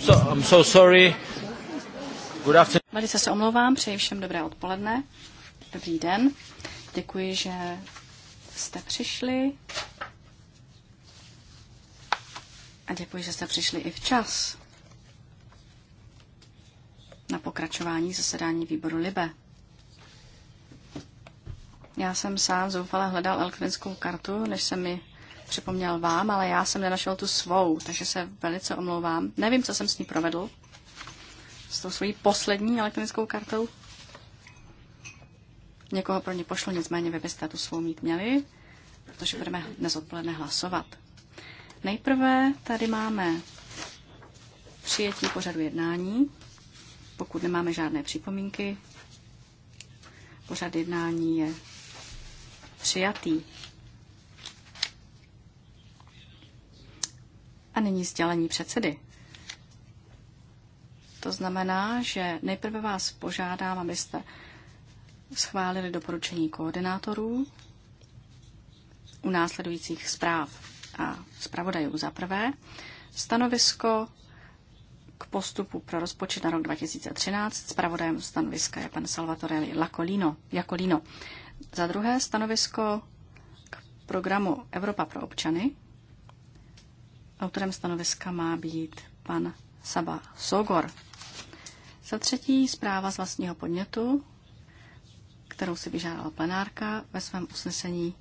So, I'm so sorry. Good afternoon. Velice se omlouvám, přeji všem dobré odpoledne. Dobrý den. Děkuji, že jste přišli. A děkuji, že jste přišli i včas na pokračování zasedání výboru Libe. Já jsem sám zoufale hledal elektronickou kartu, než jsem mi připomněl vám, ale já jsem nenašel tu svou, takže se velice omlouvám. Nevím, co jsem s ní provedl, s tou svojí poslední elektronickou kartou. Někoho pro ně pošlo, nicméně vy byste tu svou mít měli, protože budeme dnes odpoledne hlasovat. Nejprve tady máme přijetí pořadu jednání. Pokud nemáme žádné připomínky, pořad jednání je přijatý. A nyní sdělení předsedy. To znamená, že nejprve vás požádám, abyste schválili doporučení koordinátorů u následujících zpráv a zpravodajů za prvé. Stanovisko k postupu pro rozpočet na rok 2013. Zpravodajem stanoviska je pan Salvatore Lacolino, Jacolino. Za druhé stanovisko k programu Evropa pro občany Autorem stanoviska má být pan Saba Sogor. Za třetí zpráva z vlastního podnětu, kterou si vyžádala plenárka ve svém usnesení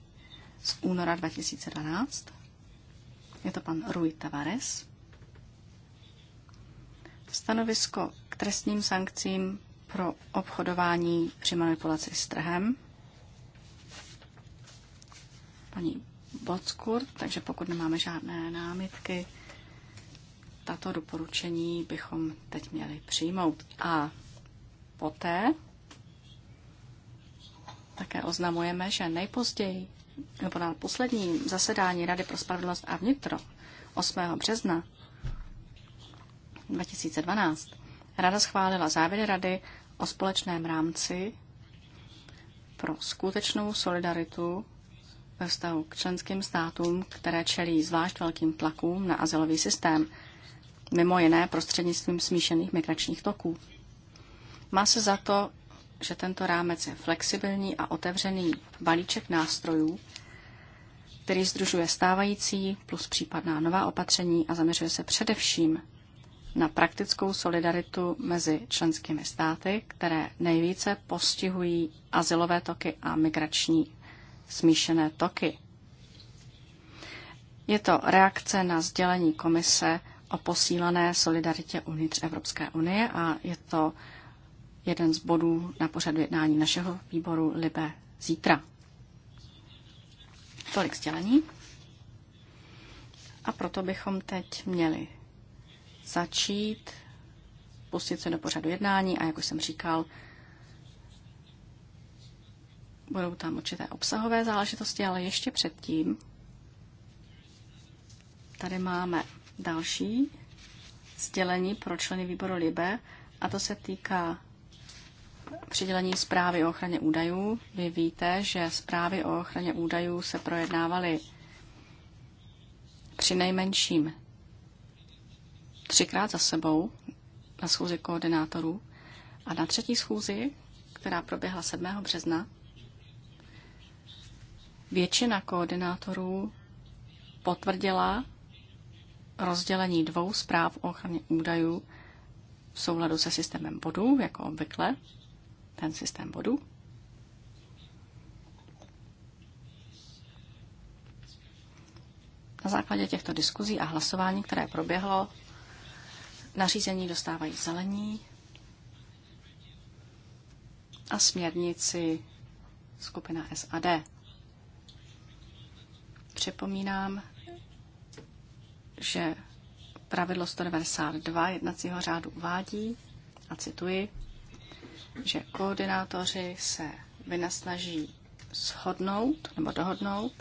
z února 2012. Je to pan Rui Tavares. Stanovisko k trestním sankcím pro obchodování při manipulaci s trhem. Paní Bockur, takže pokud nemáme žádné námitky, tato doporučení bychom teď měli přijmout. A poté také oznamujeme, že nejpozději, nebo na poslední zasedání Rady pro spravedlnost a vnitro 8. března 2012 Rada schválila závěry Rady o společném rámci pro skutečnou solidaritu ve vztahu k členským státům, které čelí zvlášť velkým tlakům na azylový systém, mimo jiné prostřednictvím smíšených migračních toků. Má se za to, že tento rámec je flexibilní a otevřený balíček nástrojů, který združuje stávající plus případná nová opatření a zaměřuje se především na praktickou solidaritu mezi členskými státy, které nejvíce postihují azylové toky a migrační smíšené toky. Je to reakce na sdělení komise o posílené solidaritě uvnitř Evropské unie a je to jeden z bodů na pořadu jednání našeho výboru Libe zítra. Tolik sdělení. A proto bychom teď měli začít, pustit se do pořadu jednání a, jak už jsem říkal, Budou tam určité obsahové záležitosti, ale ještě předtím tady máme další sdělení pro členy výboru LIBE a to se týká přidělení zprávy o ochraně údajů. Vy víte, že zprávy o ochraně údajů se projednávaly při nejmenším třikrát za sebou na schůzi koordinátorů a na třetí schůzi, která proběhla 7. března, Většina koordinátorů potvrdila rozdělení dvou zpráv o ochraně údajů v souladu se systémem bodů, jako obvykle, ten systém bodů. Na základě těchto diskuzí a hlasování, které proběhlo, nařízení dostávají zelení a směrnici skupina SAD připomínám, že pravidlo 192 jednacího řádu uvádí, a cituji, že koordinátoři se vynasnaží shodnout nebo dohodnout,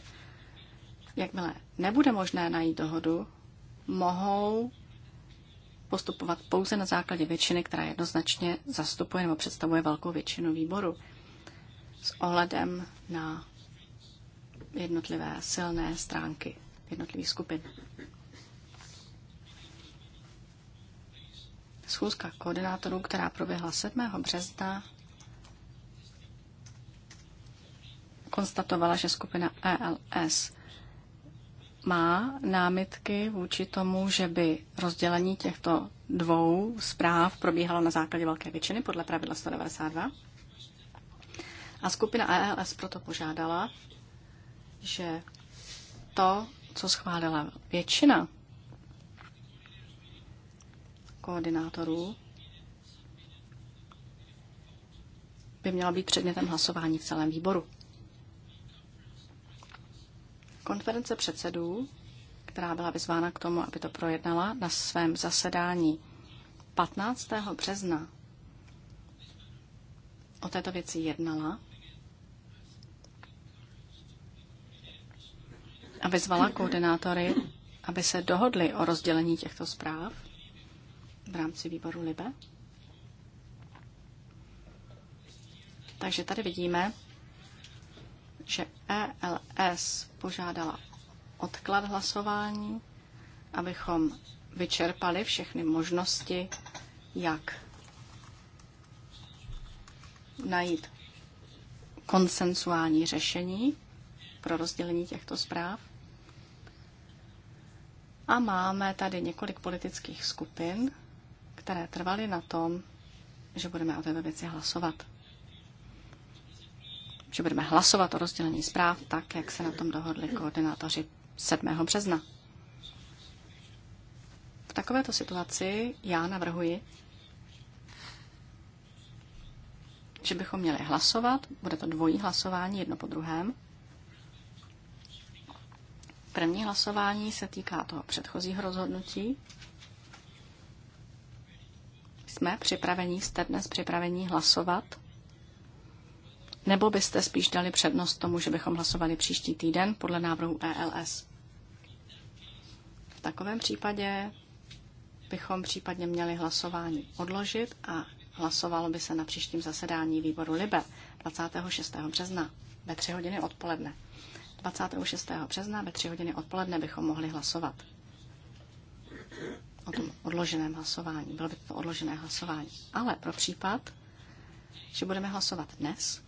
jakmile nebude možné najít dohodu, mohou postupovat pouze na základě většiny, která jednoznačně zastupuje nebo představuje velkou většinu výboru. S ohledem na jednotlivé silné stránky jednotlivých skupin. Schůzka koordinátorů, která proběhla 7. března, konstatovala, že skupina ELS má námitky vůči tomu, že by rozdělení těchto dvou zpráv probíhalo na základě velké většiny podle pravidla 192. A skupina ELS proto požádala, že to, co schválila většina koordinátorů, by měla být předmětem hlasování v celém výboru. Konference předsedů, která byla vyzvána k tomu, aby to projednala na svém zasedání 15. března, o této věci jednala a vyzvala koordinátory, aby se dohodli o rozdělení těchto zpráv v rámci výboru LIBE. Takže tady vidíme, že ELS požádala odklad hlasování, abychom vyčerpali všechny možnosti, jak najít konsensuální řešení pro rozdělení těchto zpráv. A máme tady několik politických skupin, které trvaly na tom, že budeme o této věci hlasovat. Že budeme hlasovat o rozdělení zpráv tak, jak se na tom dohodli koordinátoři 7. března. V takovéto situaci já navrhuji, že bychom měli hlasovat, bude to dvojí hlasování jedno po druhém, První hlasování se týká toho předchozího rozhodnutí. Jsme připraveni, jste dnes připraveni hlasovat? Nebo byste spíš dali přednost tomu, že bychom hlasovali příští týden podle návrhu ELS? V takovém případě bychom případně měli hlasování odložit a hlasovalo by se na příštím zasedání výboru LIBE 26. března ve 3 hodiny odpoledne. 26. března ve 3 hodiny odpoledne bychom mohli hlasovat o tom odloženém hlasování. Bylo by to odložené hlasování. Ale pro případ, že budeme hlasovat dnes,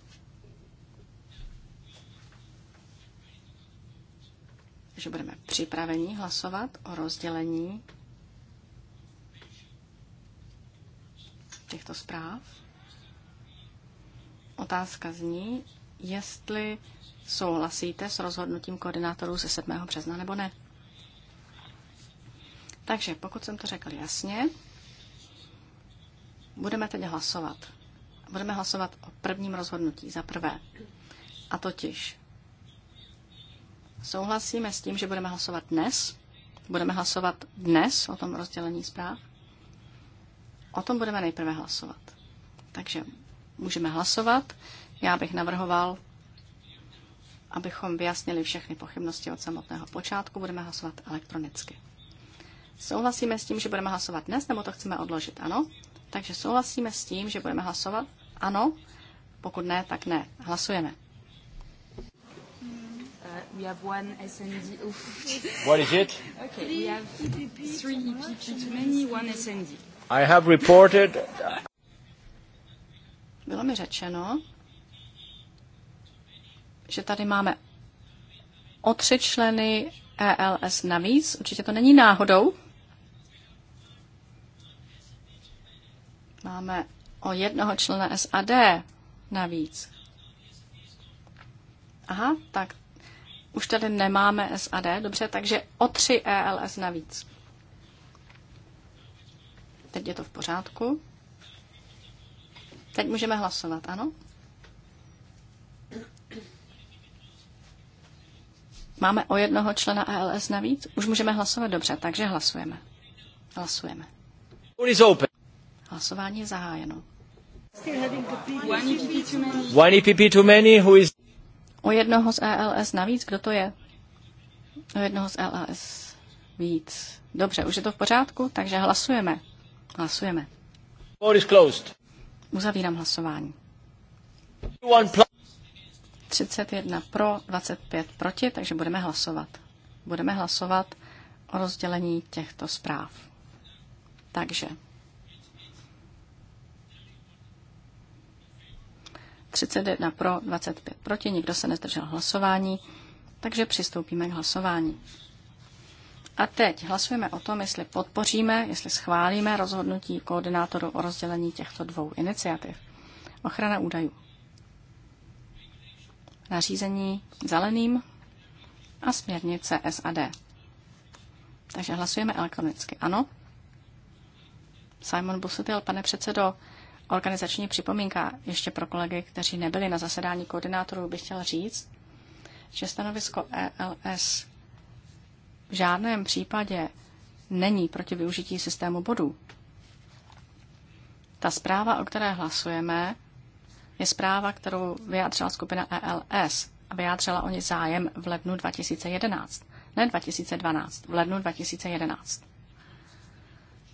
že budeme připraveni hlasovat o rozdělení těchto zpráv. Otázka zní, jestli Souhlasíte s rozhodnutím koordinátorů ze 7. března nebo ne? Takže pokud jsem to řekl jasně, budeme teď hlasovat. Budeme hlasovat o prvním rozhodnutí za prvé. A totiž souhlasíme s tím, že budeme hlasovat dnes. Budeme hlasovat dnes o tom rozdělení zpráv. O tom budeme nejprve hlasovat. Takže můžeme hlasovat. Já bych navrhoval Abychom vyjasnili všechny pochybnosti od samotného počátku, budeme hlasovat elektronicky. Souhlasíme s tím, že budeme hlasovat dnes, nebo to chceme odložit? Ano. Takže souhlasíme s tím, že budeme hlasovat? Ano. Pokud ne, tak ne. Hlasujeme. Uh, we have one SND. What is it? Okay, we have three EPP too many, one SND. I have reported. Bylo mi řečeno, že tady máme o tři členy ELS navíc. Určitě to není náhodou. Máme o jednoho člena SAD navíc. Aha, tak už tady nemáme SAD, dobře, takže o tři ELS navíc. Teď je to v pořádku. Teď můžeme hlasovat, ano? Máme o jednoho člena ALS navíc? Už můžeme hlasovat dobře, takže hlasujeme. Hlasujeme. Hlasování je zahájeno. One EPP too many, who is... O jednoho z ALS navíc, kdo to je? O jednoho z ALS víc. Dobře, už je to v pořádku, takže hlasujeme. Hlasujeme. Board is closed. Uzavírám hlasování. One plus 31 pro, 25 proti, takže budeme hlasovat. Budeme hlasovat o rozdělení těchto zpráv. Takže 31 pro, 25 proti, nikdo se nezdržel hlasování, takže přistoupíme k hlasování. A teď hlasujeme o tom, jestli podpoříme, jestli schválíme rozhodnutí koordinátoru o rozdělení těchto dvou iniciativ. Ochrana údajů nařízení zeleným a směrnice SAD. Takže hlasujeme elektronicky. Ano? Simon Busutil, pane předsedo, organizační připomínka ještě pro kolegy, kteří nebyli na zasedání koordinátorů, bych chtěl říct, že stanovisko ELS v žádném případě není proti využití systému bodů. Ta zpráva, o které hlasujeme, je zpráva, kterou vyjádřila skupina ELS a vyjádřila o ní zájem v lednu 2011. Ne 2012, v lednu 2011.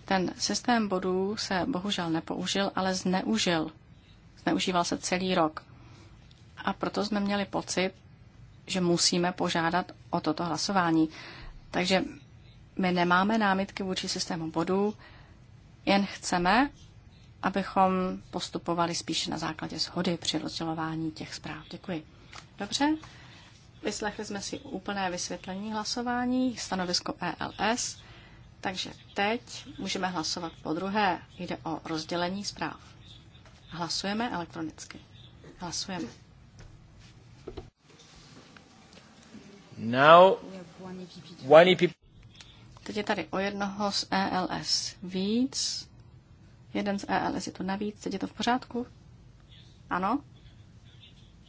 Ten systém bodů se bohužel nepoužil, ale zneužil. Zneužíval se celý rok. A proto jsme měli pocit, že musíme požádat o toto hlasování. Takže my nemáme námitky vůči systému bodů, jen chceme, abychom postupovali spíše na základě shody při rozdělování těch zpráv. Děkuji. Dobře, vyslechli jsme si úplné vysvětlení hlasování, stanovisko ELS, takže teď můžeme hlasovat po druhé. Jde o rozdělení zpráv. Hlasujeme elektronicky. Hlasujeme. Now, one EPP. Teď je tady o jednoho z ELS víc. Jeden z ELS je tu navíc. Teď je to v pořádku? Ano?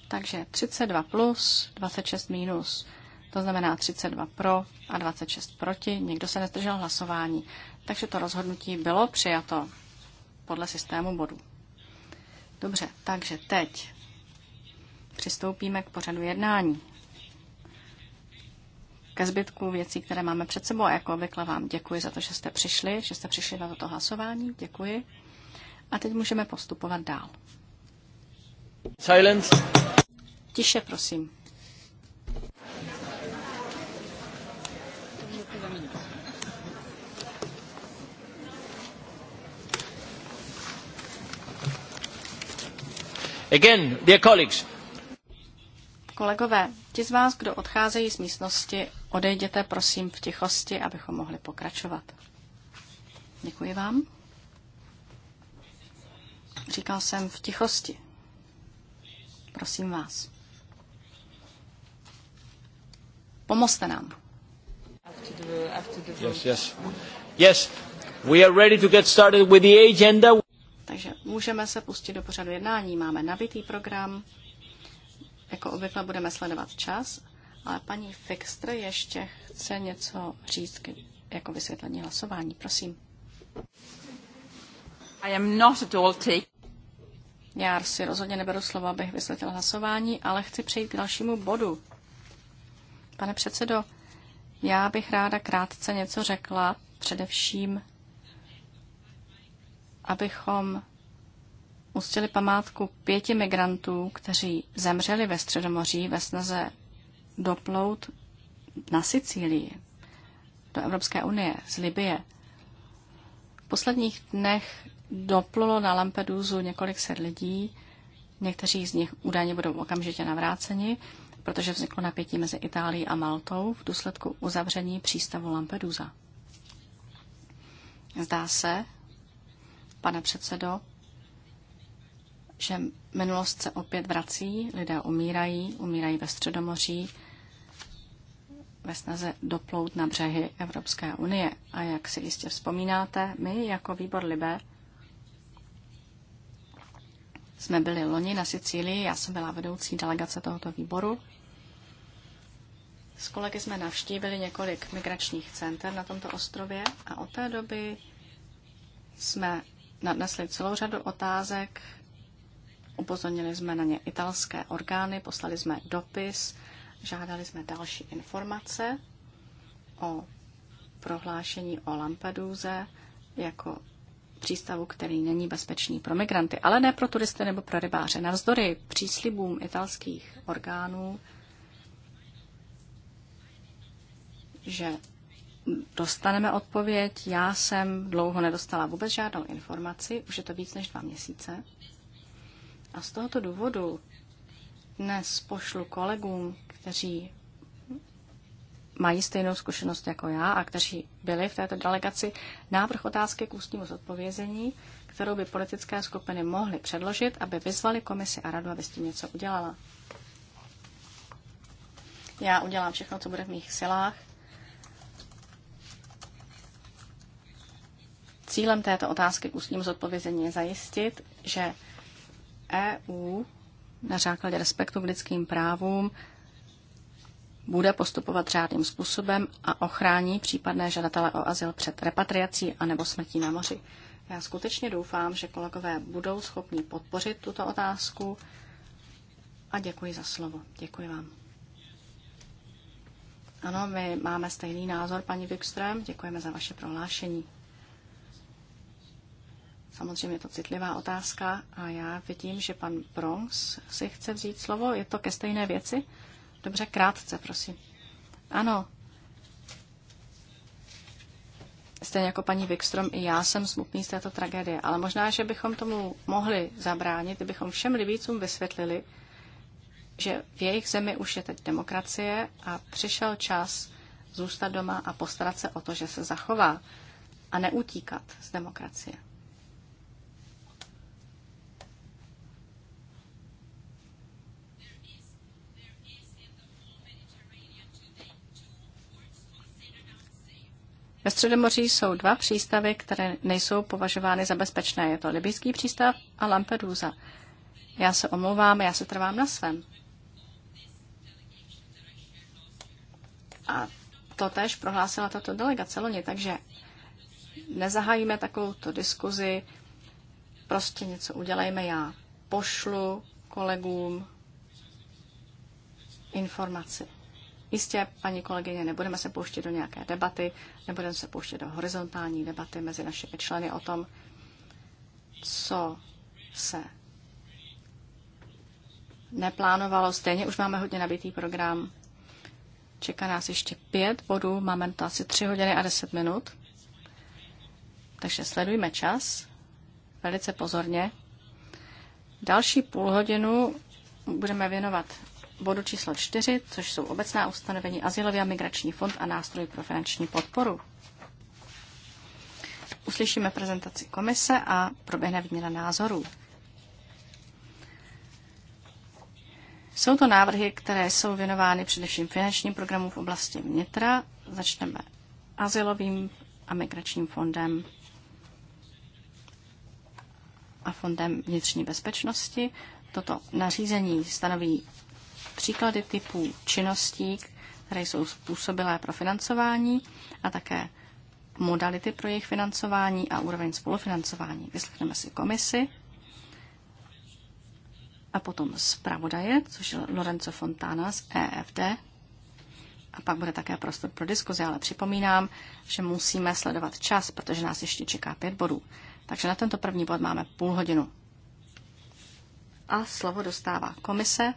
Takže 32 plus, 26 minus. To znamená 32 pro a 26 proti. Nikdo se nezdržel hlasování. Takže to rozhodnutí bylo přijato podle systému bodů. Dobře, takže teď přistoupíme k pořadu jednání ke zbytku věcí, které máme před sebou. A jako obvykle vám děkuji za to, že jste přišli, že jste přišli na toto hlasování. Děkuji. A teď můžeme postupovat dál. Silence. Tiše, prosím. Again, dear colleagues. Kolegové, ti z vás, kdo odcházejí z místnosti, Odejděte prosím v tichosti, abychom mohli pokračovat. Děkuji vám. Říkal jsem v tichosti. Prosím vás. Pomozte nám. Yes, yes. Yes, we are ready to get started with the agenda. Takže můžeme se pustit do pořadu jednání. Máme nabitý program. Jako obvykle budeme sledovat čas ale paní Fixtr ještě chce něco říct jako vysvětlení hlasování. Prosím. I am not at all take... Já si rozhodně neberu slovo, abych vysvětlil hlasování, ale chci přejít k dalšímu bodu. Pane předsedo, já bych ráda krátce něco řekla, především, abychom uctili památku pěti migrantů, kteří zemřeli ve Středomoří ve snaze doplout na Sicílii, do Evropské unie, z Libie. V posledních dnech doplulo na Lampedusu několik set lidí, někteří z nich údajně budou okamžitě navráceni, protože vzniklo napětí mezi Itálií a Maltou v důsledku uzavření přístavu Lampedusa. Zdá se, pane předsedo, že minulost se opět vrací, lidé umírají, umírají ve Středomoří, ve snaze doplout na břehy Evropské unie. A jak si jistě vzpomínáte, my jako výbor Libe jsme byli loni na Sicílii, já jsem byla vedoucí delegace tohoto výboru. S kolegy jsme navštívili několik migračních center na tomto ostrově a od té doby jsme nadnesli celou řadu otázek, upozornili jsme na ně italské orgány, poslali jsme dopis, Žádali jsme další informace o prohlášení o Lampeduze jako přístavu, který není bezpečný pro migranty, ale ne pro turisty nebo pro rybáře. Navzdory příslibům italských orgánů, že dostaneme odpověď, já jsem dlouho nedostala vůbec žádnou informaci, už je to víc než dva měsíce. A z tohoto důvodu dnes pošlu kolegům kteří mají stejnou zkušenost jako já a kteří byli v této delegaci, návrh otázky k ústnímu zodpovězení, kterou by politické skupiny mohly předložit, aby vyzvali komisi a radu, aby s tím něco udělala. Já udělám všechno, co bude v mých silách. Cílem této otázky k ústnímu zodpovězení je zajistit, že EU na základě respektu k lidským právům bude postupovat řádným způsobem a ochrání případné žadatele o azyl před repatriací anebo smrtí na moři. Já skutečně doufám, že kolegové budou schopni podpořit tuto otázku a děkuji za slovo. Děkuji vám. Ano, my máme stejný názor, paní Wikström. Děkujeme za vaše prohlášení. Samozřejmě je to citlivá otázka a já vidím, že pan Bronx si chce vzít slovo. Je to ke stejné věci? Dobře, krátce, prosím. Ano. Stejně jako paní Wikstrom, i já jsem smutný z této tragédie, ale možná, že bychom tomu mohli zabránit, kdybychom všem Libícům vysvětlili, že v jejich zemi už je teď demokracie a přišel čas zůstat doma a postarat se o to, že se zachová a neutíkat z demokracie. Ve Středomoří jsou dva přístavy, které nejsou považovány za bezpečné. Je to Libijský přístav a Lampedusa. Já se omlouvám, já se trvám na svém. A to tež prohlásila tato delegace loni, takže nezahájíme takovouto diskuzi, prostě něco udělejme, já pošlu kolegům informaci. Jistě, paní kolegyně, nebudeme se pouštět do nějaké debaty, nebudeme se pouštět do horizontální debaty mezi našimi členy o tom, co se neplánovalo. Stejně už máme hodně nabitý program. Čeká nás ještě pět bodů, máme to asi tři hodiny a deset minut. Takže sledujme čas velice pozorně. Další půl hodinu budeme věnovat bodu číslo 4, což jsou obecná ustanovení Azylový a migrační fond a nástroj pro finanční podporu. Uslyšíme prezentaci komise a proběhne výměna názorů. Jsou to návrhy, které jsou věnovány především finančním programům v oblasti vnitra. Začneme Azylovým a migračním fondem a fondem vnitřní bezpečnosti. Toto nařízení stanoví příklady typů činností, které jsou způsobilé pro financování a také modality pro jejich financování a úroveň spolufinancování. Vyslechneme si komisi a potom zpravodaje, což je Lorenzo Fontana z EFD. A pak bude také prostor pro diskuzi, ale připomínám, že musíme sledovat čas, protože nás ještě čeká pět bodů. Takže na tento první bod máme půl hodinu. A slovo dostává komise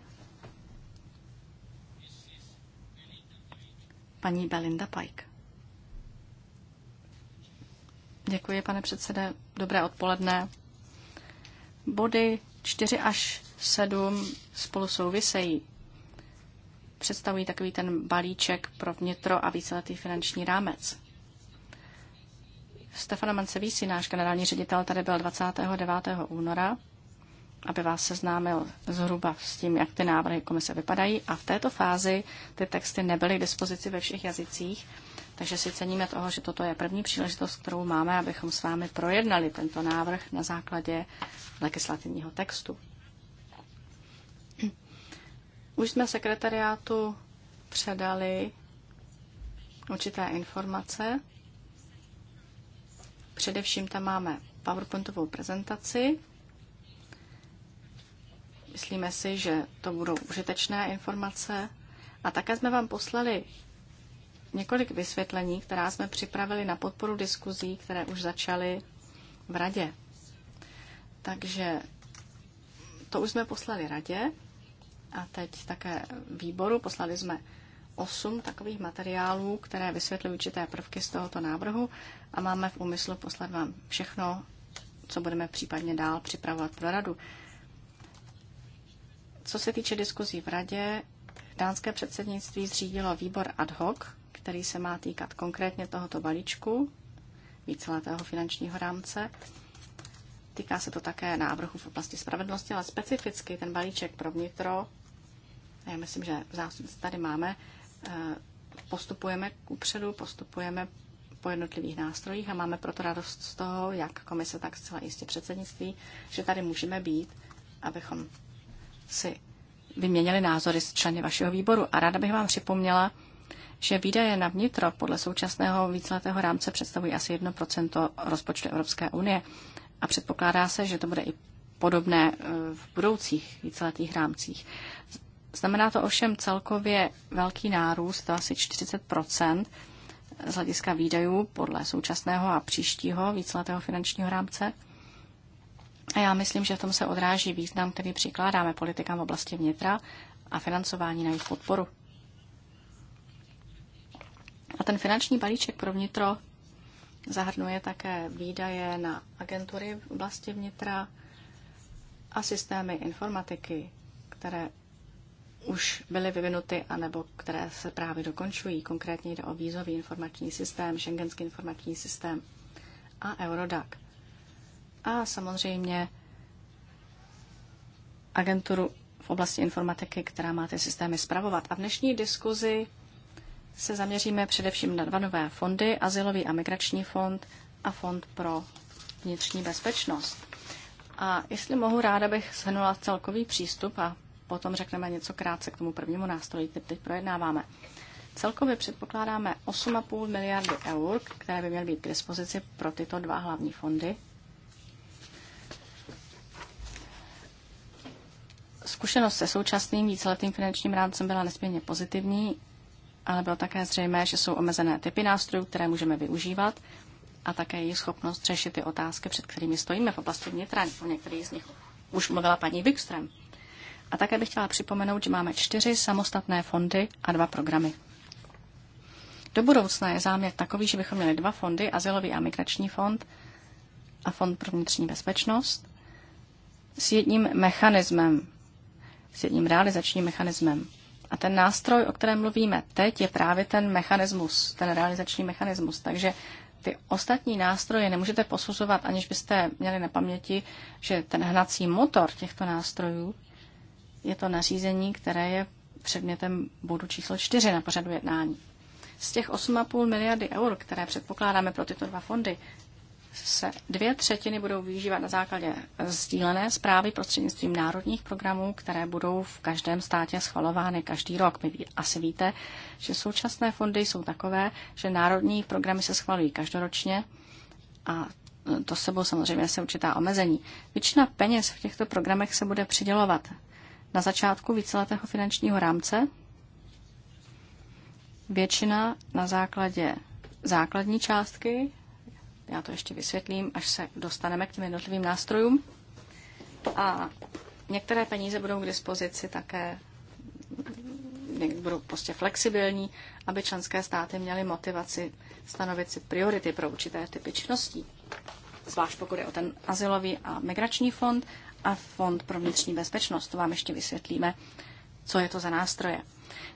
paní Belinda Pike. Děkuji, pane předsede. Dobré odpoledne. Body 4 až 7 spolu souvisejí. Představují takový ten balíček pro vnitro a víceletý finanční rámec. Stefano Mancevisi, náš generální ředitel, tady byl 29. února aby vás seznámil zhruba s tím, jak ty návrhy komise vypadají. A v této fázi ty texty nebyly k dispozici ve všech jazycích, takže si ceníme toho, že toto je první příležitost, kterou máme, abychom s vámi projednali tento návrh na základě legislativního textu. Už jsme sekretariátu předali určité informace. Především tam máme PowerPointovou prezentaci, Myslíme si, že to budou užitečné informace. A také jsme vám poslali několik vysvětlení, která jsme připravili na podporu diskuzí, které už začaly v radě. Takže to už jsme poslali radě a teď také výboru. Poslali jsme osm takových materiálů, které vysvětlují určité prvky z tohoto návrhu a máme v úmyslu poslat vám všechno, co budeme případně dál připravovat pro radu. Co se týče diskuzí v radě, dánské předsednictví zřídilo výbor ad hoc, který se má týkat konkrétně tohoto balíčku, víceletého finančního rámce. Týká se to také návrhu v oblasti spravedlnosti, ale specificky ten balíček pro vnitro, já myslím, že zástupce tady máme, eh, postupujeme kupředu, postupujeme po jednotlivých nástrojích a máme proto radost z toho, jak komise, tak zcela jistě předsednictví, že tady můžeme být, abychom si vyměnili názory s členy vašeho výboru. A ráda bych vám připomněla, že výdaje na vnitro podle současného víceletého rámce představují asi 1% rozpočtu Evropské unie a předpokládá se, že to bude i podobné e, v budoucích víceletých rámcích. Znamená to ovšem celkově velký nárůst, to asi 40 z hlediska výdajů podle současného a příštího víceletého finančního rámce. A já myslím, že v tom se odráží význam, který přikládáme politikám v oblasti vnitra a financování na jejich podporu. A ten finanční balíček pro vnitro zahrnuje také výdaje na agentury v oblasti vnitra a systémy informatiky, které už byly vyvinuty anebo které se právě dokončují. Konkrétně jde o vízový informační systém, šengenský informační systém a Eurodac a samozřejmě agenturu v oblasti informatiky, která má ty systémy spravovat. A v dnešní diskuzi se zaměříme především na dva nové fondy, Azylový a migrační fond a Fond pro vnitřní bezpečnost. A jestli mohu, ráda bych shrnula celkový přístup a potom řekneme něco krátce k tomu prvnímu nástroji, který teď projednáváme. Celkově předpokládáme 8,5 miliardy eur, které by měly být k dispozici pro tyto dva hlavní fondy, Zkušenost se současným víceletým finančním rámcem byla nesmírně pozitivní, ale bylo také zřejmé, že jsou omezené typy nástrojů, které můžeme využívat a také jejich schopnost řešit ty otázky, před kterými stojíme v oblasti vnitra. O některých z nich už mluvila paní Wikström. A také bych chtěla připomenout, že máme čtyři samostatné fondy a dva programy. Do budoucna je záměr takový, že bychom měli dva fondy, Azylový a migrační fond a Fond pro vnitřní bezpečnost, s jedním mechanismem s jedním realizačním mechanismem. A ten nástroj, o kterém mluvíme teď, je právě ten mechanismus, ten realizační mechanismus. Takže ty ostatní nástroje nemůžete posuzovat, aniž byste měli na paměti, že ten hnací motor těchto nástrojů je to nařízení, které je předmětem bodu číslo 4 na pořadu jednání. Z těch 8,5 miliardy eur, které předpokládáme pro tyto dva fondy, se dvě třetiny budou využívat na základě sdílené zprávy prostřednictvím národních programů, které budou v každém státě schvalovány každý rok. My asi víte, že současné fondy jsou takové, že národní programy se schvalují každoročně a e, to sebou samozřejmě se určitá omezení. Většina peněz v těchto programech se bude přidělovat na začátku víceletého finančního rámce, většina na základě základní částky já to ještě vysvětlím, až se dostaneme k těm jednotlivým nástrojům. A některé peníze budou k dispozici také budou prostě flexibilní, aby členské státy měly motivaci stanovit si priority pro určité typy činností. Zvlášť pokud je o ten asilový a migrační fond a fond pro vnitřní bezpečnost. To vám ještě vysvětlíme, co je to za nástroje.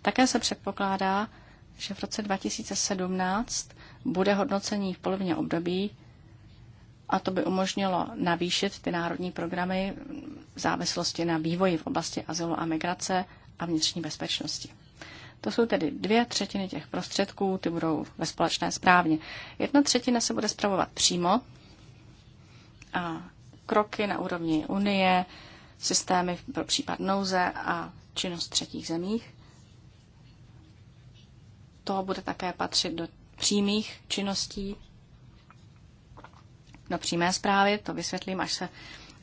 Také se předpokládá, že v roce 2017 bude hodnocení v polovině období a to by umožnilo navýšit ty národní programy v závislosti na vývoji v oblasti azylu a migrace a vnitřní bezpečnosti. To jsou tedy dvě třetiny těch prostředků, ty budou ve společné správně. Jedna třetina se bude spravovat přímo a kroky na úrovni Unie, systémy pro případ nouze a činnost třetích zemích. To bude také patřit do přímých činností do přímé zprávy. To vysvětlím, až se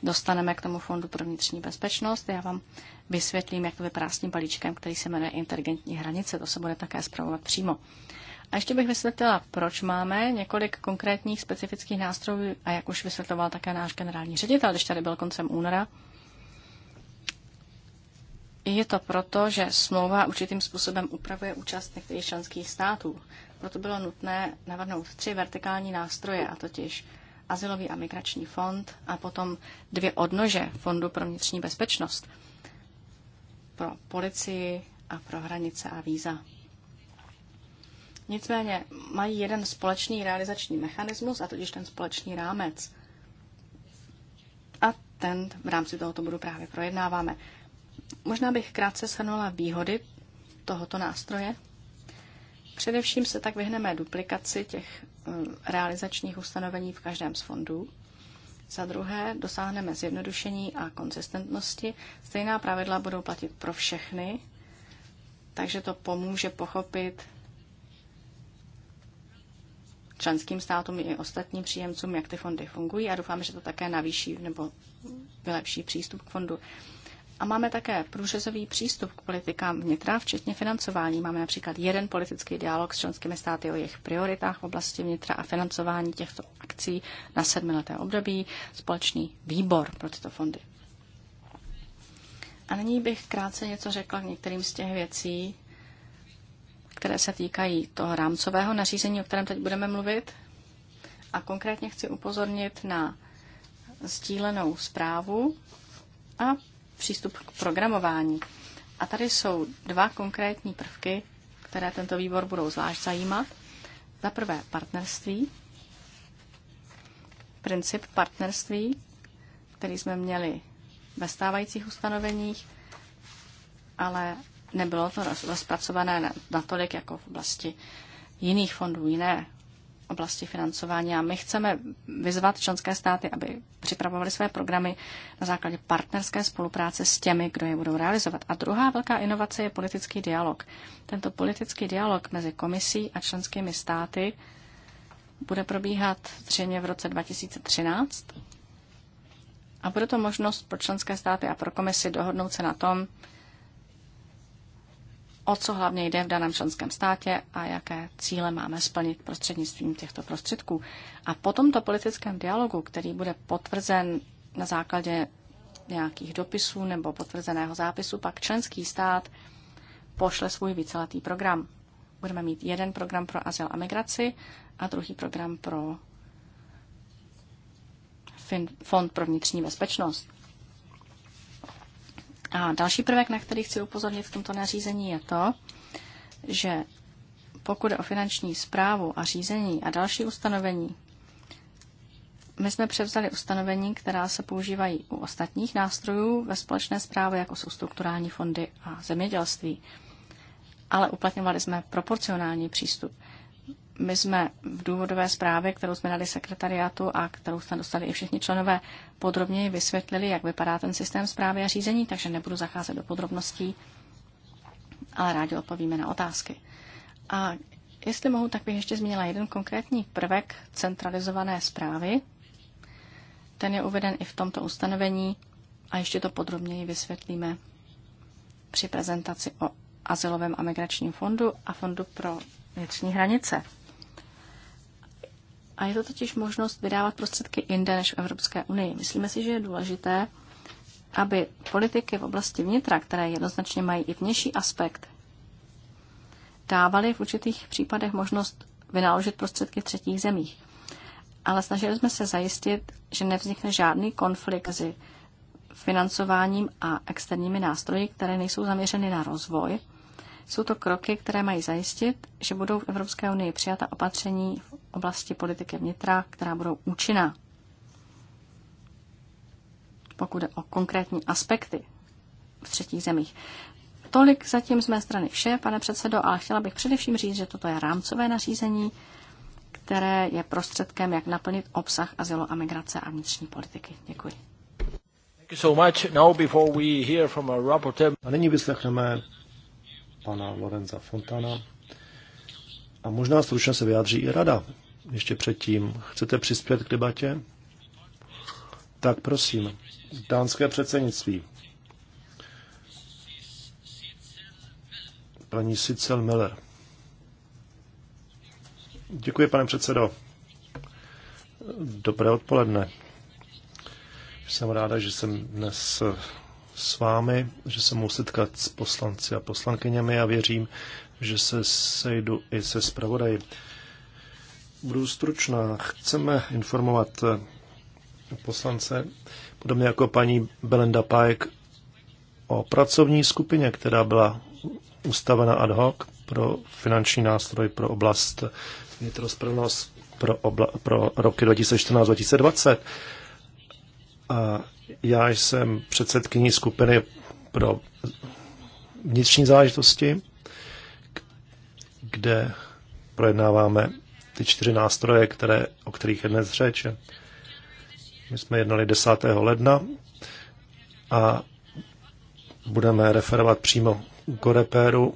dostaneme k tomu Fondu pro vnitřní bezpečnost. Já vám vysvětlím, jak to vypadá s tím balíčkem, který se jmenuje Inteligentní hranice. To se bude také zpravovat přímo. A ještě bych vysvětlila, proč máme několik konkrétních specifických nástrojů a jak už vysvětloval také náš generální ředitel, když tady byl koncem února. Je to proto, že smlouva určitým způsobem upravuje účast některých členských států. Proto bylo nutné navrhnout tři vertikální nástroje, a totiž Azylový a migrační fond a potom dvě odnože Fondu pro vnitřní bezpečnost pro policii a pro hranice a víza. Nicméně mají jeden společný realizační mechanismus, a totiž ten společný rámec. A ten v rámci tohoto budu právě projednáváme. Možná bych krátce shrnula výhody tohoto nástroje. Především se tak vyhneme duplikaci těch eh, realizačních ustanovení v každém z fondů. Za druhé, dosáhneme zjednodušení a konzistentnosti. Stejná pravidla budou platit pro všechny, takže to pomůže pochopit členským státům i ostatním příjemcům, jak ty fondy fungují a doufám, že to také navýší nebo vylepší přístup k fondu. A máme také průřezový přístup k politikám vnitra, včetně financování. Máme například jeden politický dialog s členskými státy o jejich prioritách v oblasti vnitra a financování těchto akcí na sedmileté období, společný výbor pro tyto fondy. A nyní bych krátce něco řekla k některým z těch věcí, které se týkají toho rámcového nařízení, o kterém teď budeme mluvit. A konkrétně chci upozornit na sdílenou zprávu a přístup k programování. A tady jsou dva konkrétní prvky, které tento výbor budou zvlášť zajímat. Za prvé partnerství, princip partnerství, který jsme měli ve stávajících ustanoveních, ale nebylo to rozpracované natolik jako v oblasti jiných fondů, jiné oblasti financování. A my chceme vyzvat členské státy, aby připravovali své programy na základě partnerské spolupráce s těmi, kdo je budou realizovat. A druhá velká inovace je politický dialog. Tento politický dialog mezi komisí a členskými státy bude probíhat zřejmě v roce 2013. A bude to možnost pro členské státy a pro komisi dohodnout se na tom, o co hlavně jde v daném členském státě a jaké cíle máme splnit prostřednictvím těchto prostředků. A po tomto politickém dialogu, který bude potvrzen na základě nějakých dopisů nebo potvrzeného zápisu, pak členský stát pošle svůj víceletý program. Budeme mít jeden program pro azyl a migraci a druhý program pro Fond pro vnitřní bezpečnost. A další prvek, na který chci upozornit v tomto nařízení, je to, že pokud je o finanční zprávu a řízení a další ustanovení, my jsme převzali ustanovení, která se používají u ostatních nástrojů ve společné zprávě, jako jsou strukturální fondy a zemědělství. Ale uplatňovali jsme proporcionální přístup my jsme v důvodové zprávě, kterou jsme dali sekretariátu a kterou jsme dostali i všichni členové, podrobněji vysvětlili, jak vypadá ten systém zprávy a řízení, takže nebudu zacházet do podrobností, ale rádi odpovíme na otázky. A jestli mohu, tak bych ještě zmínila jeden konkrétní prvek centralizované zprávy. Ten je uveden i v tomto ustanovení a ještě to podrobněji vysvětlíme při prezentaci o azylovém a migračním fondu a fondu pro vnitřní hranice. A je to totiž možnost vydávat prostředky jinde než v Evropské unii. Myslíme si, že je důležité, aby politiky v oblasti vnitra, které jednoznačně mají i vnější aspekt, dávaly v určitých případech možnost vynaložit prostředky v třetích zemích. Ale snažili jsme se zajistit, že nevznikne žádný konflikt mezi financováním a externími nástroji, které nejsou zaměřeny na rozvoj. Jsou to kroky, které mají zajistit, že budou v Evropské unii přijata opatření v oblasti politiky vnitra, která budou účinná. Pokud jde o konkrétní aspekty v třetích zemích. Tolik zatím z mé strany vše, pane předsedo, ale chtěla bych především říct, že toto je rámcové nařízení, které je prostředkem, jak naplnit obsah azylu a migrace a vnitřní politiky. Děkuji. So much. Now before we hear from our rapporteur... A nyní vyslechneme pana Lorenza Fontana a možná stručně se vyjádří i rada ještě předtím. Chcete přispět k debatě? Tak prosím, dánské předsednictví. Paní Sicel Miller. Děkuji, pane předsedo. Dobré odpoledne. Jsem ráda, že jsem dnes s vámi, že se mohu setkat s poslanci a poslankyněmi a věřím, že se sejdu i se zpravodaji. Budu stručná. Chceme informovat eh, poslance, podobně jako paní Belinda Pajek, o pracovní skupině, která byla ustavena ad hoc pro finanční nástroj pro oblast vnitrospravnost pro, obla, pro roky 2014-2020. A já jsem předsedkyní skupiny pro vnitřní záležitosti, kde projednáváme ty čtyři nástroje, které, o kterých je dnes řeč. My jsme jednali 10. ledna a budeme referovat přímo Koreperu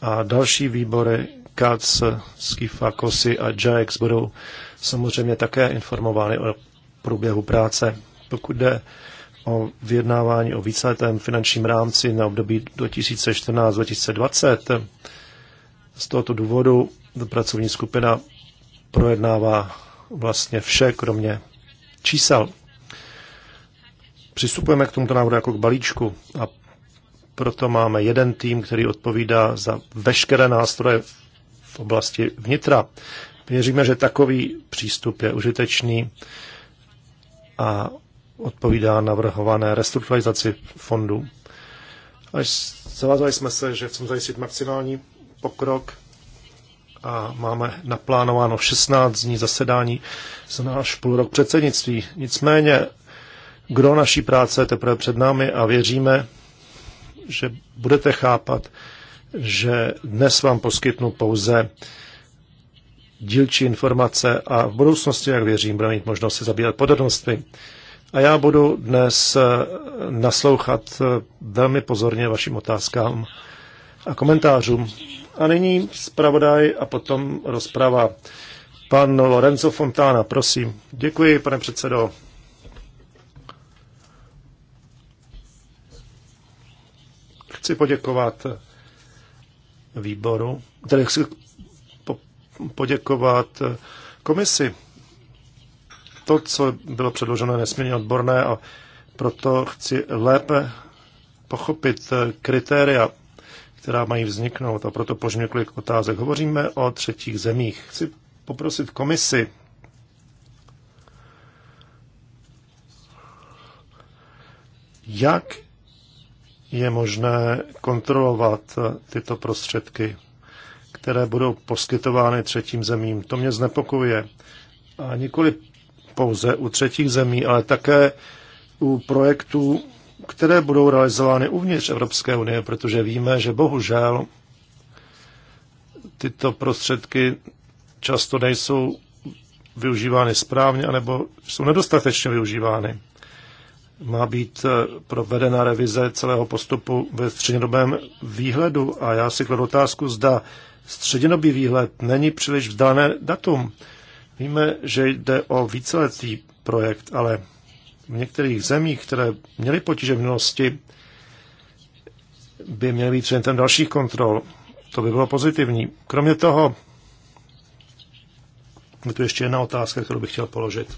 a další výbory KAC, Skifa, Kosi a JAX budou samozřejmě také informovány o průběhu práce. Pokud jde o vyjednávání o víceletém finančním rámci na období 2014-2020, z tohoto důvodu pracovní skupina projednává vlastně vše, kromě čísel. Přistupujeme k tomuto návodu jako k balíčku a proto máme jeden tým, který odpovídá za veškeré nástroje v oblasti vnitra. Věříme, že takový přístup je užitečný a odpovídá navrhované restrukturalizaci fondů. Až zavázali jsme se, že chceme zajistit maximální pokrok a máme naplánováno 16 dní zasedání za náš půl rok předsednictví. Nicméně kdo naší práce je teprve před námi a věříme, že budete chápat, že dnes vám poskytnu pouze dílčí informace a v budoucnosti, jak věřím, budeme mít možnost se zabývat podrobnostmi. A já budu dnes naslouchat velmi pozorně vašim otázkám a komentářům. A nyní zpravodaj a potom rozprava. Pan Lorenzo Fontana, prosím. Děkuji, pane předsedo. Chci poděkovat výboru, tedy chci po- poděkovat komisi. To, co bylo předloženo, je nesmírně odborné a proto chci lépe pochopit kritéria která mají vzniknout a proto položím několik otázek. Hovoříme o třetích zemích. Chci poprosit komisi, jak je možné kontrolovat tyto prostředky, které budou poskytovány třetím zemím. To mě znepokojuje. A nikoli pouze u třetích zemí, ale také u projektů které budou realizovány uvnitř Evropské unie, protože víme, že bohužel tyto prostředky často nejsou využívány správně anebo jsou nedostatečně využívány. Má být eh, provedena revize celého postupu ve střednědobém výhledu a já si kladu otázku, zda střednědobý výhled není příliš vzdálené datum. Víme, že jde o víceletý projekt, ale v některých zemích, které měly potíže v minulosti, by měly být předmětem dalších kontrol. To by bylo pozitivní. Kromě toho, je tu ještě jedna otázka, kterou bych chtěl položit.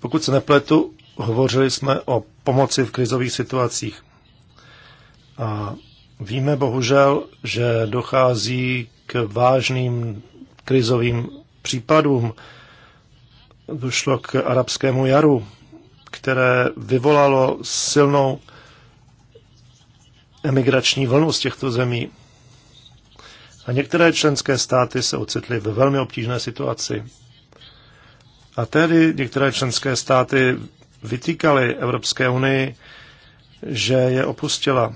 Pokud se nepletu, hovořili jsme o pomoci v krizových situacích. A víme bohužel, že dochází k vážným krizovým případům, došlo k arabskému jaru, které vyvolalo silnou emigrační vlnu z těchto zemí. A některé členské státy se ocitly ve velmi obtížné situaci. A tedy některé členské státy vytýkaly Evropské unii, že je opustila.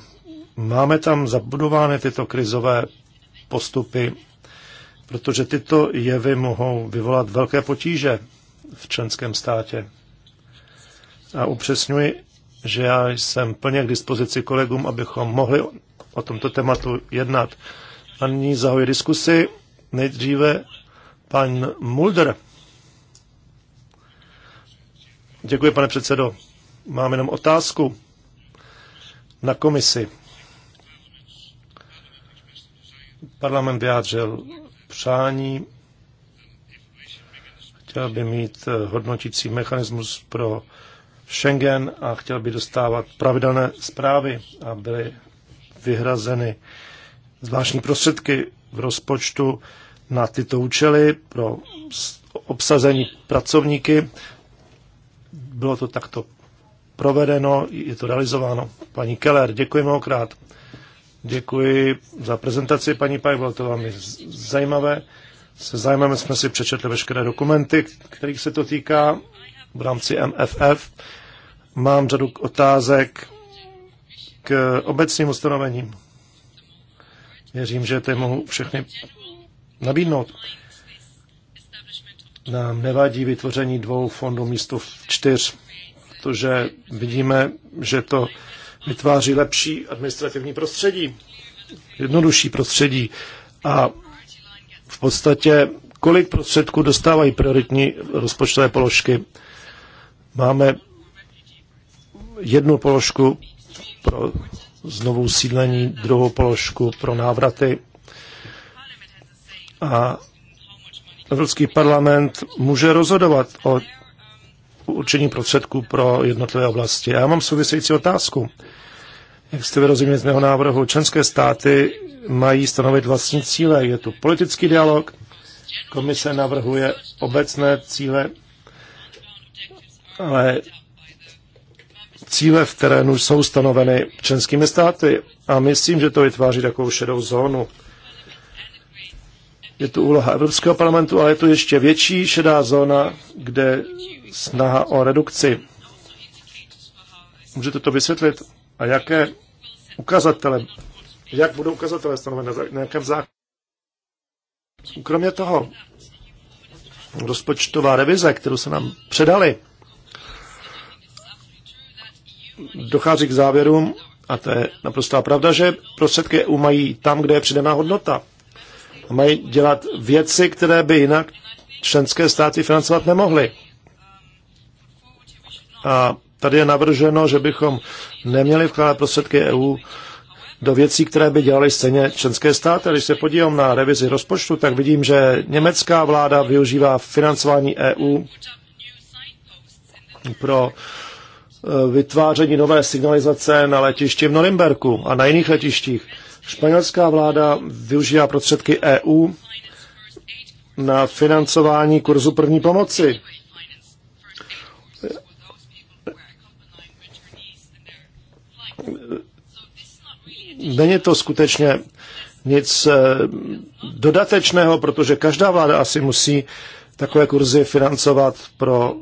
Máme tam zabudovány tyto krizové postupy, protože tyto jevy mohou vyvolat velké potíže v členském státě. A upřesňuji, že já jsem plně k dispozici kolegům, abychom mohli o tomto tématu jednat. A nyní zahoji diskusi. Nejdříve pan Mulder. Děkuji, pane předsedo. Mám jenom otázku na komisi. Parlament vyjádřil přání chtěl by mít eh, hodnotící mechanismus pro Schengen a chtěl by dostávat pravidelné zprávy a byly vyhrazeny zvláštní prostředky v rozpočtu na tyto účely pro obsazení pracovníky. Bylo to takto provedeno, je to realizováno. Paní Keller, děkuji mnohokrát. Děkuji za prezentaci, paní Paj, bylo to velmi zajímavé. Se zájmem jsme si přečetli veškeré dokumenty, kterých se to týká v rámci MFF. Mám řadu otázek k obecným ustanovením. Věřím, že ty mohu všechny nabídnout. Nám nevadí vytvoření dvou fondů místo čtyř, protože vidíme, že to vytváří lepší administrativní prostředí, jednodušší prostředí a podstatě, kolik prostředků dostávají prioritní rozpočtové položky. Máme jednu položku pro znovu sídlení druhou položku pro návraty. A Evropský parlament může rozhodovat o určení prostředků pro jednotlivé oblasti. A já mám související otázku jak jste vyrozuměli z mého návrhu, členské státy mají stanovit vlastní cíle. Je tu politický dialog, komise navrhuje obecné cíle, ale cíle v terénu jsou stanoveny členskými státy a myslím, že to vytváří takovou šedou zónu. Je tu úloha Evropského parlamentu, ale je tu ještě větší šedá zóna, kde snaha o redukci. Můžete to vysvětlit? a jaké ukazatele, jak budou ukazatele stanoveny, na jakém základě. Kromě toho, rozpočtová revize, kterou se nám předali, dochází k závěrům, a to je naprostá pravda, že prostředky EU mají tam, kde je přidaná hodnota. A mají dělat věci, které by jinak členské státy financovat nemohly. A Tady je navrženo, že bychom neměli vkládat prostředky EU do věcí, které by dělaly stejně členské státy. Když se podívám na revizi rozpočtu, tak vidím, že německá vláda využívá financování EU pro eh, vytváření nové signalizace na letišti v Norimberku a na jiných letištích. Španělská vláda využívá prostředky EU na financování kurzu první pomoci Není to skutečně nic eh, dodatečného, protože každá vláda asi musí takové kurzy financovat pro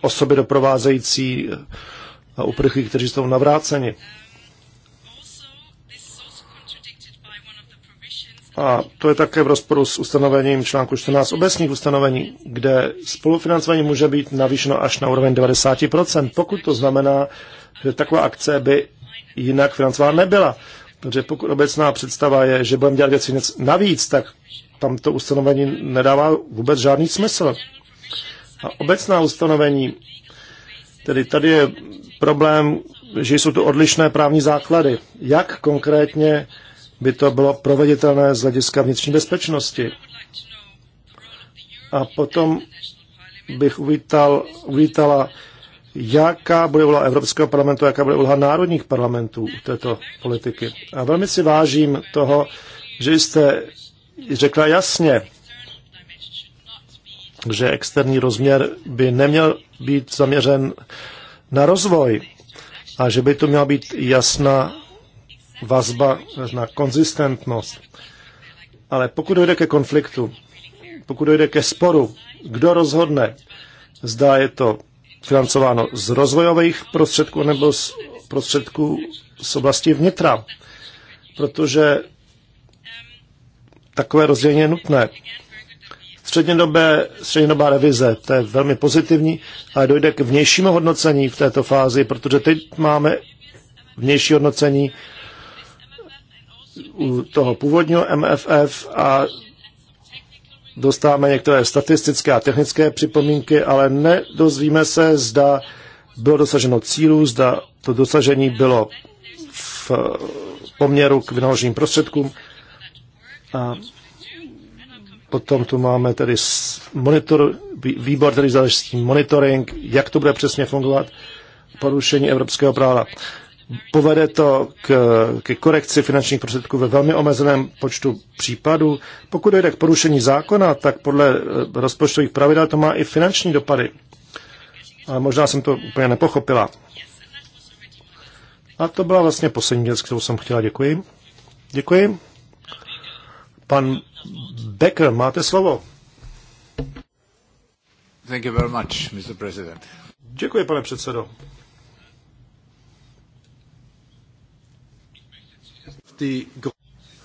osoby doprovázející a uprchlí, kteří jsou navráceni. A to je také v rozporu s ustanovením článku 14 obecních ustanovení, kde spolufinancování může být navýšeno až na úroveň 90%, pokud to znamená, že taková akce by jinak financována nebyla. Protože pokud obecná představa je, že budeme dělat věci navíc, tak tam to ustanovení nedává vůbec žádný smysl. A obecná ustanovení, tedy tady je problém, že jsou tu odlišné právní základy. Jak konkrétně by to bylo proveditelné z hlediska vnitřní bezpečnosti? A potom bych uvítal, uvítala jaká bude úloha Evropského parlamentu, jaká bude úloha národních parlamentů u této politiky. A velmi si vážím toho, že jste řekla jasně, že externí rozměr by neměl být zaměřen na rozvoj a že by to měla být jasná vazba na konzistentnost. Ale pokud dojde ke konfliktu, pokud dojde ke sporu, kdo rozhodne, zdá je to financováno z rozvojových prostředků nebo z prostředků z oblasti vnitra, protože takové rozdělení je nutné. Střednědobé, střednědobá revize, to je velmi pozitivní, ale dojde k vnějšímu hodnocení v této fázi, protože teď máme vnější hodnocení u toho původního MFF a dostáváme některé statistické a technické připomínky, ale nedozvíme se, zda bylo dosaženo cílů, zda to dosažení bylo v eh, poměru k vynaloženým prostředkům. A potom tu máme tedy monitor, výbor, který záleží monitoring, jak to bude přesně fungovat, porušení evropského práva. Povede to k, k korekci finančních prostředků ve velmi omezeném počtu případů. Pokud dojde k porušení zákona, tak podle eh, rozpočtových pravidel to má i finanční dopady. Ale možná jsem to úplně nepochopila. A to byla vlastně poslední věc, kterou jsem chtěla. Děkuji. Děkuji. Pan Becker, máte slovo. Thank you very much, Mr. President. Děkuji, pane předsedo.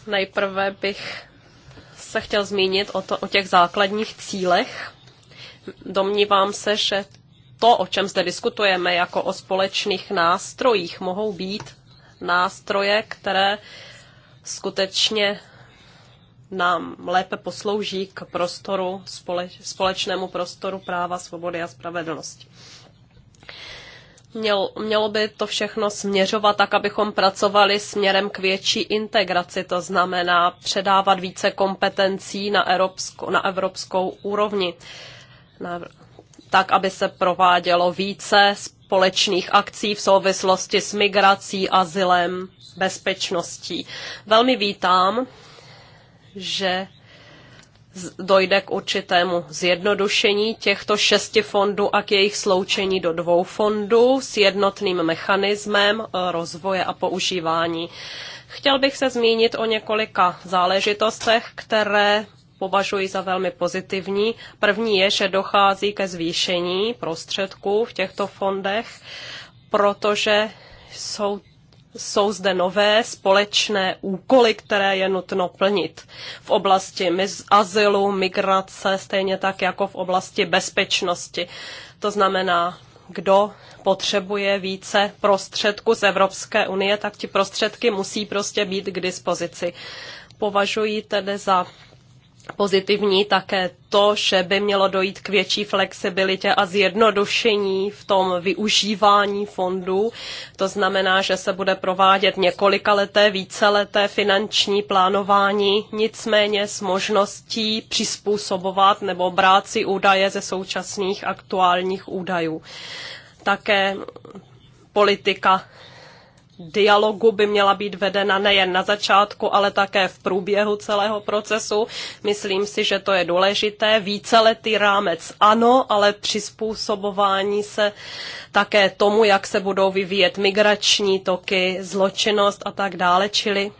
Nejprve bych se chtěl zmínit o, to, o těch základních cílech. Domnívám se, že to, o čem zde diskutujeme, jako o společných nástrojích, mohou být nástroje, které skutečně nám lépe poslouží k prostoru, společnému prostoru práva, svobody a spravedlnosti. Měl, mělo by to všechno směřovat tak, abychom pracovali směrem k větší integraci, to znamená předávat více kompetencí na, evropsko, na evropskou úrovni, na, tak, aby se provádělo více společných akcí v souvislosti s migrací, azylem, bezpečností. Velmi vítám, že dojde k určitému zjednodušení těchto šesti fondů a k jejich sloučení do dvou fondů s jednotným mechanismem e, rozvoje a používání. Chtěl bych se zmínit o několika záležitostech, které považuji za velmi pozitivní. První je, že dochází ke zvýšení prostředků v těchto fondech, protože jsou jsou zde nové společné úkoly, které je nutno plnit v oblasti azylu, migrace, stejně tak jako v oblasti bezpečnosti. To znamená, kdo potřebuje více prostředků z Evropské unie, tak ti prostředky musí prostě být k dispozici. Považuji tedy za pozitivní také to, že by mělo dojít k větší flexibilitě a zjednodušení v tom využívání fondů. To znamená, že se bude provádět několikaleté, víceleté finanční plánování, nicméně s možností přizpůsobovat nebo brát si údaje ze současných aktuálních údajů. Také politika dialogu by měla být vedena nejen na začátku, ale také v průběhu celého procesu. Myslím si, že to je důležité. Víceletý rámec ano, ale přizpůsobování se také tomu, jak se budou vyvíjet migrační toky, zločinnost a tak dále. Čili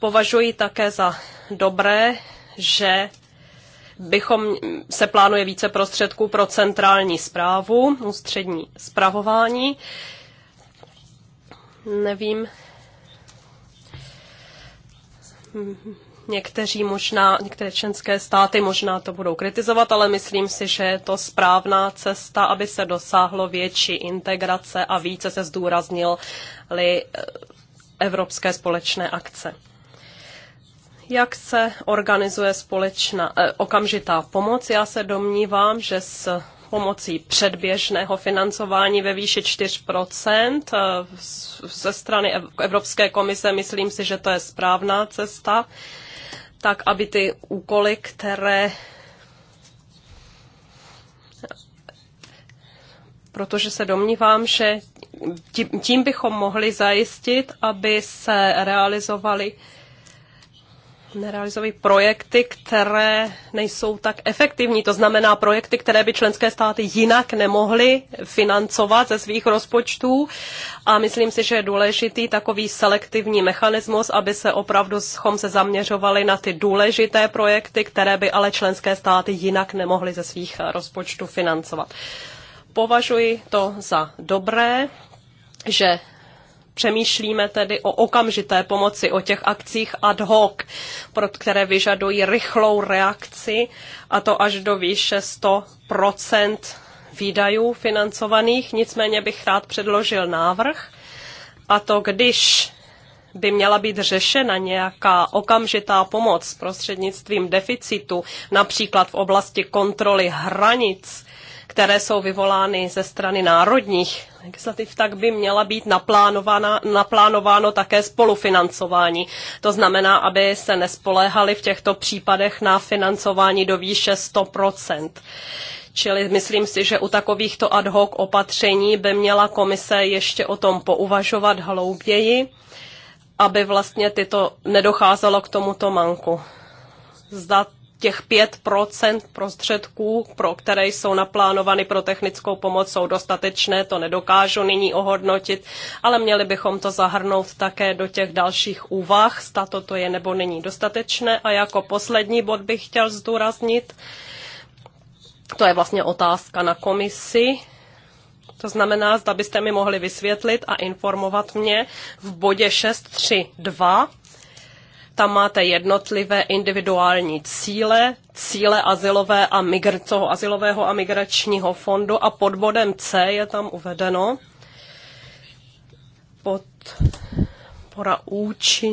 považuji také za dobré, že bychom, se plánuje více prostředků pro centrální zprávu, ústřední zpravování. Nevím. Někteří možná, některé členské státy možná to budou kritizovat, ale myslím si, že je to správná cesta, aby se dosáhlo větší integrace a více se zdůraznily eh, evropské společné akce jak se organizuje společná eh, okamžitá pomoc. Já se domnívám, že s pomocí předběžného financování ve výši 4%. Eh, ze strany Evropské komise myslím si, že to je správná cesta, tak aby ty úkoly, které protože se domnívám, že tím bychom mohli zajistit, aby se realizovaly nerealizují projekty, které nejsou tak efektivní. To znamená projekty, které by členské státy jinak nemohly financovat ze svých rozpočtů. A myslím si, že je důležitý takový selektivní mechanismus, aby se opravdu schom se zaměřovali na ty důležité projekty, které by ale členské státy jinak nemohly ze svých rozpočtů financovat. Považuji to za dobré, že Přemýšlíme tedy o okamžité pomoci, o těch akcích ad hoc, pro které vyžadují rychlou reakci, a to až do výše 100 výdajů financovaných. Nicméně bych rád předložil návrh, a to když by měla být řešena nějaká okamžitá pomoc prostřednictvím deficitu, například v oblasti kontroly hranic které jsou vyvolány ze strany národních legislativ, tak by měla být naplánováno také spolufinancování. To znamená, aby se nespoléhali v těchto případech na financování do výše 100%. Čili myslím si, že u takovýchto ad hoc opatření by měla komise ještě o tom pouvažovat hlouběji, aby vlastně tyto nedocházelo k tomuto manku. Zda těch 5% prostředků, pro které jsou naplánovány pro technickou pomoc, jsou dostatečné, to nedokážu nyní ohodnotit, ale měli bychom to zahrnout také do těch dalších úvah, zda toto je nebo není dostatečné. A jako poslední bod bych chtěl zdůraznit, to je vlastně otázka na komisi, to znamená, zda byste mi mohli vysvětlit a informovat mě v bodě 632 tam máte jednotlivé individuální cíle, cíle azylové a migr- toho azylového a migračního fondu a pod bodem C je tam uvedeno pod pora úči,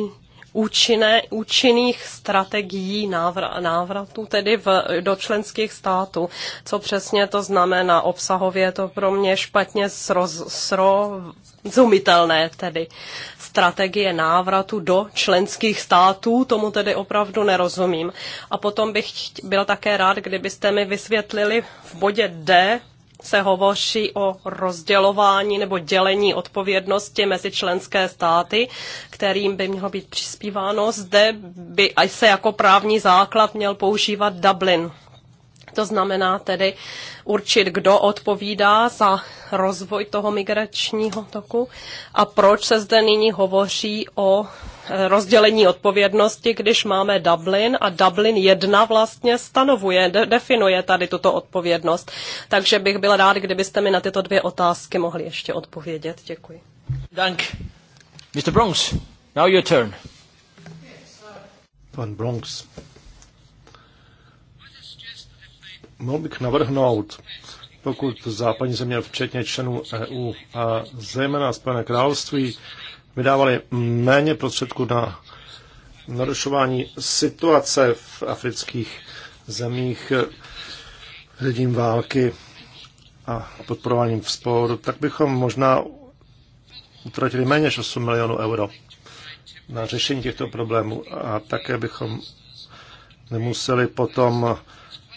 účinné, účinných strategií návr, návratu, tedy v, do členských států. Co přesně to znamená obsahově, to pro mě špatně sroz, srozumitelné tedy strategie návratu do členských států, tomu tedy opravdu nerozumím. A potom bych byl také rád, kdybyste mi vysvětlili v bodě D se hovoří o rozdělování nebo dělení odpovědnosti mezi členské státy, kterým by mělo být přispíváno. Zde by se jako právní základ měl používat Dublin to znamená tedy určit, kdo odpovídá za rozvoj toho migračního toku a proč se zde nyní hovoří o eh, rozdělení odpovědnosti, když máme Dublin a Dublin 1 vlastně stanovuje, de- definuje tady tuto odpovědnost. Takže bych byla rád, kdybyste mi na tyto dvě otázky mohli ještě odpovědět. Děkuji. Dank. Mr. Bronx, now your turn. Pan Bronx. mohl bych navrhnout, pokud západní země, včetně členů EU a zejména Spojené království, vydávali méně prostředků na narušování situace v afrických zemích hledím války a podporováním v sporu, tak bychom možná utratili méně než 8 milionů euro na řešení těchto problémů a také bychom nemuseli potom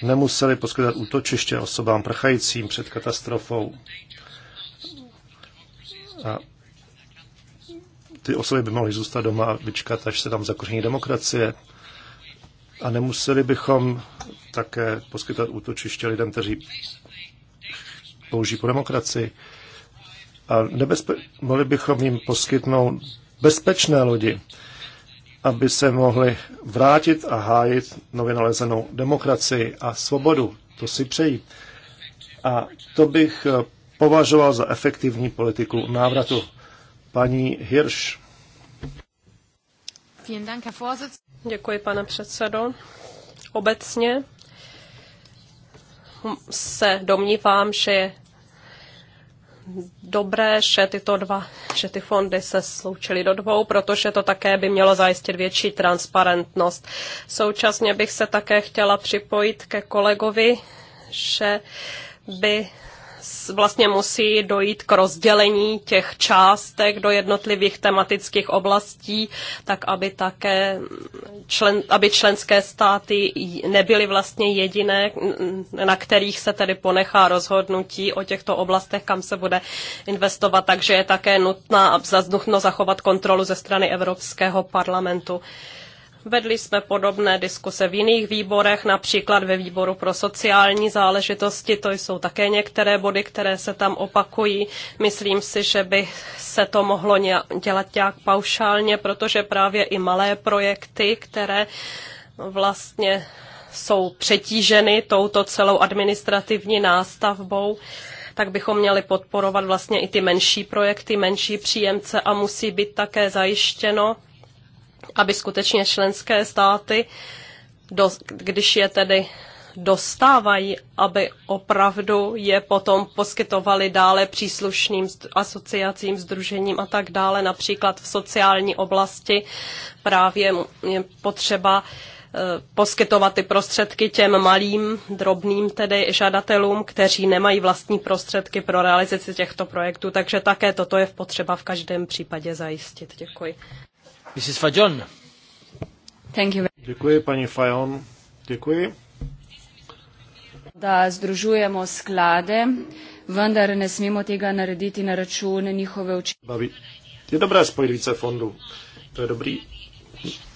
nemuseli poskytovat útočiště osobám prchajícím před katastrofou. A ty osoby by mohly zůstat doma a vyčkat, až se tam zakoření demokracie. A nemuseli bychom také poskytovat útočiště lidem, kteří použijí po demokracii. A nebezpe- mohli bychom jim poskytnout bezpečné lodi, aby se mohli vrátit a hájit nově nalezenou demokracii a svobodu. To si přeji. A to bych eh, považoval za efektivní politiku návratu. Paní Hirš. Děkuji, pane předsedo. Obecně se domnívám, že dobré, že tyto dva, že ty fondy se sloučily do dvou, protože to také by mělo zajistit větší transparentnost. Současně bych se také chtěla připojit ke kolegovi, že by vlastně musí dojít k rozdělení těch částek do jednotlivých tematických oblastí, tak aby také člen, aby členské státy nebyly vlastně jediné, na kterých se tedy ponechá rozhodnutí o těchto oblastech, kam se bude investovat. Takže je také nutná a nutno zachovat kontrolu ze strany Evropského parlamentu. Uh, Vedli jsme podobné diskuse v jiných výborech, například ve výboru pro sociální záležitosti. To jsou také některé body, které se tam opakují. Myslím si, že by se to mohlo dělat nějak paušálně, protože právě i malé projekty, které vlastně jsou přetíženy touto celou administrativní nástavbou, tak bychom měli podporovat vlastně i ty menší projekty, menší příjemce a musí být také zajištěno, aby skutečně členské státy, do, když je tedy dostávají, aby opravdu je potom poskytovali dále příslušným asociacím, združením a tak dále. Například v sociální oblasti právě je potřeba e, poskytovat ty prostředky těm malým, drobným tedy žadatelům, kteří nemají vlastní prostředky pro realizaci těchto projektů, takže také toto je potřeba v každém případě zajistit. Děkuji. Mrs. Fajon. Thank you. Děkuji, paní Fajon. Děkuji. Da združujemo sklade, vendar ne smemo tega narediti na račun njihove učinky. Je dobré spojit více fondů. To je dobrý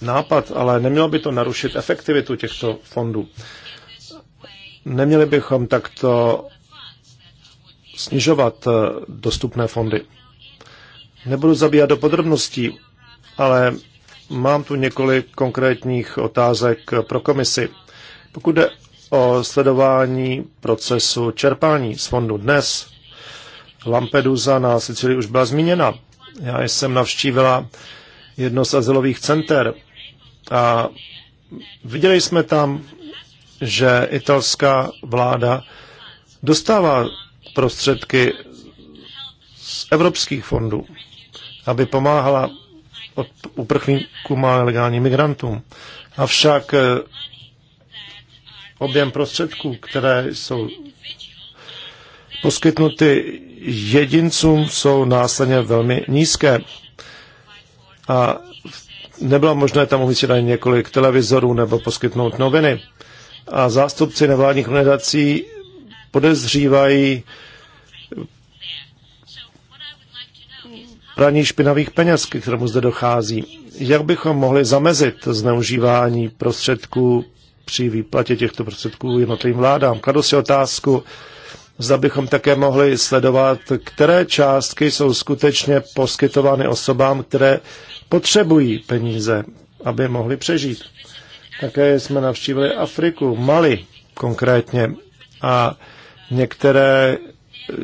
nápad, ale nemělo by to narušit efektivitu těchto fondů. Neměli bychom takto snižovat eh, dostupné fondy. Nebudu zabíhat do podrobností ale mám tu několik konkrétních otázek pro komisi. Pokud jde o sledování procesu čerpání z fondu dnes, Lampedusa na Sicilii už byla zmíněna. Já jsem navštívila jedno z azylových center a viděli jsme tam, že italská vláda dostává prostředky z evropských fondů, aby pomáhala od uprchlíkům a legálním migrantům. Avšak eh, objem prostředků, které jsou poskytnuty jedincům, jsou následně velmi nízké. A nebylo možné tam umístit ani několik televizorů nebo poskytnout noviny. A zástupci nevládních organizací podezřívají praní špinavých peněz, k kterému zde dochází. Jak bychom mohli zamezit zneužívání prostředků při výplatě těchto prostředků jednotlivým vládám? Kladu si otázku, zda bychom také mohli sledovat, které částky jsou skutečně poskytovány osobám, které potřebují peníze, aby mohli přežít. Také jsme navštívili Afriku, Mali konkrétně a některé eh,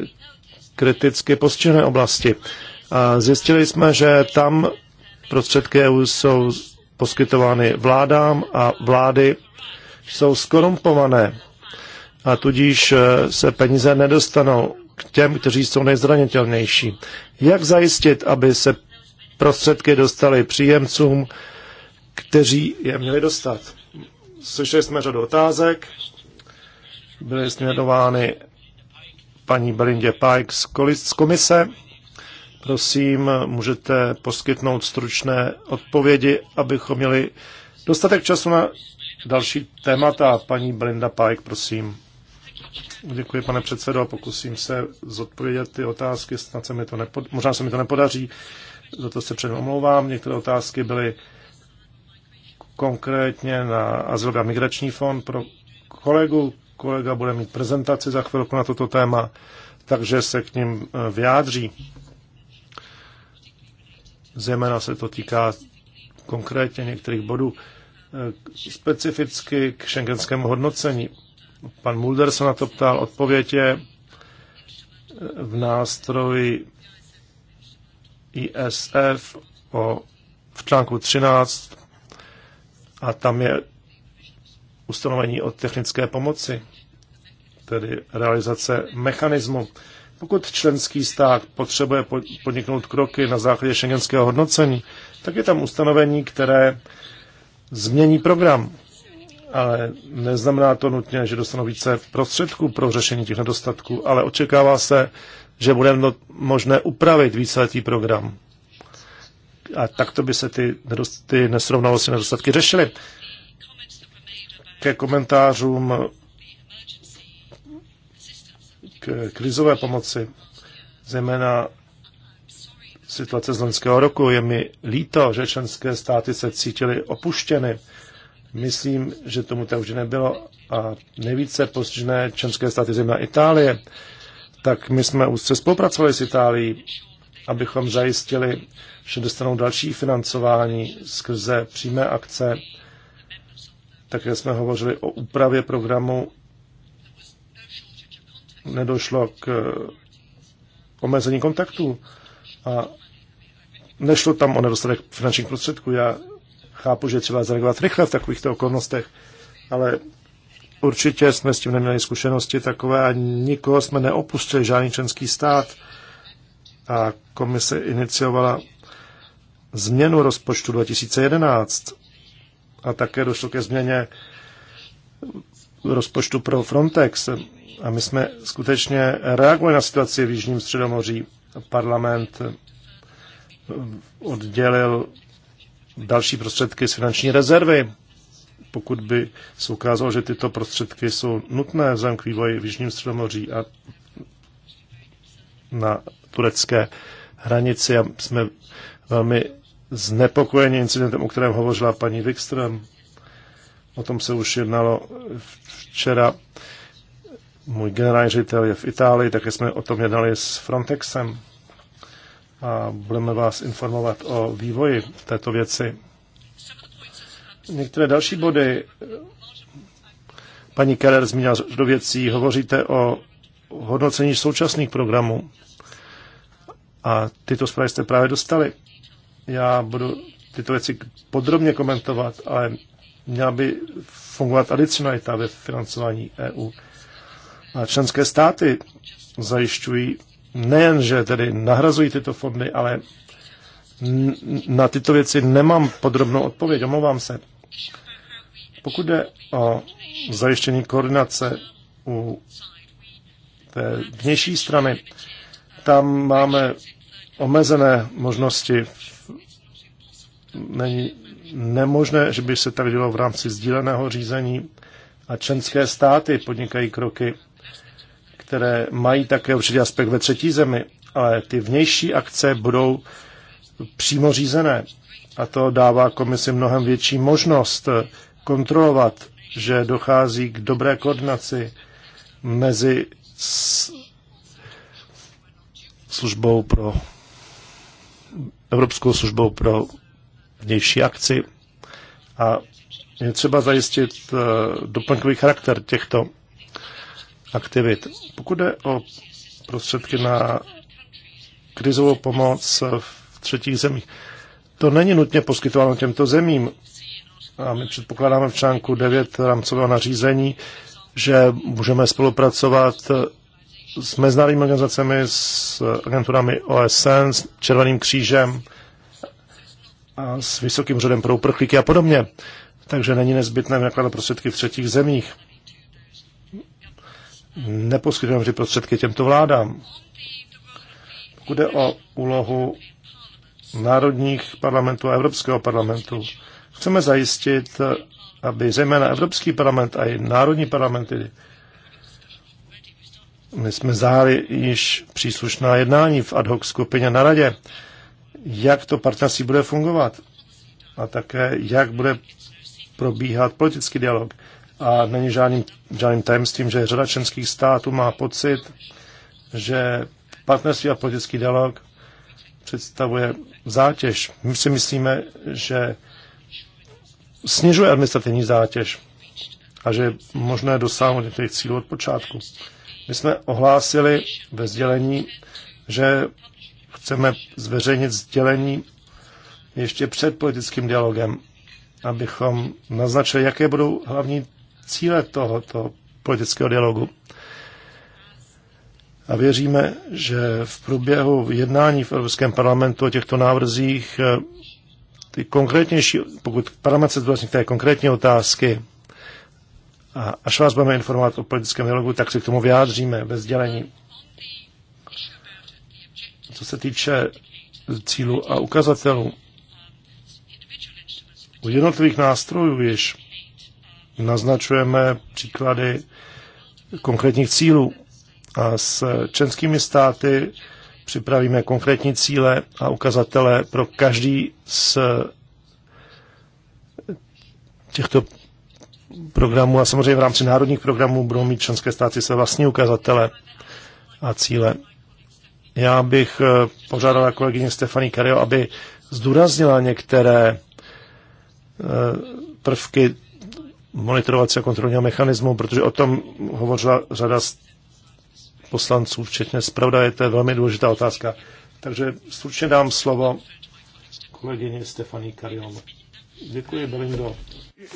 kriticky postižené oblasti. A zjistili jsme, že tam prostředky EU jsou poskytovány vládám a vlády jsou skorumpované a tudíž e, se peníze nedostanou k těm, kteří jsou nejzranitelnější. Jak zajistit, aby se prostředky dostaly příjemcům, kteří je měli dostat? Slyšeli jsme řadu otázek, byly směrovány paní Belindě Pike z komise Prosím, můžete poskytnout stručné odpovědi, abychom měli dostatek času na další témata. Paní Blinda Pajk, prosím. Děkuji, pane předsedo, a pokusím se zodpovědět ty otázky, snad se mi to nepod... možná se mi to nepodaří, za to se předem omlouvám. Některé otázky byly konkrétně na Azylový a migrační fond pro kolegu. Kolega bude mít prezentaci za chvilku na toto téma, takže se k ním eh, vyjádří. Zejména se to týká konkrétně některých bodů eh, specificky k šengenskému hodnocení. Pan Mulder se na to ptal, odpověď je eh, v nástroji ISF o, v článku 13 a tam je ustanovení o technické pomoci, tedy realizace mechanismu. Pokud členský stát potřebuje podniknout kroky na základě šengenského hodnocení, tak je tam ustanovení, které změní program. Ale neznamená to nutně, že dostanou více prostředků pro řešení těch nedostatků, ale očekává se, že bude možné upravit víceletý program. A takto by se ty, ty nesrovnalosti nedostatky řešily. Ke komentářům k krizové pomoci, zejména situace z loňského roku. Je mi líto, že členské státy se cítily opuštěny. Myslím, že tomu tak už nebylo a nejvíce postižené členské státy, zejména Itálie, tak my jsme úzce spolupracovali s Itálií, abychom zajistili, že dostanou další financování skrze přímé akce. Také jsme hovořili o úpravě programu nedošlo k eh, omezení kontaktů a nešlo tam o nedostatek finančních prostředků. Já chápu, že třeba zareagovat rychle v takovýchto okolnostech, ale určitě jsme s tím neměli zkušenosti takové a nikoho jsme neopustili, žádný členský stát. A komise iniciovala změnu rozpočtu 2011 a také došlo ke změně rozpočtu pro Frontex. A my jsme skutečně reagovali na situaci v Jižním středomoří. Parlament oddělil další prostředky z finanční rezervy, pokud by se ukázalo, že tyto prostředky jsou nutné vzhledem k vývoji v Jižním středomoří a na turecké hranici. A jsme velmi znepokojeni incidentem, o kterém hovořila paní Wikström. O tom se už jednalo včera můj generální ředitel je v Itálii, také jsme o tom jednali s Frontexem a budeme vás informovat o vývoji této věci. Některé další body. Paní Keller zmínila do věcí, hovoříte o hodnocení současných programů. A tyto zprávy jste právě dostali. Já budu tyto věci podrobně komentovat, ale měla by fungovat adicionalita ve financování EU. A členské státy zajišťují nejen, že tedy nahrazují tyto fondy, ale na tyto věci nemám podrobnou odpověď, omlouvám se. Pokud jde o zajištění koordinace u té vnější strany, tam máme omezené možnosti. Není nemožné, že by se tak dělo v rámci sdíleného řízení a členské státy podnikají kroky které mají také určitý aspekt ve třetí zemi, ale ty vnější akce budou přímo řízené. A to dává komisi mnohem větší možnost kontrolovat, že dochází k dobré koordinaci mezi službou pro Evropskou službou pro vnější akci a je třeba zajistit eh, doplňkový charakter těchto aktivit. Pokud jde o prostředky na krizovou pomoc v třetích zemích, to není nutně poskytováno těmto zemím. A my předpokládáme v článku 9 rámcového nařízení, že můžeme spolupracovat s mezinárodními organizacemi, s agenturami OSN, s Červeným křížem, a s vysokým řadem pro uprchlíky a podobně. Takže není nezbytné vynakládat prostředky v třetích zemích neposkytujeme vždy prostředky těmto vládám. Pokud jde o úlohu národních parlamentů a Evropského parlamentu, chceme zajistit, aby zejména Evropský parlament a i národní parlamenty my jsme zahájili již příslušná jednání v ad hoc skupině na radě, jak to partnerství bude fungovat a také jak bude probíhat politický dialog. A není žádným, žádným tajemstvím, že řada členských států má pocit, že partnerství a politický dialog představuje zátěž. My si myslíme, že snižuje administrativní zátěž a že je možné dosáhnout některých cílů od počátku. My jsme ohlásili ve sdělení, že chceme zveřejnit sdělení ještě před politickým dialogem, abychom naznačili, jaké budou hlavní cíle tohoto politického dialogu. A věříme, že v průběhu jednání v Evropském parlamentu o těchto návrzích eh, ty konkrétnější, pokud parlament se zvlastní té konkrétní otázky, a až vás budeme informovat o politickém dialogu, tak se k tomu vyjádříme ve sdělení. Co se týče cílu a ukazatelů, u jednotlivých nástrojů již naznačujeme příklady konkrétních cílů a s členskými státy připravíme konkrétní cíle a ukazatele pro každý z těchto programů a samozřejmě v rámci národních programů budou mít členské státy své vlastní ukazatele a cíle. Já bych eh, požádala kolegyně Stefany Kario, aby zdůraznila některé eh, prvky monitorovacího kontrolního mechanismu, protože o tom hovořila řada poslanců, včetně je to je velmi důležitá otázka. Takže stručně dám slovo kolegyně Stefaní Karion. Děkuji, Belindo.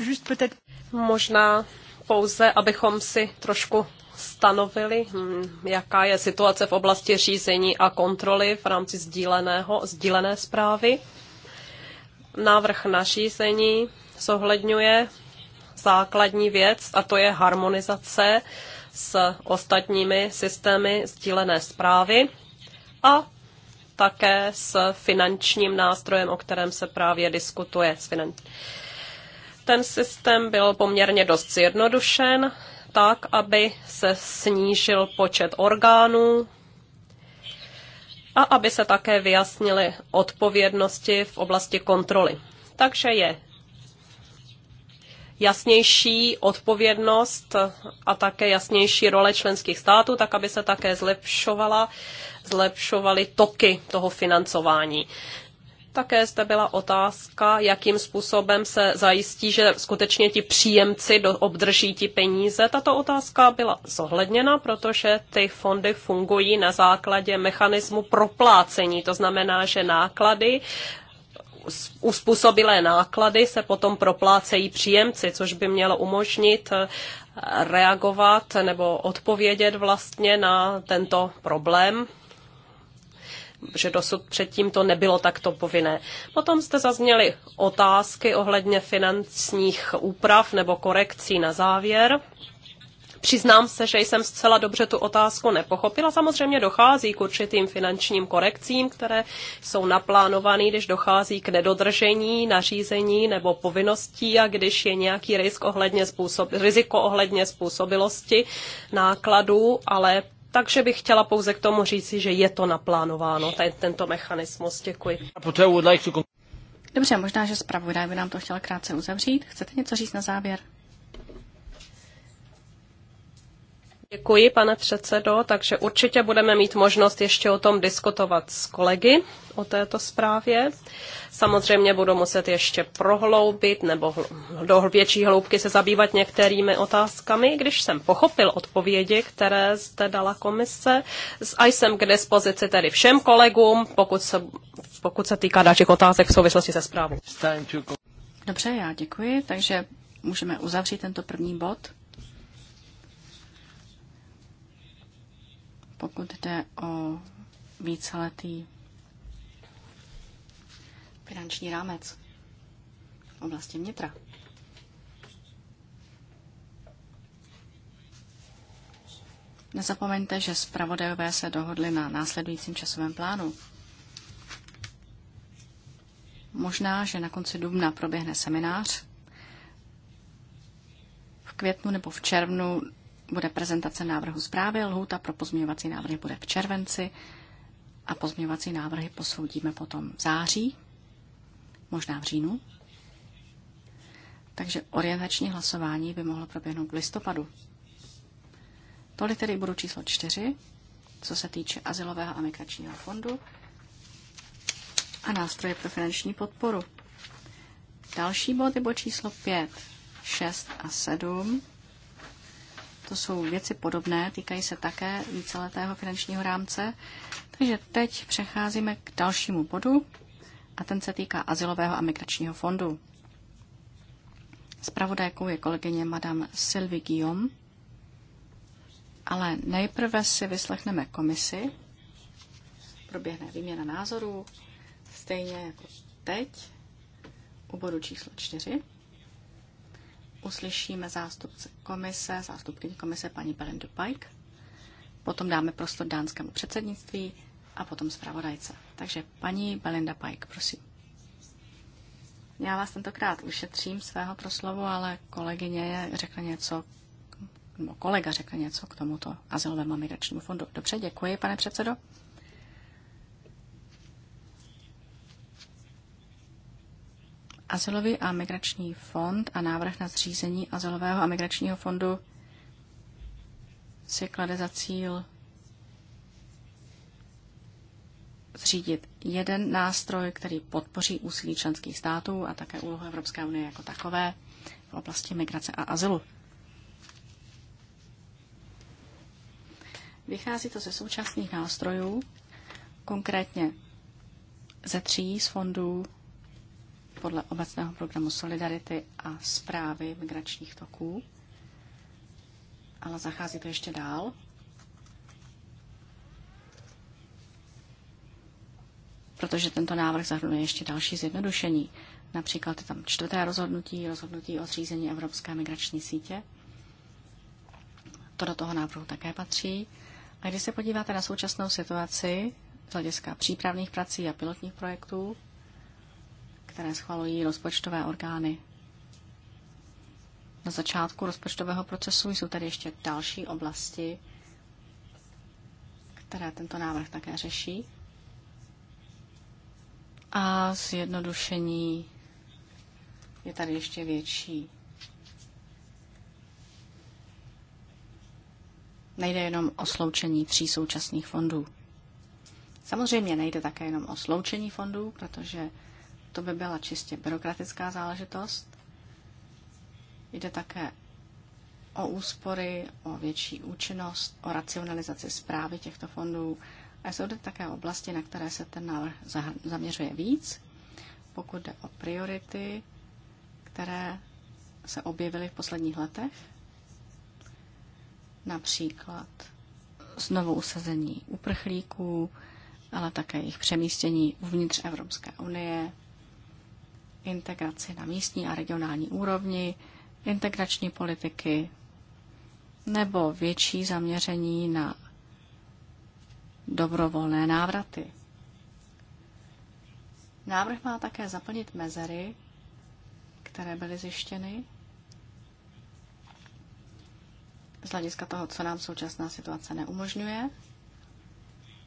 Just peut možná pouze, abychom si trošku stanovili, hm, jaká je situace v oblasti řízení a kontroly v rámci sdíleného, sdílené zprávy. Návrh řízení zohledňuje základní věc a to je harmonizace s ostatními systémy sdílené zprávy a také s finančním nástrojem, o kterém se právě diskutuje. Ten systém byl poměrně dost zjednodušen, tak, aby se snížil počet orgánů a aby se také vyjasnily odpovědnosti v oblasti kontroly. Takže je jasnější odpovědnost a také jasnější role členských států, tak aby se také zlepšovala, zlepšovaly toky toho financování. Také zde byla otázka, jakým způsobem se zajistí, že skutečně ti příjemci do, obdrží ti peníze. Tato otázka byla zohledněna, protože ty fondy fungují na základě mechanismu proplácení. To znamená, že náklady uspůsobilé náklady se potom proplácejí příjemci, což by mělo umožnit eh, reagovat nebo odpovědět vlastně na tento problém že dosud předtím to nebylo takto povinné. Potom jste zazněli otázky ohledně finančních úprav nebo korekcí na závěr. Přiznám se, že jsem zcela dobře tu otázku nepochopila. Samozřejmě dochází k určitým finančním korekcím, které jsou naplánované, když dochází k nedodržení nařízení nebo povinností a když je nějaký risk ohledně způsob, riziko ohledně způsobilosti nákladů, ale takže bych chtěla pouze k tomu říci, že je to naplánováno, ten, tento mechanismus. Děkuji. Dobře, možná, že zpravodaj by nám to chtěla krátce uzavřít. Chcete něco říct na závěr? Děkuji, pane předsedo, takže určitě budeme mít možnost ještě o tom diskutovat s kolegy o této zprávě. Samozřejmě budu muset ještě prohloubit nebo do větší hloubky se zabývat některými otázkami. Když jsem pochopil odpovědi, které zde dala komise, a jsem k dispozici tedy všem kolegům, pokud se, pokud se týká dalších otázek v souvislosti se zprávou. Dobře, já děkuji, takže můžeme uzavřít tento první bod. Pokud jde o víceletý finanční rámec v oblasti vnitra. Nezapomeňte, že zpravodajové se dohodli na následujícím časovém plánu. Možná, že na konci dubna proběhne seminář. V květnu nebo v červnu bude prezentace návrhu zprávy, lhůta pro pozměňovací návrhy bude v červenci a pozměňovací návrhy posoudíme potom v září, možná v říjnu. Takže orientační hlasování by mohlo proběhnout v listopadu. Tolik tedy budu číslo čtyři, co se týče Azylového a migračního fondu a nástroje pro finanční podporu. Další bod je bod číslo 5, 6 a 7 to jsou věci podobné, týkají se také víceletého finančního rámce. Takže teď přecházíme k dalšímu bodu a ten se týká Azylového a migračního fondu. Spravodajkou je kolegyně Madame Sylvie Guillaume, ale nejprve si vyslechneme komisi, proběhne výměna názorů, stejně jako teď u bodu číslo 4 uslyšíme zástupce komise, zástupkyně komise paní Belindu Pike, potom dáme prostor dánskému předsednictví a potom zpravodajce. Takže paní Belinda Pike, prosím. Já vás tentokrát ušetřím svého proslovu, ale kolegyně řekla něco, nebo kolega řekl něco k tomuto azylovému migračnímu fondu. Dobře, děkuji, pane předsedo. Azylový a migrační fond a návrh na zřízení Azylového a migračního fondu si klade za cíl zřídit jeden nástroj, který podpoří úsilí členských států a také úlohu Evropské unie jako takové v oblasti migrace a azylu. Vychází to ze současných nástrojů, konkrétně ze tří z fondů podle obecného programu Solidarity a zprávy migračních toků. Ale zachází to ještě dál. Protože tento návrh zahrnuje ještě další zjednodušení. Například je tam čtvrté rozhodnutí, rozhodnutí o zřízení Evropské migrační sítě. To do toho návrhu také patří. A když se podíváte na současnou situaci z hlediska přípravných prací a pilotních projektů, které schvalují rozpočtové orgány. Na začátku rozpočtového procesu jsou tady ještě další oblasti, které tento návrh také řeší. A zjednodušení je tady ještě větší. Nejde jenom o sloučení tří současných fondů. Samozřejmě nejde také jenom o sloučení fondů, protože to by byla čistě byrokratická záležitost. Jde také o úspory, o větší účinnost, o racionalizaci zprávy těchto fondů. A jsou to také oblasti, na které se ten návrh zaměřuje víc, pokud jde o priority, které se objevily v posledních letech. Například znovu usazení uprchlíků, ale také jejich přemístění uvnitř Evropské unie, integraci na místní a regionální úrovni, integrační politiky nebo větší zaměření na dobrovolné návraty. Návrh má také zaplnit mezery, které byly zjištěny z hlediska toho, co nám současná situace neumožňuje,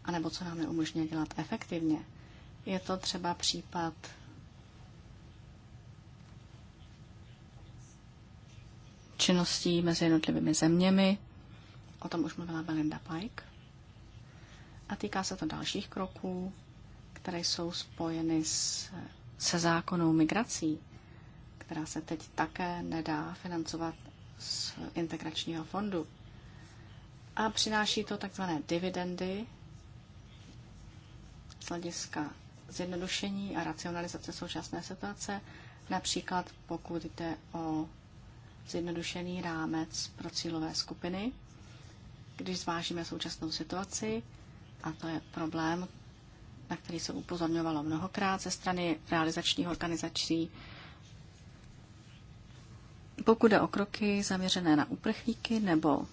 anebo co nám neumožňuje dělat efektivně. Je to třeba případ činností mezi jednotlivými zeměmi. O tom už mluvila Belinda Pike. A týká se to dalších kroků, které jsou spojeny s, se zákonou migrací, která se teď také nedá financovat z integračního fondu. A přináší to takzvané dividendy z hlediska zjednodušení a racionalizace současné situace, například pokud jde o zjednodušený rámec pro cílové skupiny, když zvážíme současnou situaci, a to je problém, na který se upozorňovalo mnohokrát ze strany realizačních organizací. Pokud jde o kroky zaměřené na uprchlíky nebo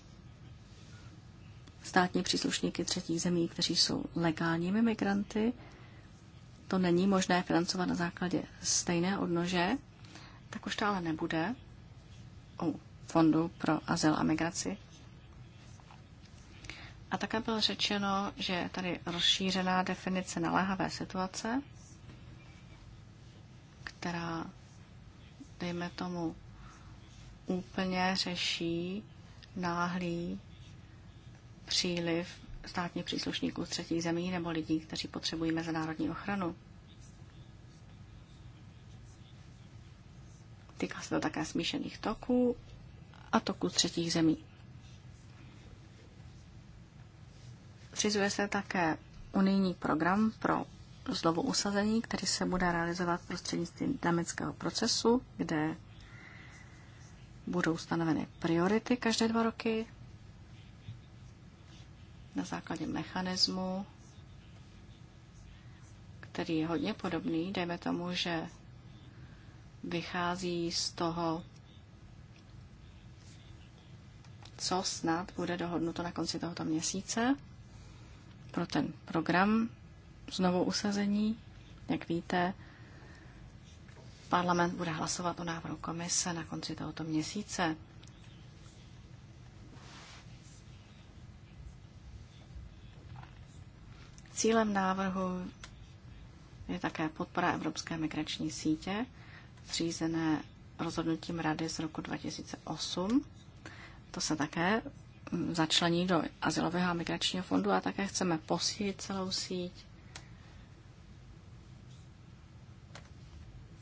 státní příslušníky třetích zemí, kteří jsou legálními migranty, to není možné financovat na základě stejné odnože, tak už to ale nebude u Fondu pro azyl a migraci. A také bylo řečeno, že je tady rozšířená definice naléhavé situace, která, dejme tomu, úplně řeší náhlý příliv státních příslušníků třetích zemí nebo lidí, kteří potřebují mezinárodní ochranu. Týká se to také smíšených toků a toků třetích zemí. Přizuje se také unijní program pro znovu usazení, který se bude realizovat prostřednictvím dynamického procesu, kde budou stanoveny priority každé dva roky na základě mechanismu, který je hodně podobný. Dejme tomu, že vychází z toho, co snad bude dohodnuto na konci tohoto měsíce pro ten program znovu usazení. Jak víte, parlament bude hlasovat o návrhu komise na konci tohoto měsíce. Cílem návrhu je také podpora Evropské migrační sítě zřízené rozhodnutím Rady z roku 2008. To se také mm, začlení do Azylového a migračního fondu a také chceme posílit celou síť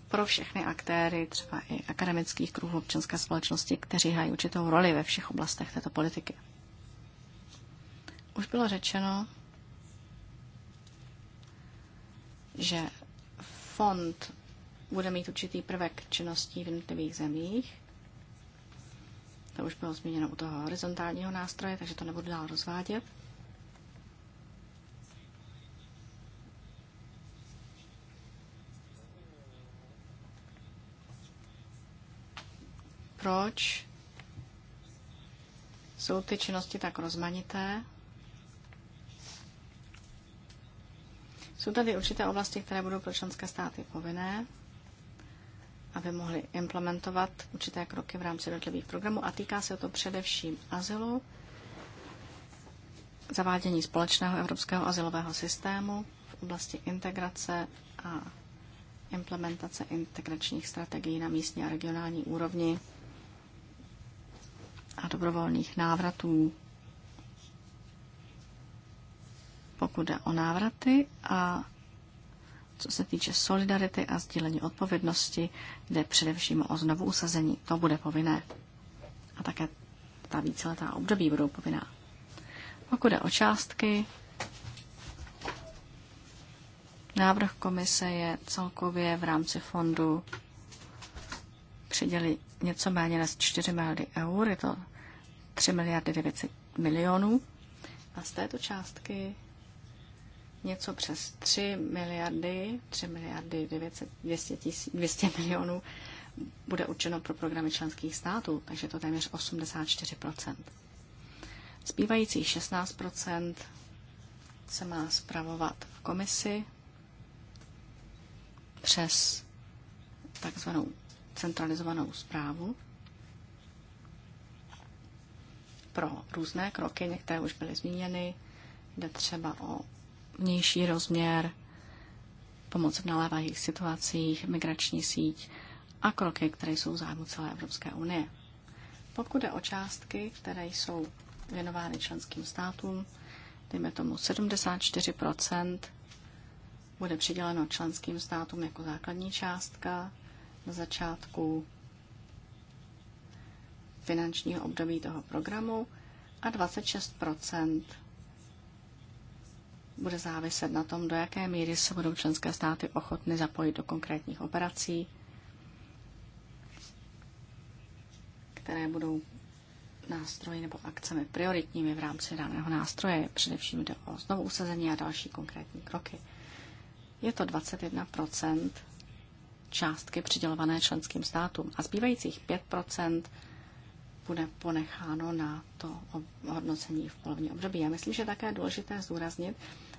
pro všechny aktéry, třeba i akademických kruhů občanské společnosti, kteří hrají určitou roli ve všech oblastech této politiky. Už bylo řečeno, že fond bude mít určitý prvek činností v jednotlivých zemích. To už bylo zmíněno u toho horizontálního nástroje, takže to nebudu dál rozvádět. Proč jsou ty činnosti tak rozmanité? Jsou tady určité oblasti, které budou pro členské státy povinné aby mohli implementovat určité kroky v rámci jednotlivých programů a týká se to především azylu, zavádění společného evropského azylového systému v oblasti integrace a implementace integračních strategií na místní a regionální úrovni a dobrovolných návratů. Pokud jde o návraty a co se týče solidarity a sdílení odpovědnosti, jde především o znovu usazení. To bude povinné. A také ta víceletá období budou povinná. Pokud jde o částky, návrh komise je celkově v rámci fondu přidělit něco méně než 4 miliardy eur, je to 3 miliardy 900 milionů. A z této částky něco přes 3 miliardy, 3 miliardy 900, 200, tisíc, 200 milionů bude určeno pro programy členských států, takže to téměř 84%. Zbývající 16% se má zpravovat v komisi přes takzvanou centralizovanou zprávu pro různé kroky, některé už byly zmíněny, jde třeba o vnější rozměr, pomoc v nalévajících situacích, migrační síť a kroky, které jsou v zájmu celé Evropské unie. Pokud je o částky, které jsou věnovány členským státům, dejme tomu 74% bude přiděleno členským státům jako základní částka na začátku finančního období toho programu a 26 bude záviset na tom, do jaké míry se budou členské státy ochotny zapojit do konkrétních operací, které budou nástroji nebo akcemi prioritními v rámci daného nástroje. Především jde o znovu usazení a další konkrétní kroky. Je to 21 částky přidělované členským státům a zbývajících 5 bude ponecháno na to hodnocení v polovní období. Já myslím, že také je důležité zdůraznit,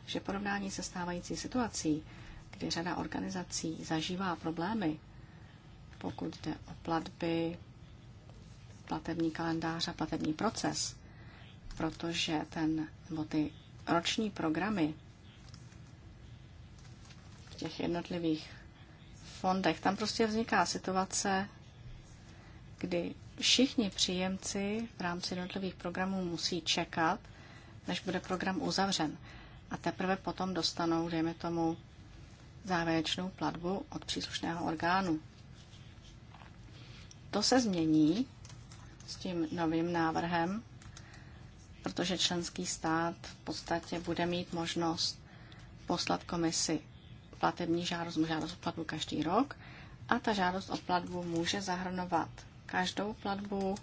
že porovnání se stávající situací, kdy řada organizací zažívá problémy, pokud jde o platby, platební kalendář a platební proces, protože ten, nebo ty roční programy v těch jednotlivých fondech, tam prostě vzniká situace, kdy všichni příjemci v rámci jednotlivých programů musí čekat, než bude program uzavřen a teprve potom dostanou, dejme tomu, závěrečnou platbu od příslušného orgánu. To se změní s tím novým návrhem, protože členský stát v podstatě bude mít možnost poslat komisi platební žádost, žádost o platbu každý rok a ta žádost o platbu může zahrnovat každou platbu,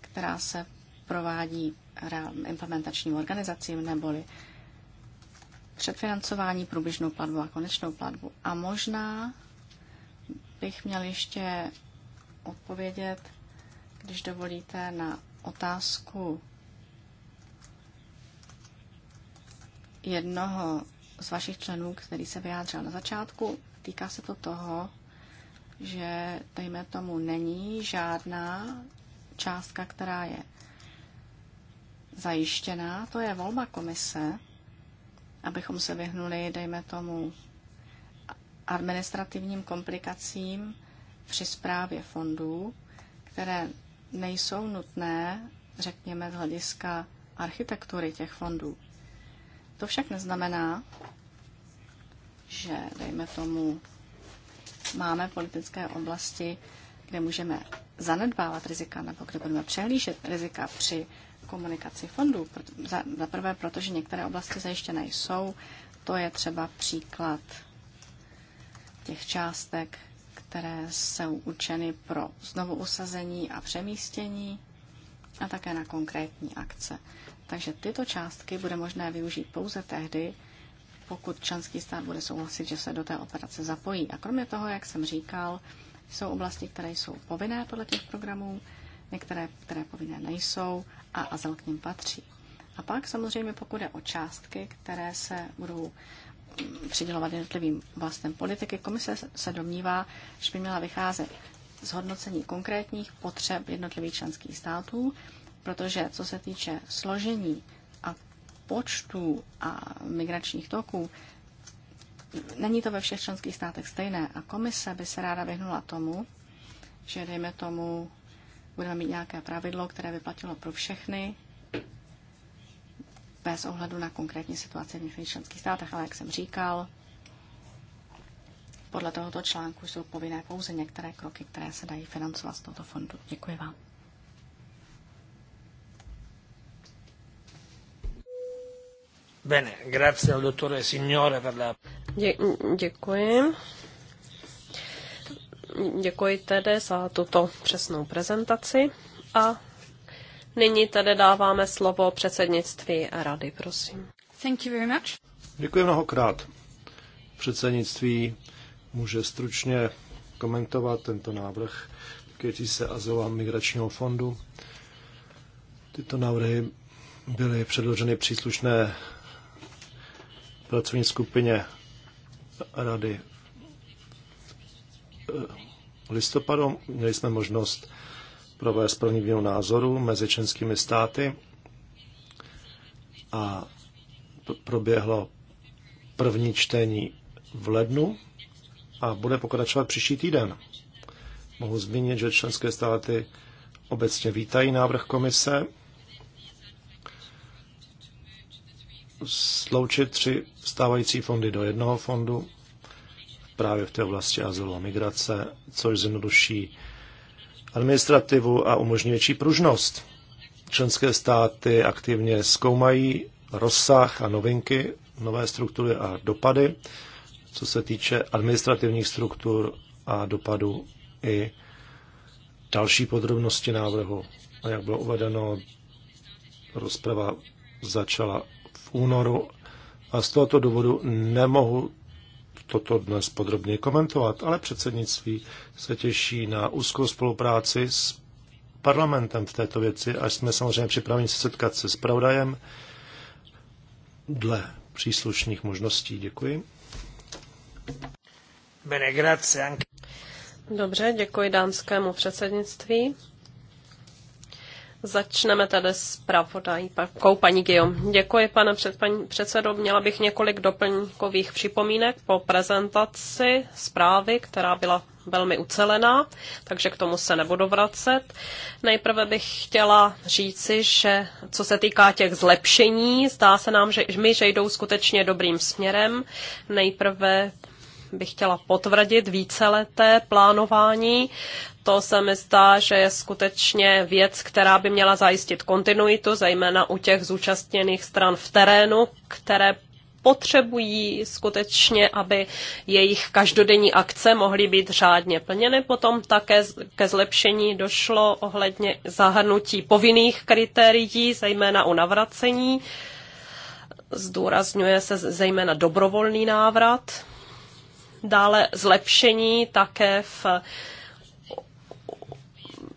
která se provádí implementačním organizacím neboli předfinancování, průběžnou platbu a konečnou platbu. A možná bych měl ještě odpovědět, když dovolíte, na otázku jednoho z vašich členů, který se vyjádřil na začátku. Týká se to toho, že dejme tomu není žádná částka, která je zajištěná, to je volba komise, abychom se vyhnuli, dejme tomu, administrativním komplikacím při zprávě fondů, které nejsou nutné, řekněme, z hlediska architektury těch fondů. To však neznamená, že, dejme tomu, máme politické oblasti, kde můžeme zanedbávat rizika nebo kde budeme přehlížet rizika při komunikaci fondů. Za, za prvé, protože některé oblasti zajištěné jsou, to je třeba příklad těch částek, které jsou učeny pro znovu usazení a přemístění a také na konkrétní akce. Takže tyto částky bude možné využít pouze tehdy, pokud členský stát bude souhlasit, že se do té operace zapojí. A kromě toho, jak jsem říkal, jsou oblasti, které jsou povinné podle těch programů některé, které povinné nejsou a azyl k ním patří. A pak samozřejmě pokud je o částky, které se budou přidělovat jednotlivým vlastem politiky, komise se domnívá, že by měla vycházet z hodnocení konkrétních potřeb jednotlivých členských států, protože co se týče složení a počtu a migračních toků, není to ve všech členských státech stejné a komise by se ráda vyhnula tomu, že dejme tomu budeme mít nějaké pravidlo, které by platilo pro všechny, bez ohledu na konkrétní situaci v některých členských státech, ale jak jsem říkal, podle tohoto článku jsou povinné pouze některé kroky, které se dají financovat z tohoto fondu. Děkuji vám. Bene, grazie al dottore signore per la... Dě- děkuji. Děkuji tedy za tuto přesnou prezentaci a nyní tedy dáváme slovo předsednictví rady, prosím. Thank you very much. Děkuji mnohokrát. Předsednictví může stručně komentovat tento návrh týkající se Azova migračního fondu. Tyto návrhy byly předloženy příslušné pracovní skupině Rady listopadu. Měli jsme možnost provést první výměnu názoru mezi členskými státy a proběhlo první čtení v lednu a bude pokračovat příští týden. Mohu zmínit, že členské státy obecně vítají návrh komise sloučit tři stávající fondy do jednoho fondu právě v té oblasti azylu a migrace, což zjednoduší administrativu a umožní větší pružnost. Členské státy aktivně zkoumají rozsah a novinky, nové struktury a dopady, co se týče administrativních struktur a dopadu i další podrobnosti návrhu. A jak bylo uvedeno, rozprava začala v únoru a z tohoto důvodu nemohu toto dnes podrobně komentovat, ale předsednictví se těší na úzkou spolupráci s parlamentem v této věci a jsme samozřejmě připraveni se setkat se zpravodajem dle příslušných možností. Děkuji. Dobře, děkuji dánskému předsednictví. Začneme tady s pravodají paní Guillaume. Děkuji, pane před, paní předsedo. Měla bych několik doplňkových připomínek po prezentaci zprávy, která byla velmi ucelená, takže k tomu se nebudu vracet. Nejprve bych chtěla říci, že co se týká těch zlepšení, zdá se nám, že my, že jdou skutečně dobrým směrem. Nejprve bych chtěla potvrdit víceleté plánování. To se mi zdá, že je skutečně věc, která by měla zajistit kontinuitu, zejména u těch zúčastněných stran v terénu, které potřebují skutečně, aby jejich každodenní akce mohly být řádně plněny. Potom také ke zlepšení došlo ohledně zahrnutí povinných kritérií, zejména u navracení. Zdůrazňuje se zejména dobrovolný návrat. Dále zlepšení také v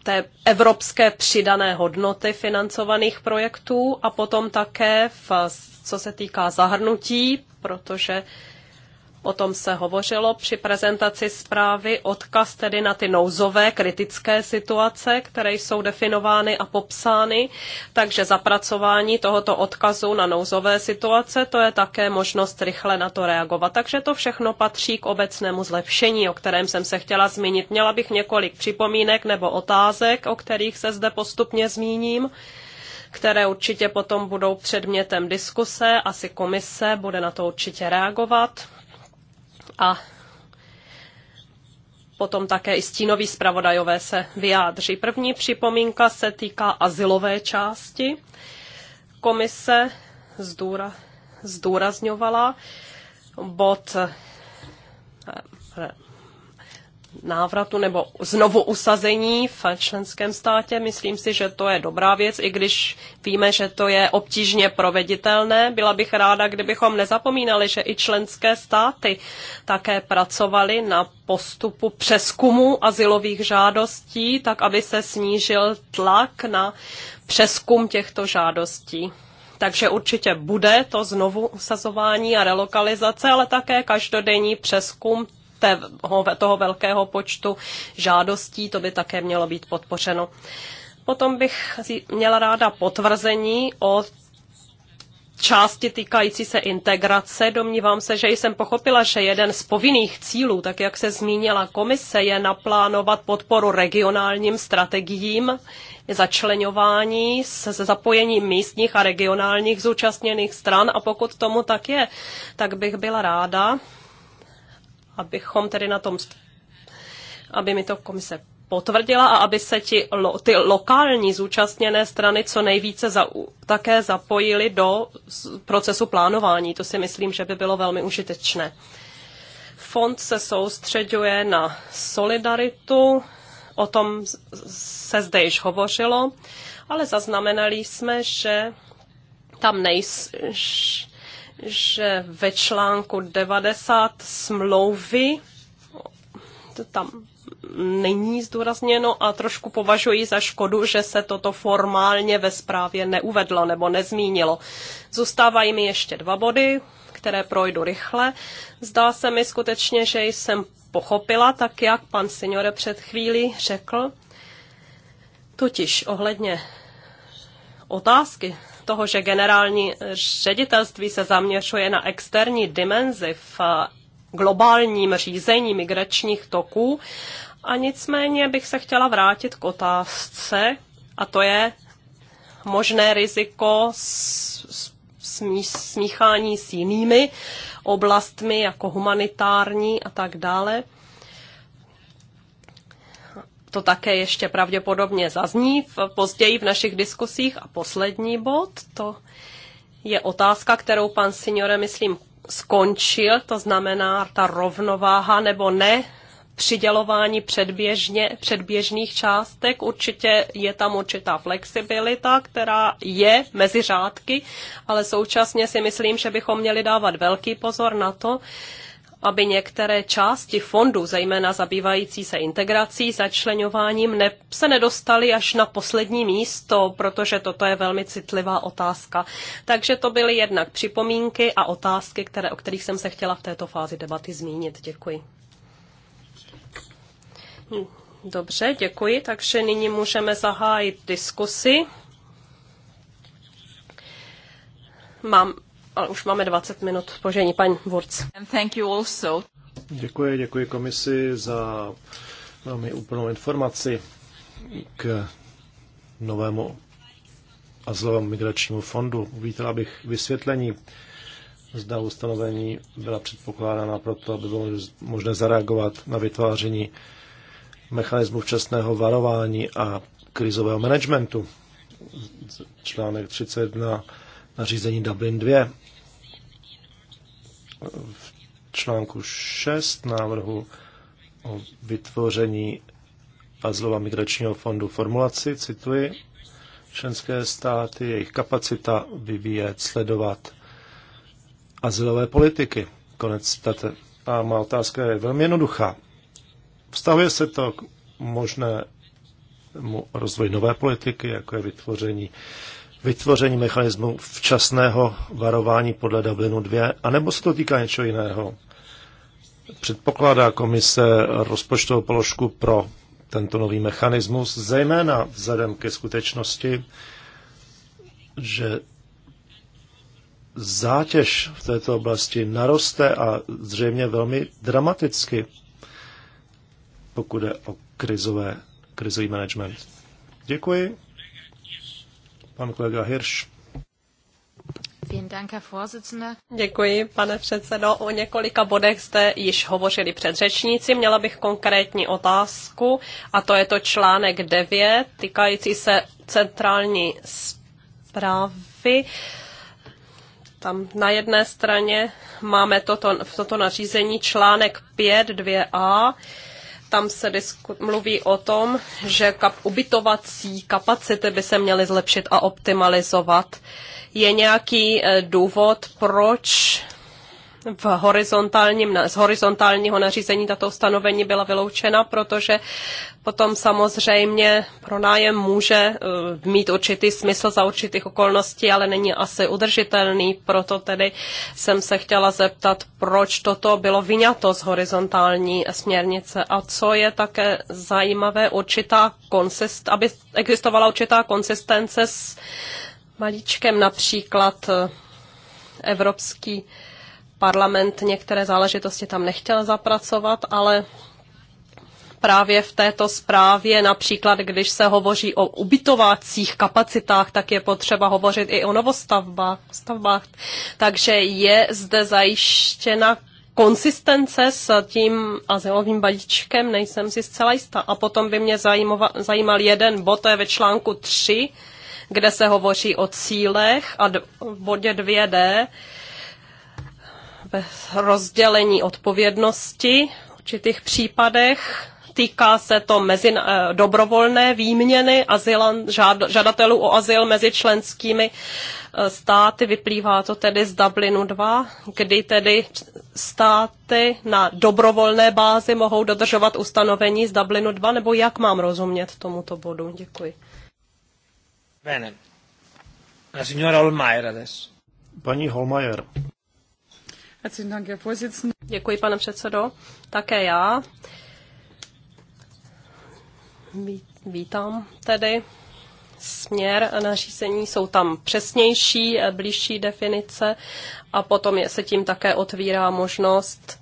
té evropské přidané hodnoty financovaných projektů a potom také, v, co se týká zahrnutí, protože o tom se hovořilo při prezentaci zprávy, odkaz tedy na ty nouzové kritické situace, které jsou definovány a popsány, takže zapracování tohoto odkazu na nouzové situace, to je také možnost rychle na to reagovat. Takže to všechno patří k obecnému zlepšení, o kterém jsem se chtěla zmínit. Měla bych několik připomínek nebo otázek, o kterých se zde postupně zmíním které určitě potom budou předmětem diskuse, asi komise bude na to určitě reagovat a potom také i stínoví zpravodajové se vyjádří. První připomínka se týká asilové části. Komise zdůra, zdůrazňovala bod eh, návratu nebo znovu usazení v členském státě. Myslím si, že to je dobrá věc, i když víme, že to je obtížně proveditelné. Byla bych ráda, kdybychom nezapomínali, že i členské státy také pracovaly na postupu přeskumu asilových žádostí, tak aby se snížil tlak na přeskum těchto žádostí. Takže určitě bude to znovu usazování a relokalizace, ale také každodenní přeskum toho, velkého počtu žádostí, to by také mělo být podpořeno. Potom bych měla ráda potvrzení o části týkající se integrace. Domnívám se, že jsem pochopila, že jeden z povinných cílů, tak jak se zmínila komise, je naplánovat podporu regionálním strategiím, začlenování se zapojením místních a regionálních zúčastněných stran a pokud tomu tak je, tak bych byla ráda, abychom tedy na tom, aby mi to komise potvrdila a aby se ti, lo, ty lokální zúčastněné strany co nejvíce za, také zapojily do procesu plánování. To si myslím, že by bylo velmi užitečné. Fond se soustředuje na solidaritu, o tom se zde již hovořilo, ale zaznamenali jsme, že tam nejsou že ve článku 90 smlouvy to tam není zdůrazněno a trošku považuji za škodu, že se toto formálně ve zprávě neuvedlo nebo nezmínilo. Zůstávají mi ještě dva body, které projdu rychle. Zdá se mi skutečně, že jsem pochopila, tak jak pan signore před chvílí řekl. Totiž ohledně otázky toho, že generální ředitelství se zaměřuje na externí dimenzi v eh, globálním řízení migračních toků. A nicméně bych se chtěla vrátit k otázce, a to je možné riziko smíchání s jinými oblastmi, jako humanitární a tak dále to také ještě pravděpodobně zazní v, později v našich diskusích. A poslední bod, to je otázka, kterou pan signore, myslím, skončil, to znamená ta rovnováha nebo ne přidělování předběžně, předběžných částek. Určitě je tam určitá flexibilita, která je mezi řádky, ale současně si myslím, že bychom měli dávat velký pozor na to, aby některé části fondu, zejména zabývající se integrací, začlenováním, ne, se nedostaly až na poslední místo, protože toto je velmi citlivá otázka. Takže to byly jednak připomínky a otázky, které, o kterých jsem se chtěla v této fázi debaty zmínit. Děkuji. Dobře, děkuji. Takže nyní můžeme zahájit diskusi. Mám, ale už máme 20 minut požení, Pan Wurz. Děkuji, děkuji komisi za velmi úplnou informaci k novému azylovému migračnímu fondu. Uvítala bych vysvětlení, zda ustanovení byla předpokládána proto, aby bylo možné zareagovat na vytváření mechanismu včasného varování a krizového managementu. Článek 31 nařízení Dublin 2 v článku 6 návrhu o vytvoření Azlova migračního fondu formulaci, cituji, členské státy, jejich kapacita vyvíjet, sledovat azylové politiky. Konec citace. A má otázka je velmi jednoduchá. Vztahuje se to k možnému rozvoji nové politiky, jako je vytvoření vytvoření mechanismu včasného varování podle Dublinu 2, anebo se to týká něčeho jiného? Předpokládá komise rozpočtovou položku pro tento nový mechanismus, zejména vzhledem ke skutečnosti, že zátěž v této oblasti naroste a zřejmě velmi dramaticky, pokud je o krizové, krizový management. Děkuji. Pan kolega Hirsch. Děkuji, pane předsedo. O několika bodech jste již hovořili předřečníci. Měla bych konkrétní otázku a to je to článek 9 týkající se centrální zprávy. Tam na jedné straně máme toto, toto nařízení článek 5 2a tam se mluví o tom, že kap- ubytovací kapacity by se měly zlepšit a optimalizovat. Je nějaký eh, důvod, proč v horizontálním, z horizontálního nařízení tato ustanovení byla vyloučena, protože Potom samozřejmě pronájem může eh, mít určitý smysl za určitých okolností, ale není asi udržitelný, proto tedy jsem se chtěla zeptat, proč toto bylo vyňato z horizontální směrnice a co je také zajímavé, určitá konsist, aby existovala určitá konsistence s malíčkem například eh, Evropský parlament některé záležitosti tam nechtěl zapracovat, ale právě v této zprávě, například když se hovoří o ubytovacích kapacitách, tak je potřeba hovořit i o novostavbách. Stavbách. Takže je zde zajištěna konsistence s tím azylovým balíčkem, nejsem si zcela jistá. A potom by mě zajímava, zajímal jeden bod, to je ve článku 3, kde se hovoří o cílech a v bodě 2D ve rozdělení odpovědnosti v určitých případech týká se to mezi, eh, dobrovolné výměny azylan, žad, žadatelů o azyl mezi členskými eh, státy. Vyplývá to tedy z Dublinu 2, kdy tedy státy na dobrovolné bázi mohou dodržovat ustanovení z Dublinu 2, nebo jak mám rozumět tomuto bodu? Děkuji. Bene. La signora Olmayer adesso. Paní Holmajer. Děkuji, pane předsedo. Také já Vítám tedy směr a nařízení. Jsou tam přesnější, blížší definice a potom se tím také otvírá možnost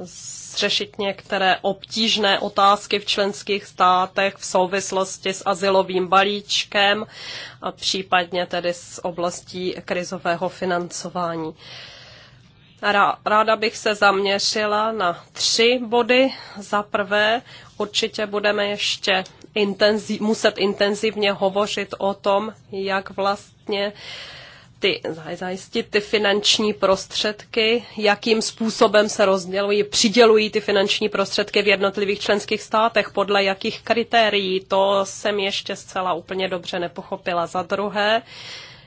zřešit eh, některé obtížné otázky v členských státech v souvislosti s asilovým balíčkem a případně tedy s oblastí krizového financování. Ráda bych se zaměřila na tři body. Za prvé, určitě budeme ještě intenziv, muset intenzivně hovořit o tom, jak vlastně ty, zajistit ty finanční prostředky, jakým způsobem se rozdělují, přidělují ty finanční prostředky v jednotlivých členských státech, podle jakých kritérií, to jsem ještě zcela úplně dobře nepochopila. Za druhé,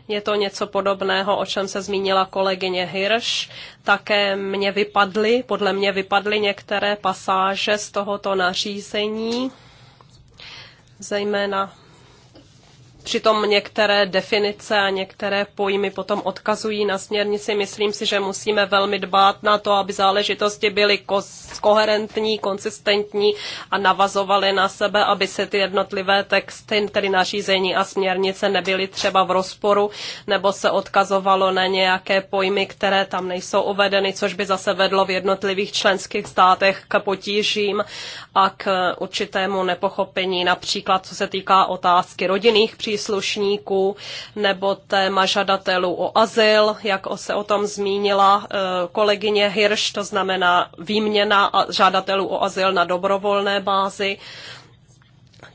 je to něco podobného, o čem se zmínila kolegyně Hirsch. Také mě vypadly, podle mě vypadly některé pasáže z tohoto nařízení, zejména Přitom některé definice a některé pojmy potom odkazují na směrnici. Myslím si, že musíme velmi dbát na to, aby záležitosti byly koherentní, konsistentní a navazovaly na sebe, aby se ty jednotlivé texty, tedy nařízení a směrnice, nebyly třeba v rozporu nebo se odkazovalo na nějaké pojmy, které tam nejsou uvedeny, což by zase vedlo v jednotlivých členských státech k potížím a k určitému nepochopení, například co se týká otázky rodinných příležitostí příslušníků nebo téma žadatelů o azyl, jak se o tom zmínila eh, kolegyně Hirš, to znamená výměna žadatelů o azyl na dobrovolné bázi.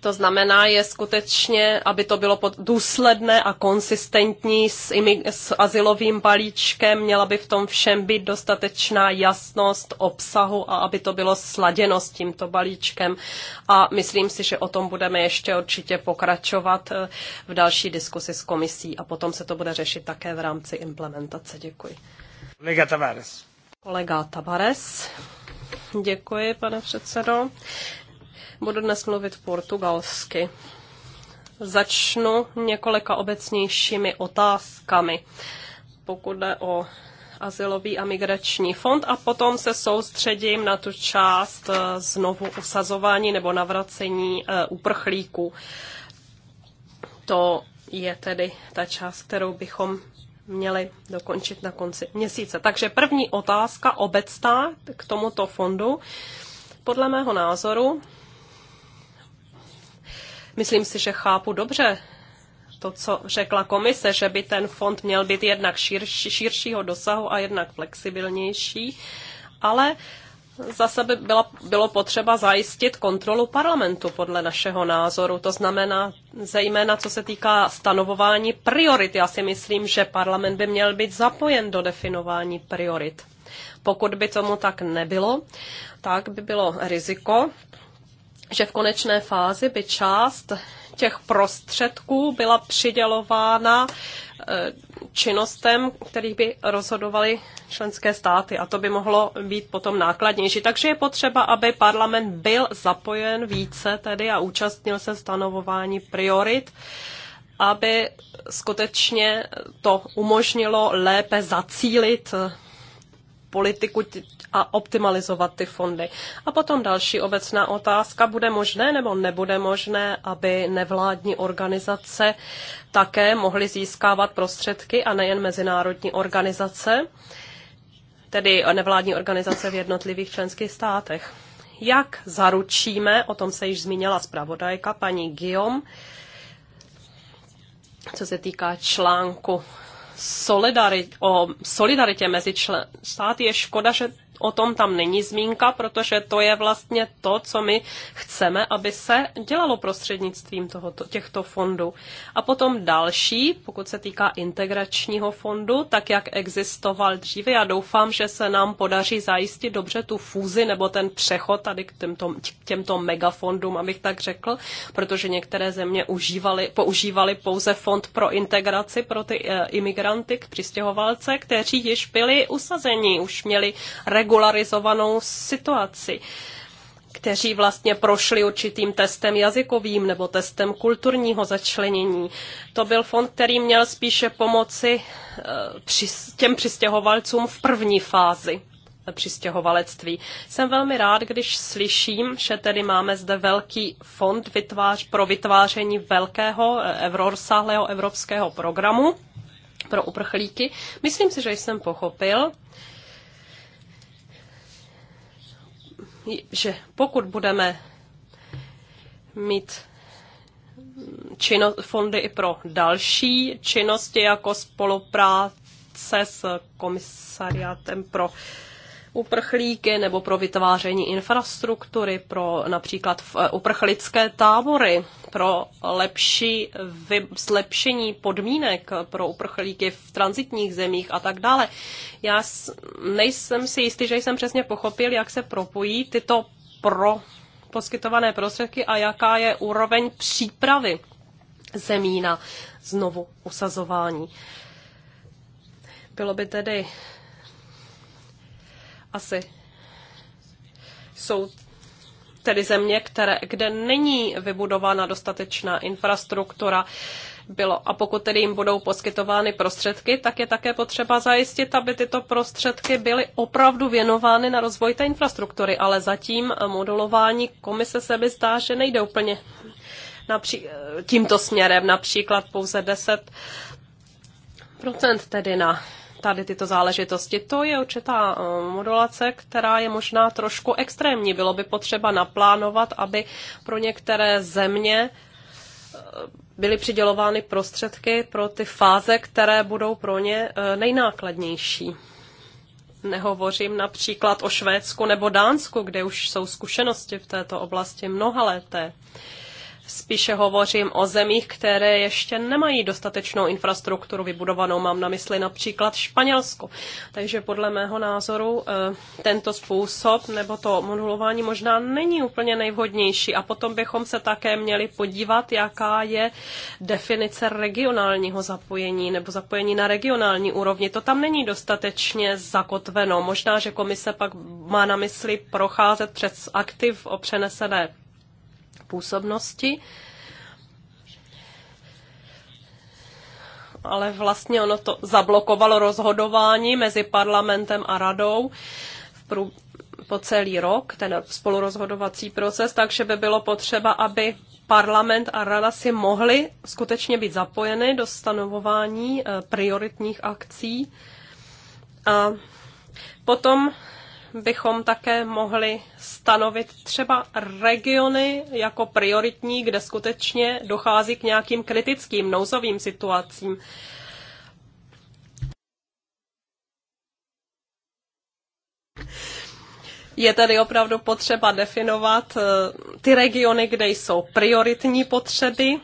To znamená, je skutečně, aby to bylo pod důsledné a konsistentní s, imi, s asilovým balíčkem, měla by v tom všem být dostatečná jasnost obsahu a aby to bylo sladěno s tímto balíčkem. A myslím si, že o tom budeme ještě určitě pokračovat eh, v další diskusi s komisí a potom se to bude řešit také v rámci implementace. Děkuji. Kolega Tavares. Kolega Tavares. Děkuji, pane předsedo. Budu dnes mluvit portugalsky. Začnu několika obecnějšími otázkami, pokud jde o azylový a migrační fond a potom se soustředím na tu část eh, znovu usazování nebo navracení eh, uprchlíků. To je tedy ta část, kterou bychom měli dokončit na konci měsíce. Takže první otázka obecná k tomuto fondu. Podle mého názoru Myslím si, že chápu dobře to, co řekla komise, že by ten fond měl být jednak širší, širšího dosahu a jednak flexibilnější, ale zase by byla, bylo potřeba zajistit kontrolu parlamentu podle našeho názoru. To znamená zejména, co se týká stanovování priorit. Já si myslím, že parlament by měl být zapojen do definování priorit. Pokud by tomu tak nebylo, tak by bylo riziko, že v konečné fázi by část těch prostředků byla přidělována e, činnostem, kterých by rozhodovaly členské státy a to by mohlo být potom nákladnější. Takže je potřeba, aby parlament byl zapojen více tedy a účastnil se stanovování priorit, aby skutečně to umožnilo lépe zacílit politiku a optimalizovat ty fondy. A potom další obecná otázka, bude možné nebo nebude možné, aby nevládní organizace také mohly získávat prostředky a nejen mezinárodní organizace, tedy nevládní organizace v jednotlivých členských státech. Jak zaručíme, o tom se již zmínila zpravodajka paní Guillaume, co se týká článku solidari- o solidaritě mezi člen- státy je škoda, že o tom tam není zmínka, protože to je vlastně to, co my chceme, aby se dělalo prostřednictvím tohoto, těchto fondů. A potom další, pokud se týká integračního fondu, tak jak existoval dříve, já doufám, že se nám podaří zajistit dobře tu fúzi nebo ten přechod tady k těmto, k těmto megafondům, abych tak řekl, protože některé země užívali, používali pouze fond pro integraci pro ty e, imigranty, k přistěhovalce, kteří již byli usazení, už měli regulární regularizovanou situaci kteří vlastně prošli určitým testem jazykovým nebo testem kulturního začlenění. To byl fond, který měl spíše pomoci eh, těm přistěhovalcům v první fázi přistěhovalectví. Jsem velmi rád, když slyším, že tedy máme zde velký fond vytvář, pro vytváření velkého eh, rozsáhlého evropského programu pro uprchlíky. Myslím si, že jsem pochopil, že pokud budeme mít čino, fondy i pro další činnosti, jako spolupráce s komisariátem pro uprchlíky nebo pro vytváření infrastruktury, pro například eh, uprchlické tábory, pro lepší zlepšení podmínek pro uprchlíky v transitních zemích a tak dále. Já nejsem si jistý, že jsem přesně pochopil, jak se propojí tyto pro poskytované prostředky a jaká je úroveň přípravy zemí na znovu usazování. Bylo by tedy asi jsou tedy země, které, kde není vybudována dostatečná infrastruktura, bylo. A pokud tedy jim budou poskytovány prostředky, tak je také potřeba zajistit, aby tyto prostředky byly opravdu věnovány na rozvoj té infrastruktury, ale zatím modulování komise se mi zdá, že nejde úplně napří- tímto směrem, například pouze 10 procent tedy na tady tyto záležitosti. To je určitá eh, modulace, která je možná trošku extrémní. Bylo by potřeba naplánovat, aby pro některé země eh, byly přidělovány prostředky pro ty fáze, které budou pro ně eh, nejnákladnější. Nehovořím například o Švédsku nebo Dánsku, kde už jsou zkušenosti v této oblasti mnoha leté. Spíše hovořím o zemích, které ještě nemají dostatečnou infrastrukturu vybudovanou. Mám na mysli například Španělsko. Takže podle mého názoru eh, tento způsob nebo to modulování možná není úplně nejvhodnější. A potom bychom se také měli podívat, jaká je definice regionálního zapojení nebo zapojení na regionální úrovni. To tam není dostatečně zakotveno. Možná, že komise pak má na mysli procházet přes aktiv o přenesené působnosti. Ale vlastně ono to zablokovalo rozhodování mezi parlamentem a radou v prů, po celý rok, ten spolurozhodovací proces, takže by bylo potřeba, aby parlament a rada si mohly skutečně být zapojeny do stanovování eh, prioritních akcí. A potom bychom také mohli stanovit třeba regiony jako prioritní, kde skutečně dochází k nějakým kritickým nouzovým situacím. Je tedy opravdu potřeba definovat eh, ty regiony, kde jsou prioritní potřeby,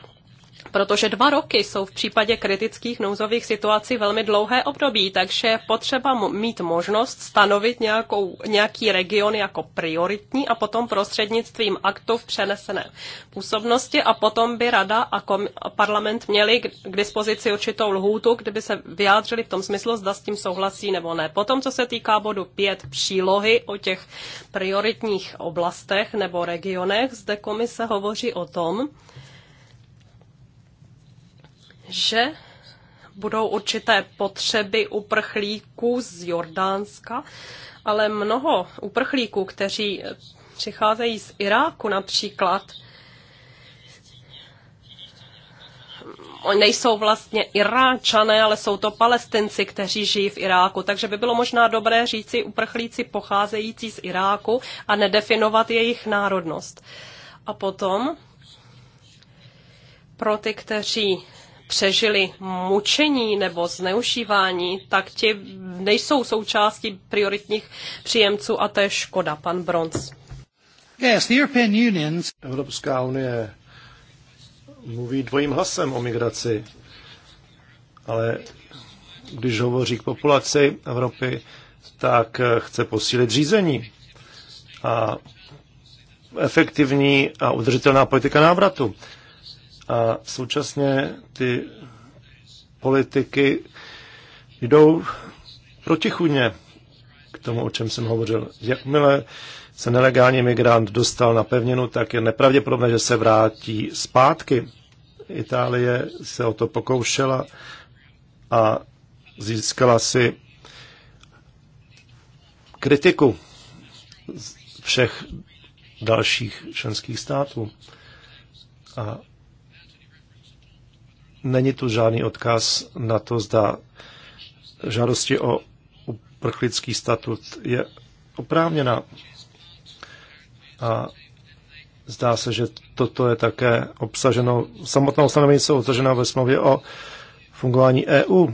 protože dva roky jsou v případě kritických nouzových situací velmi dlouhé období, takže je potřeba mít možnost stanovit nějakou, nějaký region jako prioritní a potom prostřednictvím aktu v přenesené působnosti a potom by rada a, kom, a parlament měli k, k dispozici určitou lhůtu, kdyby se vyjádřili v tom smyslu, zda s tím souhlasí nebo ne. Potom, co se týká bodu 5 přílohy o těch prioritních oblastech nebo regionech, zde komise hovoří o tom, že budou určité potřeby uprchlíků z Jordánska, ale mnoho uprchlíků, kteří přicházejí z Iráku například, nejsou vlastně Iráčané, ale jsou to Palestinci, kteří žijí v Iráku. Takže by bylo možná dobré říci uprchlíci pocházející z Iráku a nedefinovat jejich národnost. A potom pro ty, kteří přežili mučení nebo zneužívání, tak ti nejsou součástí prioritních příjemců a to je škoda, pan Bronz. Yes, the European Union... Evropská unie mluví dvojím hlasem o migraci, ale když hovoří k populaci Evropy, tak chce posílit řízení a efektivní a udržitelná politika návratu a současně ty politiky jdou protichudně k tomu, o čem jsem hovořil. Jakmile se nelegální migrant dostal na pevninu, tak je nepravděpodobné, že se vrátí zpátky. Itálie se o to pokoušela a získala si kritiku všech dalších členských států. A Není tu žádný odkaz na to, zda žádosti o uprchlický statut je oprávněna. A zdá se, že toto je také obsaženo, samotná ustanovení jsou obsažena ve smlouvě o fungování EU.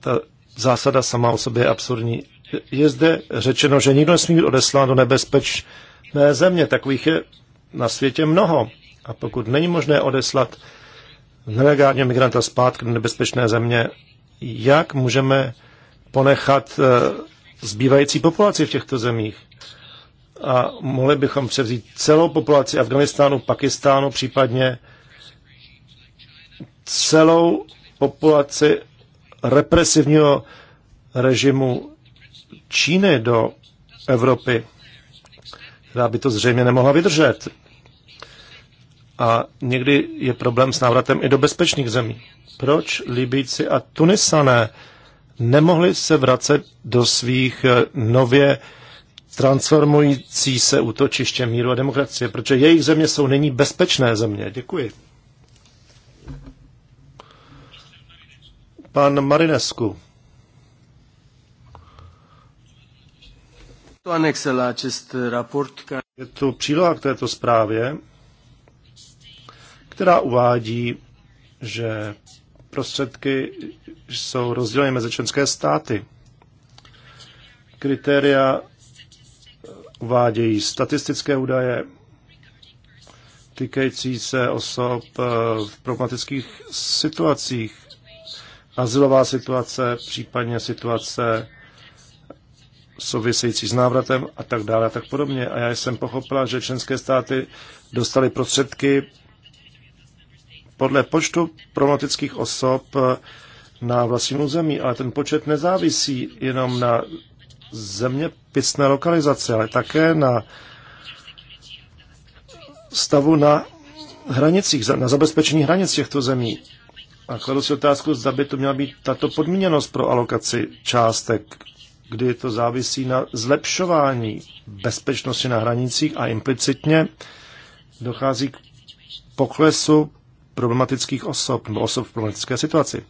Ta zásada sama o sobě je absurdní. Je zde řečeno, že nikdo nesmí být odeslán do nebezpečné země. Takových je na světě mnoho. A pokud není možné odeslat nelegálního migranta zpátky do nebezpečné země, jak můžeme ponechat eh, zbývající populaci v těchto zemích? A mohli bychom převzít celou populaci Afganistánu, Pakistánu, případně celou populaci represivního režimu Číny do Evropy, která by to zřejmě nemohla vydržet a někdy je problém s návratem i do bezpečných zemí. Proč Libíci a Tunisané nemohli se vracet do svých eh, nově transformující se útočiště míru a demokracie, protože jejich země jsou nyní bezpečné země. Děkuji. Pan Marinescu. Je tu příloha k této zprávě, která uvádí, že prostředky jsou rozděleny mezi členské státy. Kritéria uvádějí statistické údaje týkající se osob eh, v problematických situacích, azylová situace, případně situace související s návratem a tak dále a tak podobně. A já jsem pochopila, že členské státy dostaly prostředky podle počtu problematických osob na vlastním území, ale ten počet nezávisí jenom na zeměpisné lokalizaci, ale také na stavu na hranicích, na zabezpečení hranic těchto zemí. A kladu si otázku, zda by to měla být tato podmíněnost pro alokaci částek, kdy to závisí na zlepšování bezpečnosti na hranicích a implicitně dochází k poklesu problematických osob nebo osob v problematické situaci.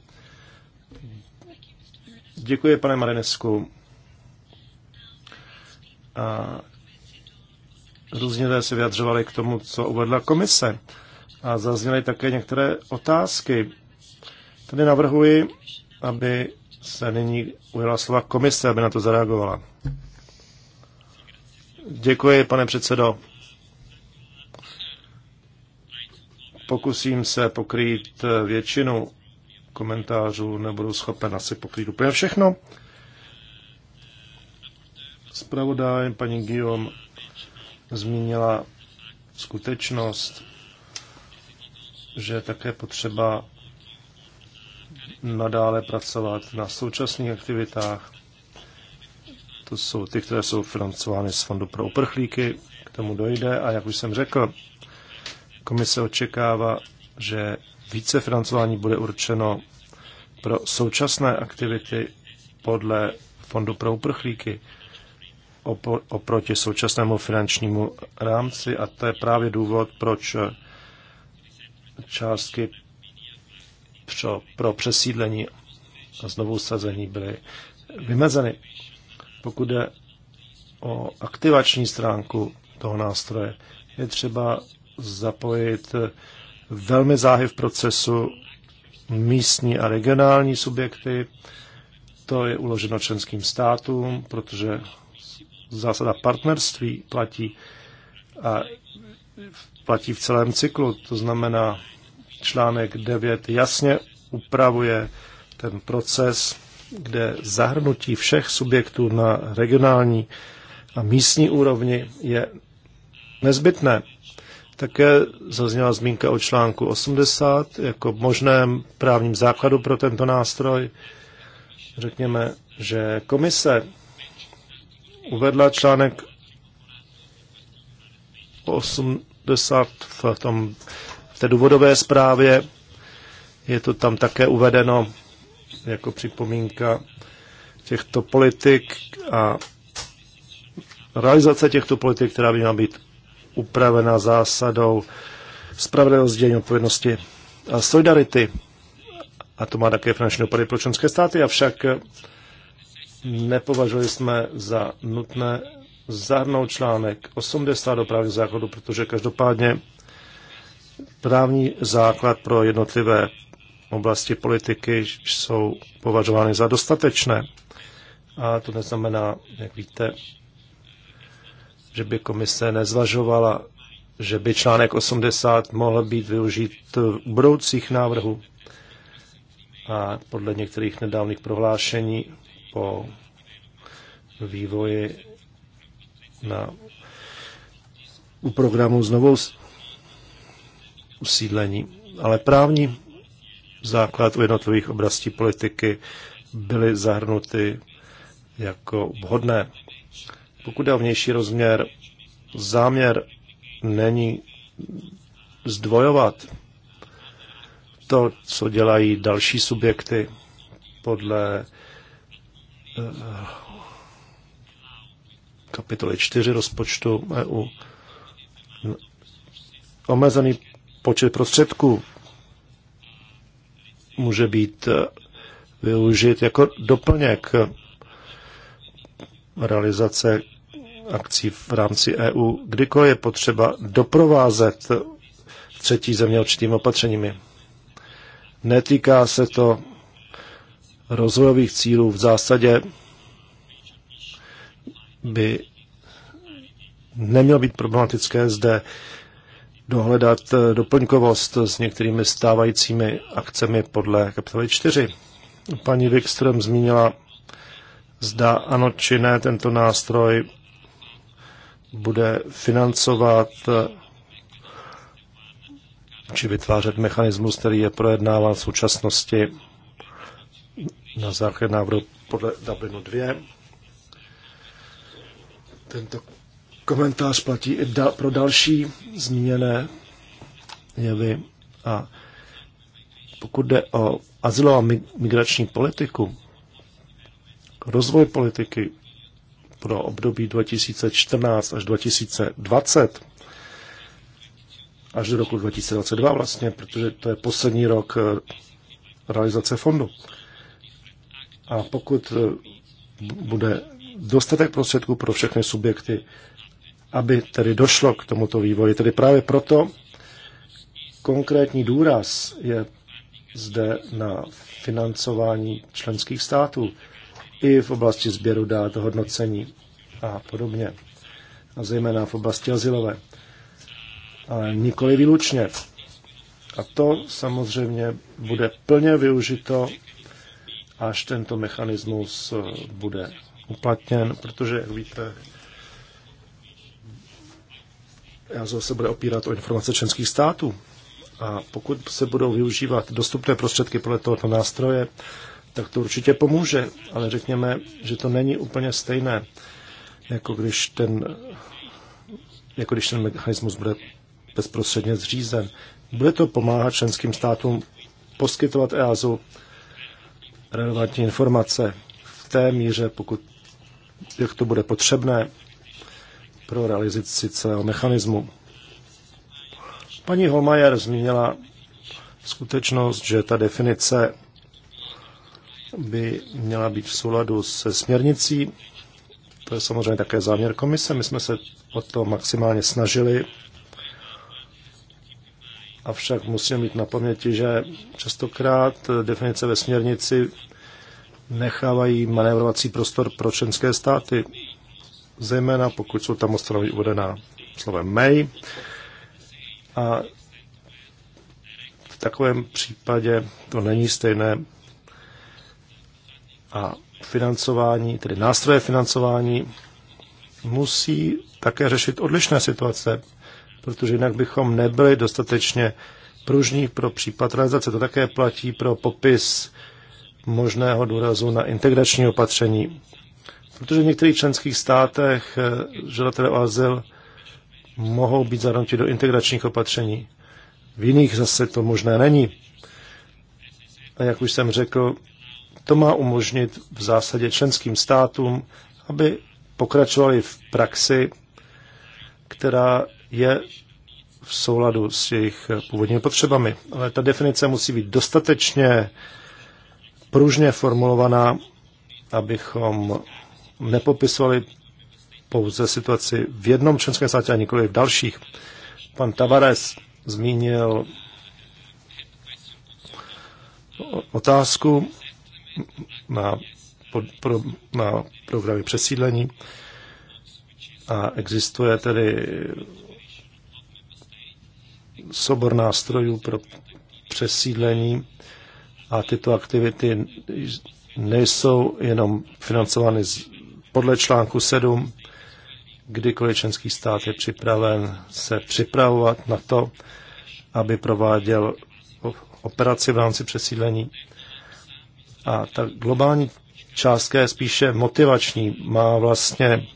Děkuji, pane Marinesku. A různě se vyjadřovali k tomu, co uvedla komise. A zazněly také některé otázky. Tady navrhuji, aby se nyní ujela slova komise, aby na to zareagovala. Děkuji, pane předsedo. Pokusím se pokrýt eh, většinu komentářů, nebudu schopen asi pokrýt úplně všechno. Spravodaj paní Guillaume zmínila skutečnost, že je také potřeba nadále pracovat na současných aktivitách. To jsou ty, které jsou financovány z Fondu pro uprchlíky, k tomu dojde a jak už jsem řekl, Komise očekává, že více financování bude určeno pro současné aktivity podle Fondu pro uprchlíky oproti současnému finančnímu rámci a to je právě důvod, proč částky pro, pro přesídlení a znovu sazení byly vymezeny. Pokud jde o aktivační stránku toho nástroje, je třeba zapojit velmi záhy v procesu místní a regionální subjekty. To je uloženo členským státům, protože zásada partnerství platí a platí v celém cyklu. To znamená, článek 9 jasně upravuje ten proces, kde zahrnutí všech subjektů na regionální a místní úrovni je nezbytné. Také zazněla zmínka o článku 80 jako možném právním základu pro tento nástroj. Řekněme, že komise uvedla článek 80 v, tom, v té důvodové zprávě. Je to tam také uvedeno jako připomínka těchto politik a realizace těchto politik, která by měla být upravena zásadou spravedlivého sdělení odpovědnosti a solidarity. A to má také finanční dopady pro členské státy, avšak nepovažovali jsme za nutné zahrnout článek 80 do právního základu, protože každopádně právní základ pro jednotlivé oblasti politiky jsou považovány za dostatečné. A to neznamená, jak víte, že by komise nezvažovala, že by článek 80 mohl být využít v budoucích návrhů. A podle některých nedávných prohlášení po vývoji na, u programu znovu usídlení. Ale právní základ u jednotlivých oblastí politiky byly zahrnuty jako vhodné. Pokud je o vnější rozměr, záměr není zdvojovat to, co dělají další subjekty podle eh, kapitoly 4 rozpočtu EU. Omezený počet prostředků může být eh, využit jako doplněk realizace akcí v rámci EU, kdykoliv je potřeba doprovázet třetí země určitými opatřeními. Netýká se to rozvojových cílů. V zásadě by nemělo být problematické zde dohledat eh, doplňkovost s některými stávajícími akcemi podle kapitoly 4. Paní Wikström zmínila, zda ano či ne tento nástroj bude financovat či vytvářet mechanismus, který je projednáván v současnosti na základě návrhu podle Dublinu 2. Tento komentář platí i da- pro další zmíněné jevy. A pokud jde o azylovou a migrační politiku, rozvoj politiky pro období 2014 až 2020, až do roku 2022 vlastně, protože to je poslední rok eh, realizace fondu. A pokud eh, bude dostatek prostředků pro všechny subjekty, aby tedy došlo k tomuto vývoji, tedy právě proto konkrétní důraz je zde na financování členských států i v oblasti sběru dát, hodnocení a podobně. A zejména v oblasti azylové. Ale nikoli výlučně. A to samozřejmě bude plně využito, až tento mechanismus eh, bude uplatněn, protože, jak víte, já se bude opírat o informace členských států. A pokud se budou využívat dostupné prostředky podle tohoto nástroje, tak to určitě pomůže, ale řekněme, že to není úplně stejné, jako když ten, jako když ten mechanismus bude bezprostředně zřízen. Bude to pomáhat členským státům poskytovat EASu relevantní informace v té míře, pokud jak to bude potřebné pro realizaci celého mechanismu. Paní Holmajer zmínila skutečnost, že ta definice by měla být v souladu se směrnicí. To je samozřejmě také záměr komise. My jsme se o to maximálně snažili. Avšak musíme mít na paměti, že častokrát definice ve směrnici nechávají manévrovací prostor pro členské státy, zejména pokud jsou tam ustanoví uvedená slovem MEJ. A v takovém případě to není stejné a financování, tedy nástroje financování, musí také řešit odlišné situace, protože jinak bychom nebyli dostatečně pružní pro případ realizace. To také platí pro popis možného důrazu na integrační opatření. Protože v některých členských státech eh, žadatelé o azyl mohou být zahrnuti do integračních opatření. V jiných zase to možné není. A jak už jsem řekl, to má umožnit v zásadě členským státům, aby pokračovali v praxi, která je v souladu s jejich původními potřebami. Ale ta definice musí být dostatečně pružně formulovaná, abychom nepopisovali pouze situaci v jednom členském státě a nikoli v dalších. Pan Tavares zmínil otázku na, pod, pro, na programy přesídlení a existuje tedy sobor nástrojů pro přesídlení a tyto aktivity nejsou jenom financovány z, podle článku 7, kdykoliv členský stát je připraven se připravovat na to, aby prováděl operaci v rámci přesídlení a ta globální částka je spíše motivační, má vlastně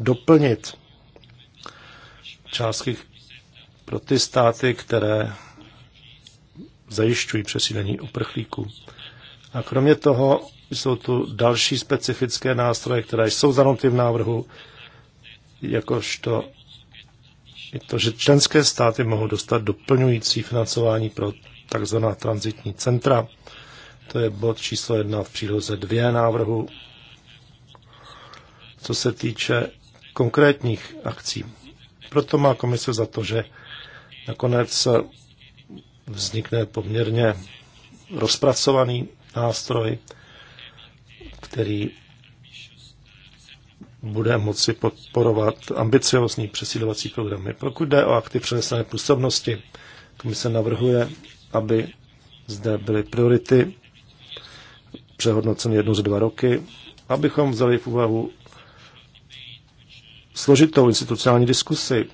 doplnit částky pro ty státy, které zajišťují přesídlení uprchlíků. A kromě toho jsou tu další specifické nástroje, které jsou zanoty v návrhu, jakožto je to, že členské státy mohou dostat doplňující financování pro takzvaná transitní centra. To je bod číslo jedna v příloze dvě návrhu. Co se týče konkrétních akcí. Proto má komise za to, že nakonec vznikne poměrně rozpracovaný nástroj, který bude moci podporovat ambiciozní přesídlovací programy. Pokud jde o akty přenesené působnosti, komise navrhuje, aby zde byly priority přehodnocen jednou z dva roky, abychom vzali v úvahu složitou institucionální diskusi,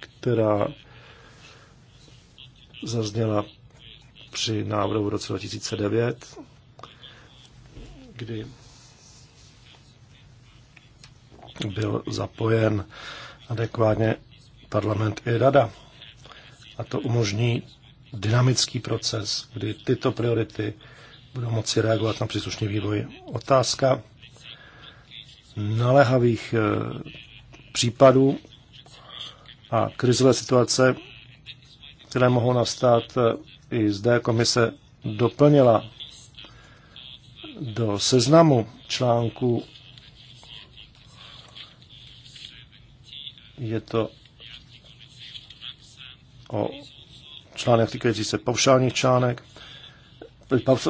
která zazněla při návrhu v roce 2009, kdy byl zapojen adekvátně parlament i rada. A to umožní dynamický proces, kdy tyto priority budou moci reagovat na příslušný vývoj. Otázka naléhavých eh, případů a krizové situace, které mohou nastat, eh, i zde komise doplnila do seznamu článku je to o článek týkající se paušálních článek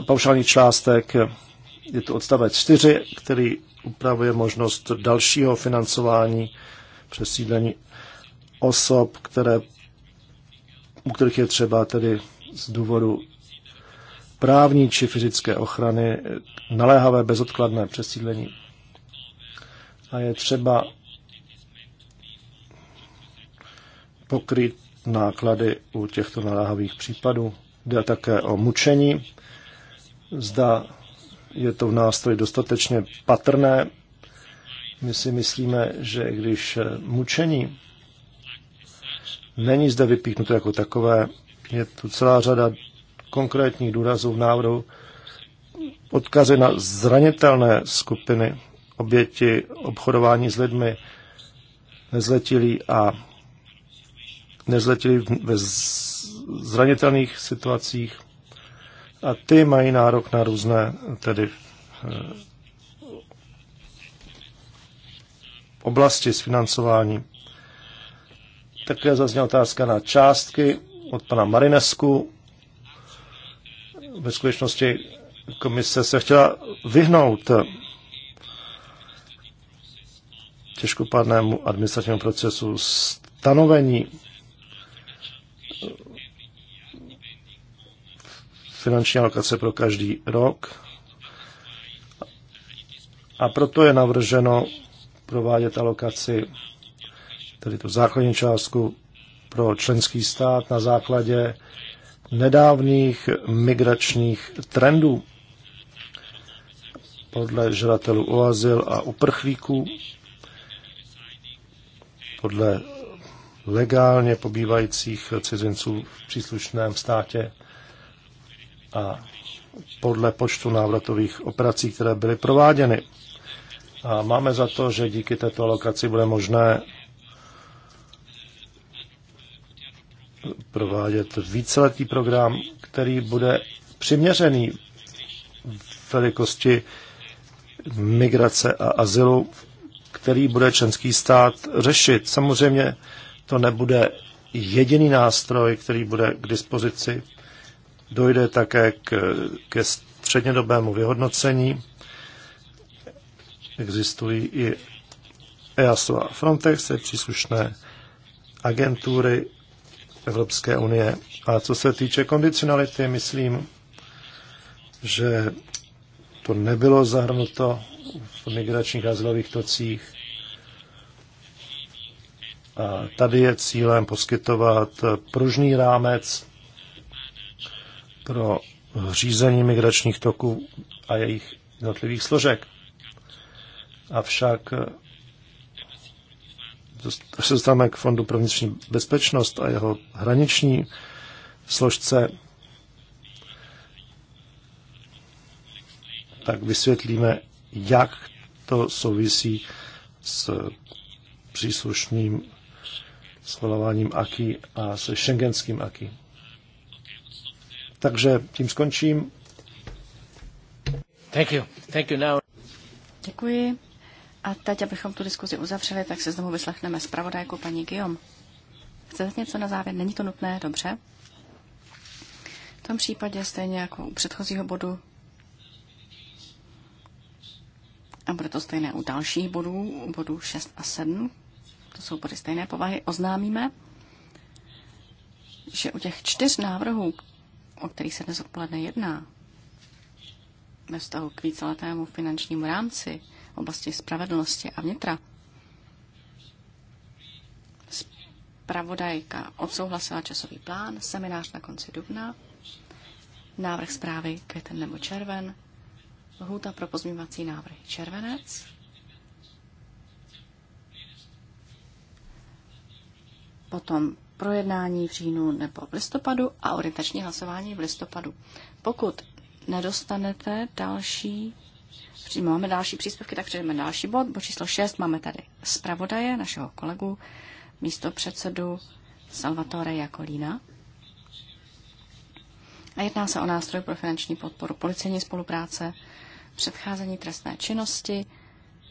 paušální částek. Je tu odstavec 4, který upravuje možnost dalšího financování přesídlení osob, které, u kterých je třeba tedy z důvodu právní či fyzické ochrany naléhavé bezodkladné přesídlení. A je třeba pokryt náklady u těchto naléhavých případů. Jde také o mučení, zda je to v nástroji dostatečně patrné. My si myslíme, že když eh, mučení není zde vypíchnuto jako takové, je tu celá řada konkrétních důrazů v návrhu odkazy na zranitelné skupiny oběti obchodování s lidmi, nezletilí a nezletilí ve zranitelných situacích a ty mají nárok na různé tedy eh, oblasti s financováním. Také zazněla otázka na částky od pana Marinesku. Ve skutečnosti komise se chtěla vyhnout těžkopadnému administrativnímu procesu stanovení finanční alokace pro každý rok. A proto je navrženo provádět alokaci, tedy tu základní částku pro členský stát na základě nedávných migračních trendů podle žadatelů o azyl a uprchlíků, podle legálně pobývajících cizinců v příslušném státě a podle počtu návratových operací, které byly prováděny. A máme za to, že díky této alokaci bude možné provádět víceletý program, který bude přiměřený velikosti migrace a azylu, který bude členský stát řešit. Samozřejmě to nebude jediný nástroj, který bude k dispozici Dojde také k, ke střednědobému vyhodnocení. Existují i EASO a Frontex, je příslušné agentury Evropské unie. A co se týče kondicionality, myslím, že to nebylo zahrnuto v migračních a azylových tocích. A tady je cílem poskytovat pružný rámec pro řízení migračních toků a jejich jednotlivých složek. Avšak eh, až se dostáváme k Fondu pro vnitřní bezpečnost a jeho hraniční složce, tak vysvětlíme, jak to souvisí s příslušným schvalováním AKI a se šengenským AKI. Takže tím skončím. Thank you. Thank you now. Děkuji. A teď, abychom tu diskuzi uzavřeli, tak se znovu vyslechneme zpravodajku paní Guillaume. Chcete něco na závěr? Není to nutné? Dobře. V tom případě stejně jako u předchozího bodu a bude to stejné u dalších bodů, u bodů 6 a 7, to jsou body stejné povahy, oznámíme, že u těch čtyř návrhů, o který se dnes odpoledne jedná, ve vztahu k víceletému finančnímu rámci v oblasti spravedlnosti a vnitra, Pravodajka odsouhlasila časový plán, seminář na konci dubna, návrh zprávy květen nebo červen, lhůta pro pozměňovací návrhy červenec, potom projednání v říjnu nebo v listopadu a orientační hlasování v listopadu. Pokud nedostanete další, máme další příspěvky, tak přejdeme další bod. Bod číslo 6 máme tady zpravodaje našeho kolegu, místo předsedu Salvatore Jakolína. A jedná se o nástroj pro finanční podporu policejní spolupráce, předcházení trestné činnosti,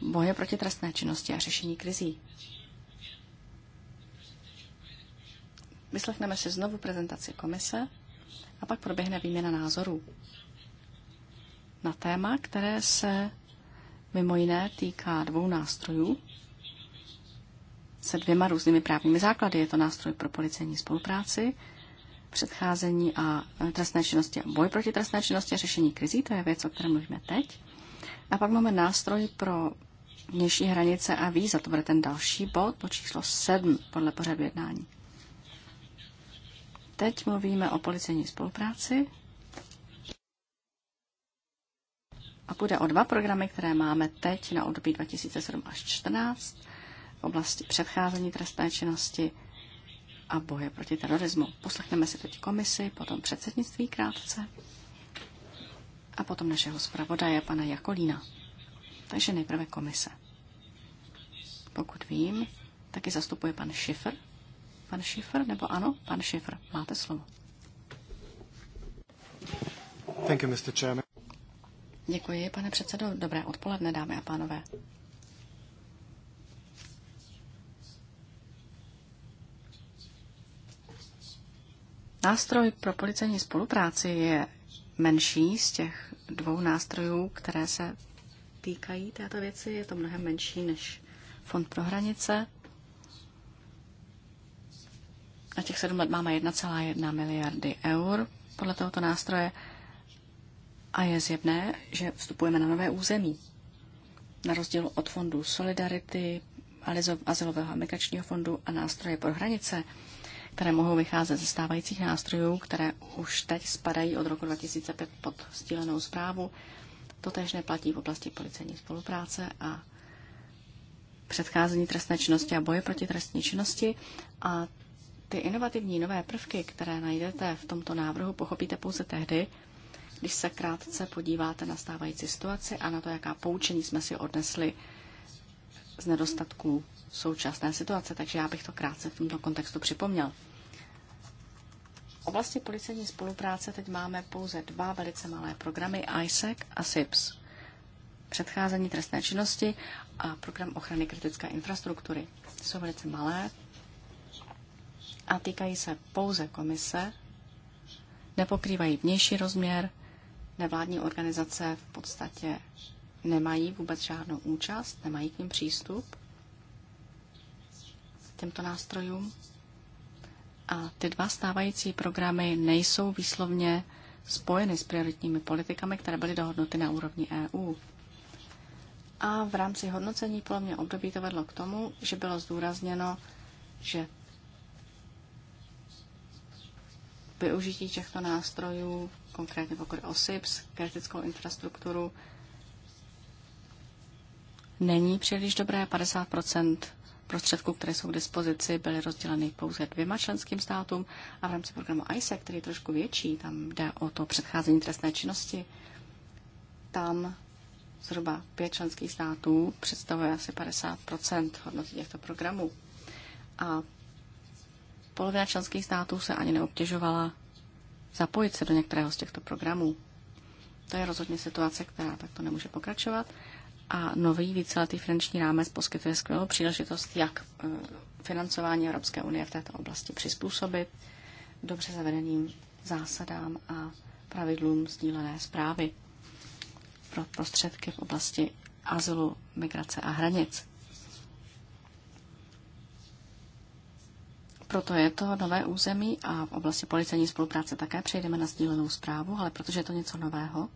boje proti trestné činnosti a řešení krizí. Vyslechneme si znovu prezentaci komise a pak proběhne výměna názorů na téma, které se mimo jiné týká dvou nástrojů se dvěma různými právními základy. Je to nástroj pro policejní spolupráci, předcházení a e, trestné činnosti a boj proti trestné činnosti a řešení krizí, to je věc, o které mluvíme teď. A pak máme nástroj pro vnější hranice a víza, to bude ten další bod, po číslo 7 podle pořadu jednání. Teď mluvíme o policejní spolupráci a půjde o dva programy, které máme teď na období 2007 až 2014 v oblasti předcházení trestné činnosti a boje proti terorismu. Poslechneme si teď komisi, potom předsednictví krátce a potom našeho zpravodaje, pana Jakolína. Takže nejprve komise. Pokud vím, taky zastupuje pan Schiffer, Pan Schiffer, nebo ano? Pan Schiffer, máte slovo. Thank you, Mr. Chairman. Děkuji, pane předsedo. Dobré odpoledne, dámy a pánové. Nástroj pro policejní spolupráci je menší z těch dvou nástrojů, které se týkají této věci. Je to mnohem menší než Fond pro hranice. Na těch sedm let máme 1,1 miliardy eur podle tohoto nástroje a je zjevné, že vstupujeme na nové území. Na rozdíl od fondu Solidarity, Azylového a migračního fondu a nástroje pro hranice, které mohou vycházet ze stávajících nástrojů, které už teď spadají od roku 2005 pod stílenou zprávu. To tež neplatí v oblasti policejní spolupráce a předcházení trestné činnosti a boje proti trestní činnosti. A ty inovativní nové prvky, které najdete v tomto návrhu, pochopíte pouze tehdy, když se krátce podíváte na stávající situaci a na to, jaká poučení jsme si odnesli z nedostatků současné situace, takže já bych to krátce v tomto kontextu připomněl. V oblasti policejní spolupráce teď máme pouze dva velice malé programy, ISEC a SIPS. Předcházení trestné činnosti a program ochrany kritické infrastruktury. jsou velice malé, a týkají se pouze komise, nepokrývají vnější rozměr, nevládní organizace v podstatě nemají vůbec žádnou účast, nemají k ním přístup těmto nástrojům. A ty dva stávající programy nejsou výslovně spojeny s prioritními politikami, které byly dohodnuty na úrovni EU. A v rámci hodnocení polovně období to vedlo k tomu, že bylo zdůrazněno, že využití těchto nástrojů, konkrétně pokud o SIPS, kritickou infrastrukturu, není příliš dobré. 50 prostředků, které jsou k dispozici, byly rozděleny pouze dvěma členským státům a v rámci programu ISE, který je trošku větší, tam jde o to předcházení trestné činnosti, tam zhruba pět členských států představuje asi 50 hodnoty těchto programů. A Polovina členských států se ani neobtěžovala zapojit se do některého z těchto programů. To je rozhodně situace, která takto nemůže pokračovat. A nový víceletý finanční rámec poskytuje skvělou příležitost, jak e, financování Evropské unie v této oblasti přizpůsobit dobře zavedeným zásadám a pravidlům sdílené zprávy pro prostředky v oblasti azylu, migrace a hranic. Proto je to nové území a v oblasti policejní spolupráce také přejdeme na sdílenou zprávu, ale protože je to něco nového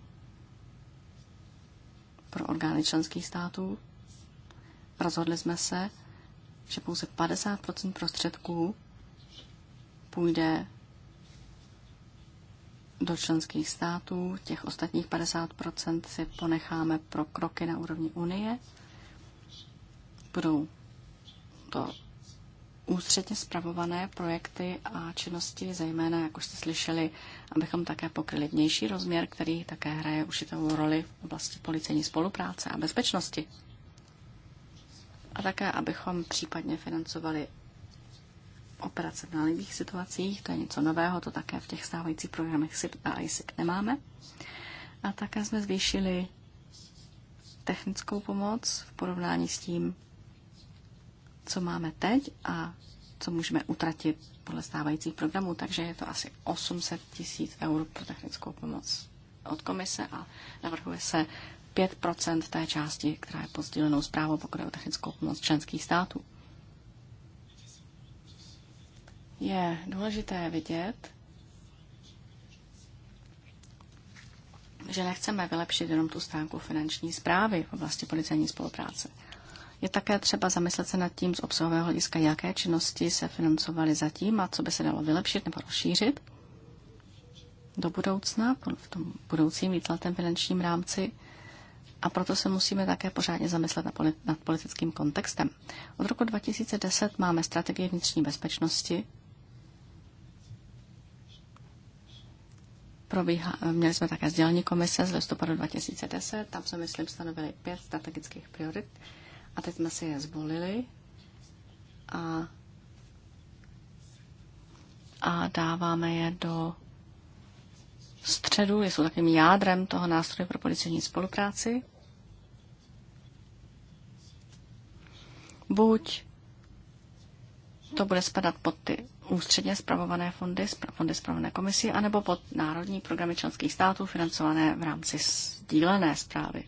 pro orgány členských států, rozhodli jsme se, že pouze 50 prostředků půjde do členských států, těch ostatních 50 si ponecháme pro kroky na úrovni Unie. Budou to ústředně spravované projekty a činnosti, zejména, jak už jste slyšeli, abychom také pokryli vnější rozměr, který také hraje určitou roli v oblasti policejní spolupráce a bezpečnosti. A také, abychom případně financovali operace v nálivých situacích, to je něco nového, to také v těch stávajících programech SIP a ISIP nemáme. A také jsme zvýšili technickou pomoc v porovnání s tím, co máme teď a co můžeme utratit podle stávajících programů, takže je to asi 800 tisíc eur pro technickou pomoc od komise a navrhuje se 5 té části, která je pozdílenou zprávou, pokud je o technickou pomoc členských států. Je důležité vidět, že nechceme vylepšit jenom tu stránku finanční zprávy v oblasti policejní spolupráce. Je také třeba zamyslet se nad tím z obsahového hlediska, jaké činnosti se financovaly zatím a co by se dalo vylepšit nebo rozšířit do budoucna, v tom budoucím výtletem finančním rámci. A proto se musíme také pořádně zamyslet nad politickým kontextem. Od roku 2010 máme strategii vnitřní bezpečnosti. Probíha, měli jsme také sdělení komise z listopadu 2010. Tam jsme, myslím, stanovili pět strategických priorit, a teď jsme si je zvolili a, a dáváme je do středu, jsou takovým jádrem toho nástroje pro policejní spolupráci. Buď to bude spadat pod ty ústředně spravované fondy, fondy spravované komisí, anebo pod národní programy členských států financované v rámci sdílené zprávy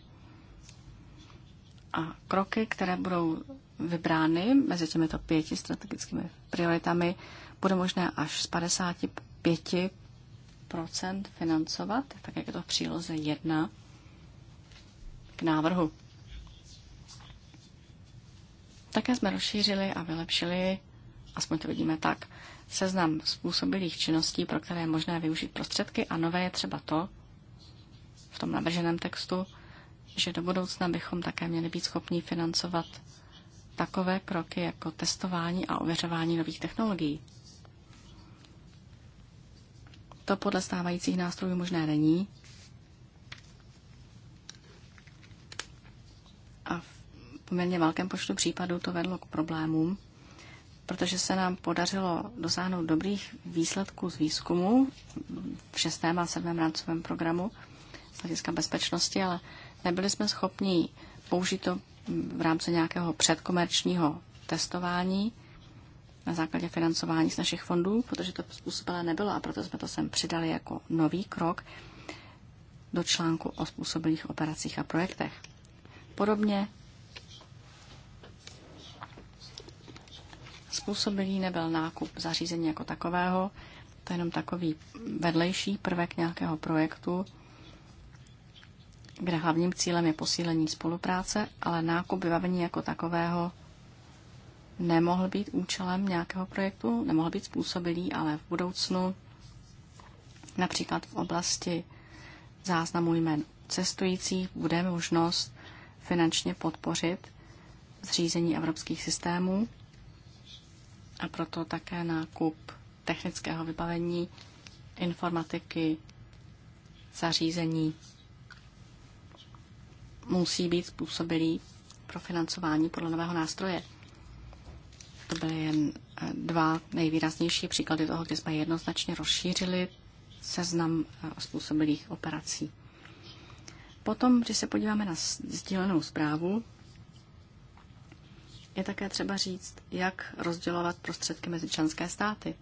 a kroky, které budou vybrány mezi těmito pěti strategickými prioritami, bude možné až z 55 financovat, tak jak je to v příloze 1 k návrhu. Také jsme rozšířili a vylepšili, aspoň to vidíme tak, seznam způsobilých činností, pro které je možné využít prostředky a nové je třeba to, v tom navrženém textu, že do budoucna bychom také měli být schopni financovat takové kroky jako testování a ověřování nových technologií. To podle stávajících nástrojů možné není. A v poměrně velkém počtu případů to vedlo k problémům, protože se nám podařilo dosáhnout dobrých výsledků z výzkumu v šestém a sedmém rámcovém programu z hlediska bezpečnosti, ale Nebyli jsme schopni použít to v rámci nějakého předkomerčního testování na základě financování z našich fondů, protože to způsobené nebylo a proto jsme to sem přidali jako nový krok do článku o způsobilých operacích a projektech. Podobně způsobilý nebyl nákup zařízení jako takového, to je jenom takový vedlejší prvek nějakého projektu, kde hlavním cílem je posílení spolupráce, ale nákup vybavení jako takového nemohl být účelem nějakého projektu, nemohl být způsobilý, ale v budoucnu například v oblasti záznamů jmen cestujících bude možnost finančně podpořit zřízení evropských systémů a proto také nákup technického vybavení, informatiky, zařízení musí být způsobilý pro financování podle nového nástroje. To byly jen eh, dva nejvýraznější příklady toho, kdy jsme jednoznačně rozšířili seznam eh, způsobilých operací. Potom, když se podíváme na sdílenou zprávu, je také třeba říct, jak rozdělovat prostředky mezi členské státy.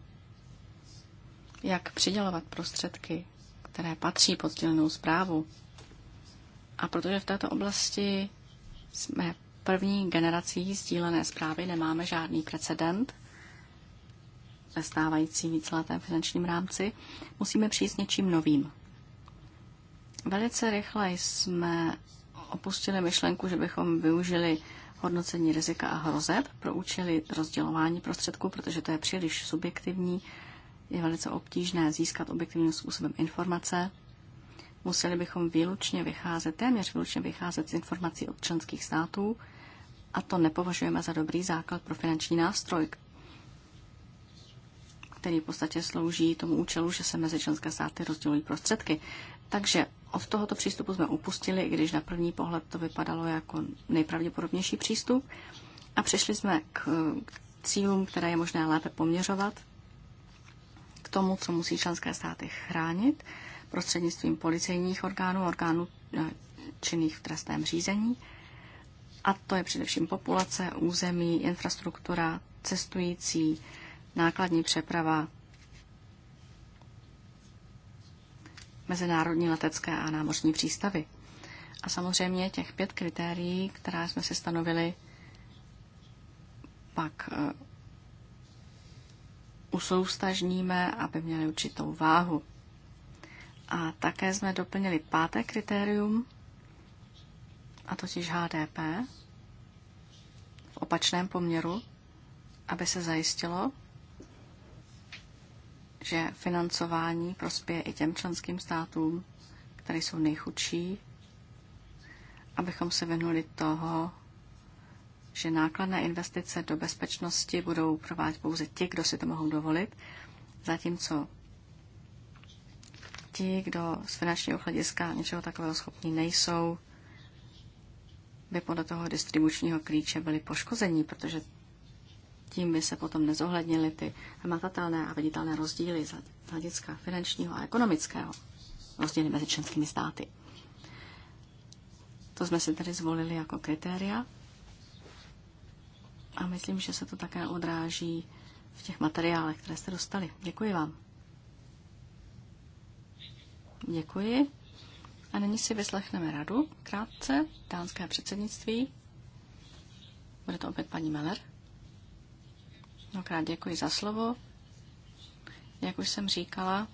Jak přidělovat prostředky, které patří pod sdílenou zprávu a protože v této oblasti jsme první generací sdílené zprávy, nemáme žádný precedent ve stávající víceletém finančním rámci, musíme přijít s něčím novým. Velice rychle jsme opustili myšlenku, že bychom využili hodnocení rizika a hrozeb pro účely rozdělování prostředků, protože to je příliš subjektivní, je velice obtížné získat objektivním způsobem informace museli bychom výlučně vycházet, téměř výlučně vycházet z informací občanských členských států a to nepovažujeme za dobrý základ pro finanční nástroj, který v podstatě slouží tomu účelu, že se mezi členské státy rozdělují prostředky. Takže od tohoto přístupu jsme upustili, i když na první pohled to vypadalo jako nejpravděpodobnější přístup. A přešli jsme k cílům, které je možné lépe poměřovat, k tomu, co musí členské státy chránit prostřednictvím policejních orgánů, orgánů eh, činných v trestném řízení. A to je především populace, území, infrastruktura, cestující, nákladní přeprava, mezinárodní letecké a námořní přístavy. A samozřejmě těch pět kritérií, která jsme si stanovili, pak eh, usoustažníme, aby měly určitou váhu. A také jsme doplnili páté kritérium, a totiž HDP, v opačném poměru, aby se zajistilo, že financování prospěje i těm členským státům, které jsou nejchudší, abychom se vyhnuli toho, že nákladné investice do bezpečnosti budou provádět pouze ti, kdo si to mohou dovolit, zatímco ti, kdo z finančního hlediska něčeho takového schopní nejsou, by podle toho distribučního klíče byli poškození, protože tím by se potom nezohlednily ty hmatatelné a viditelné rozdíly z hlediska finančního a ekonomického, rozdíly mezi členskými státy. To jsme si tedy zvolili jako kritéria a myslím, že se to také odráží v těch materiálech, které jste dostali. Děkuji vám. Děkuji. A nyní si vyslechneme radu krátce, dánské předsednictví. Bude to opět paní Meller. Mnohokrát děkuji za slovo. Jak už jsem říkala,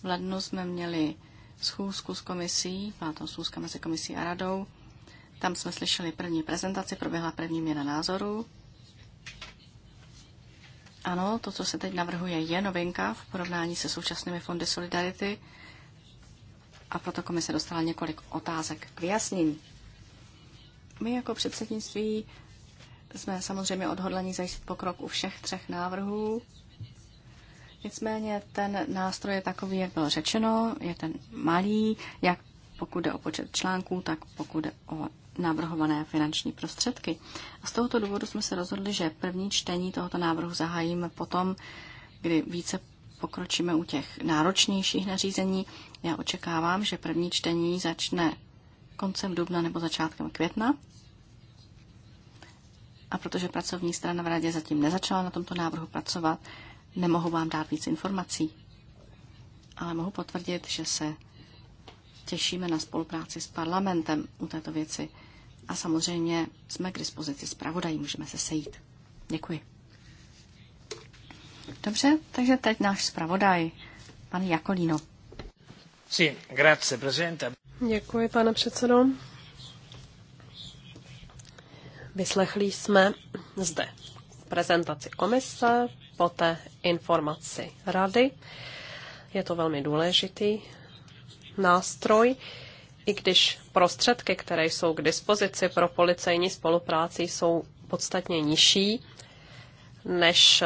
v lednu jsme měli schůzku s komisí, byla to schůzka mezi komisí a radou. Tam jsme slyšeli první prezentaci, proběhla první měna názorů. Ano, to, co se teď navrhuje, je novinka v porovnání se současnými fondy Solidarity a proto komise dostala několik otázek k vyjasnění. My jako předsednictví jsme samozřejmě odhodlení zajistit pokrok u všech třech návrhů. Nicméně ten nástroj je takový, jak bylo řečeno, je ten malý, jak pokud jde o počet článků, tak pokud jde o navrhované finanční prostředky. A z tohoto důvodu jsme se rozhodli, že první čtení tohoto návrhu zahájíme potom, kdy více pokročíme u těch náročnějších nařízení. Já očekávám, že první čtení začne koncem dubna nebo začátkem května. A protože pracovní strana v radě zatím nezačala na tomto návrhu pracovat, nemohu vám dát víc informací. Ale mohu potvrdit, že se těšíme na spolupráci s parlamentem u této věci. A samozřejmě jsme k dispozici zpravodají, můžeme se sejít. Děkuji. Dobře, takže teď náš zpravodaj, pan Jakolíno. Sí, grazie, presidente. Děkuji, pane předsedo. Vyslechli jsme zde prezentaci komise, poté informaci rady. Je to velmi důležitý nástroj i když prostředky, které jsou k dispozici pro policejní spolupráci, jsou podstatně nižší než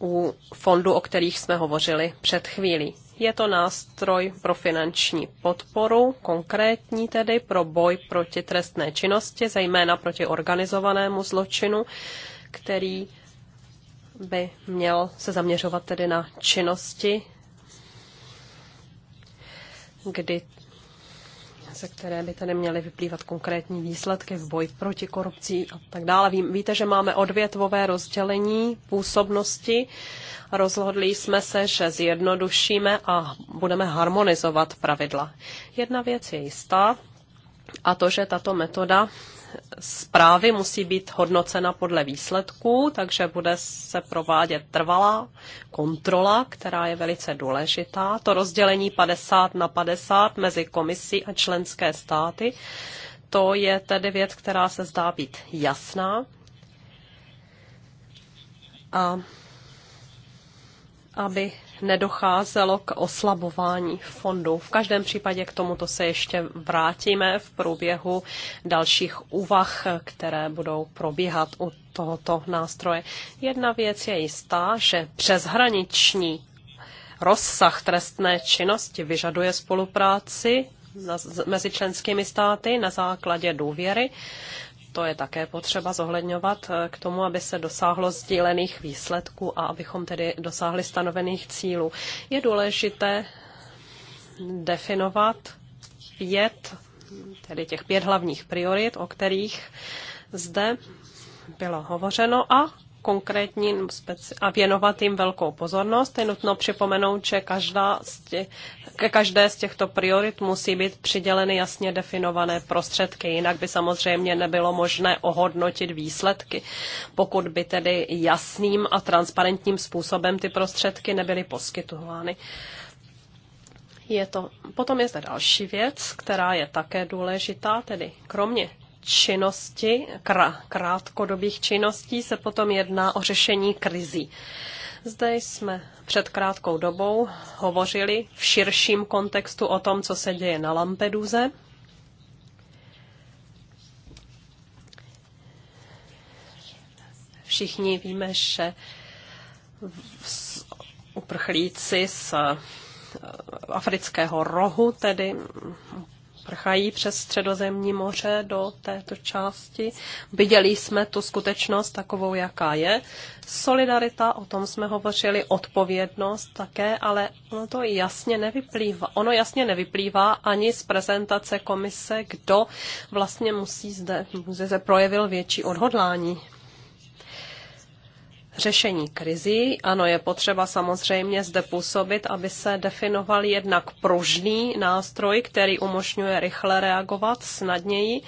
u fondu, o kterých jsme hovořili před chvílí. Je to nástroj pro finanční podporu, konkrétní tedy pro boj proti trestné činnosti, zejména proti organizovanému zločinu, který by měl se zaměřovat tedy na činnosti, kdy ze které by tedy měly vyplývat konkrétní výsledky v boji proti korupci a tak dále. víte, že máme odvětvové rozdělení působnosti. Rozhodli jsme se, že zjednodušíme a budeme harmonizovat pravidla. Jedna věc je jistá, a to, že tato metoda zprávy musí být hodnocena podle výsledků, takže bude se provádět trvalá kontrola, která je velice důležitá. To rozdělení 50 na 50 mezi komisí a členské státy, to je tedy věc, která se zdá být jasná. A aby nedocházelo k oslabování fondů. V každém případě k tomuto se ještě vrátíme v průběhu dalších úvah, které budou probíhat u tohoto nástroje. Jedna věc je jistá, že přeshraniční rozsah trestné činnosti vyžaduje spolupráci mezi členskými státy na základě důvěry to je také potřeba zohledňovat eh, k tomu, aby se dosáhlo sdílených výsledků a abychom tedy dosáhli stanovených cílů. Je důležité definovat pět, tedy těch pět hlavních priorit, o kterých zde bylo hovořeno a konkrétní a věnovat jim velkou pozornost. Je nutno připomenout, že každá z tě, ke každé z těchto priorit musí být přiděleny jasně definované prostředky, jinak by samozřejmě nebylo možné ohodnotit výsledky, pokud by tedy jasným a transparentním způsobem ty prostředky nebyly poskytovány. Je to, potom je zde další věc, která je také důležitá, tedy kromě činnosti, krátkodobých činností, se potom jedná o řešení krizí. Zde jsme před krátkou dobou hovořili v širším kontextu o tom, co se děje na Lampeduze. Všichni víme, že uprchlíci z eh, afrického rohu tedy prchají přes středozemní moře do této části. Viděli jsme tu skutečnost takovou, jaká je. Solidarita, o tom jsme hovořili, odpovědnost také, ale ono to jasně nevyplývá. Ono jasně nevyplývá ani z prezentace komise, kdo vlastně musí zde, zde projevil větší odhodlání řešení krizí. Ano, je potřeba samozřejmě zde působit, aby se definoval jednak pružný nástroj, který umožňuje rychle reagovat snadněji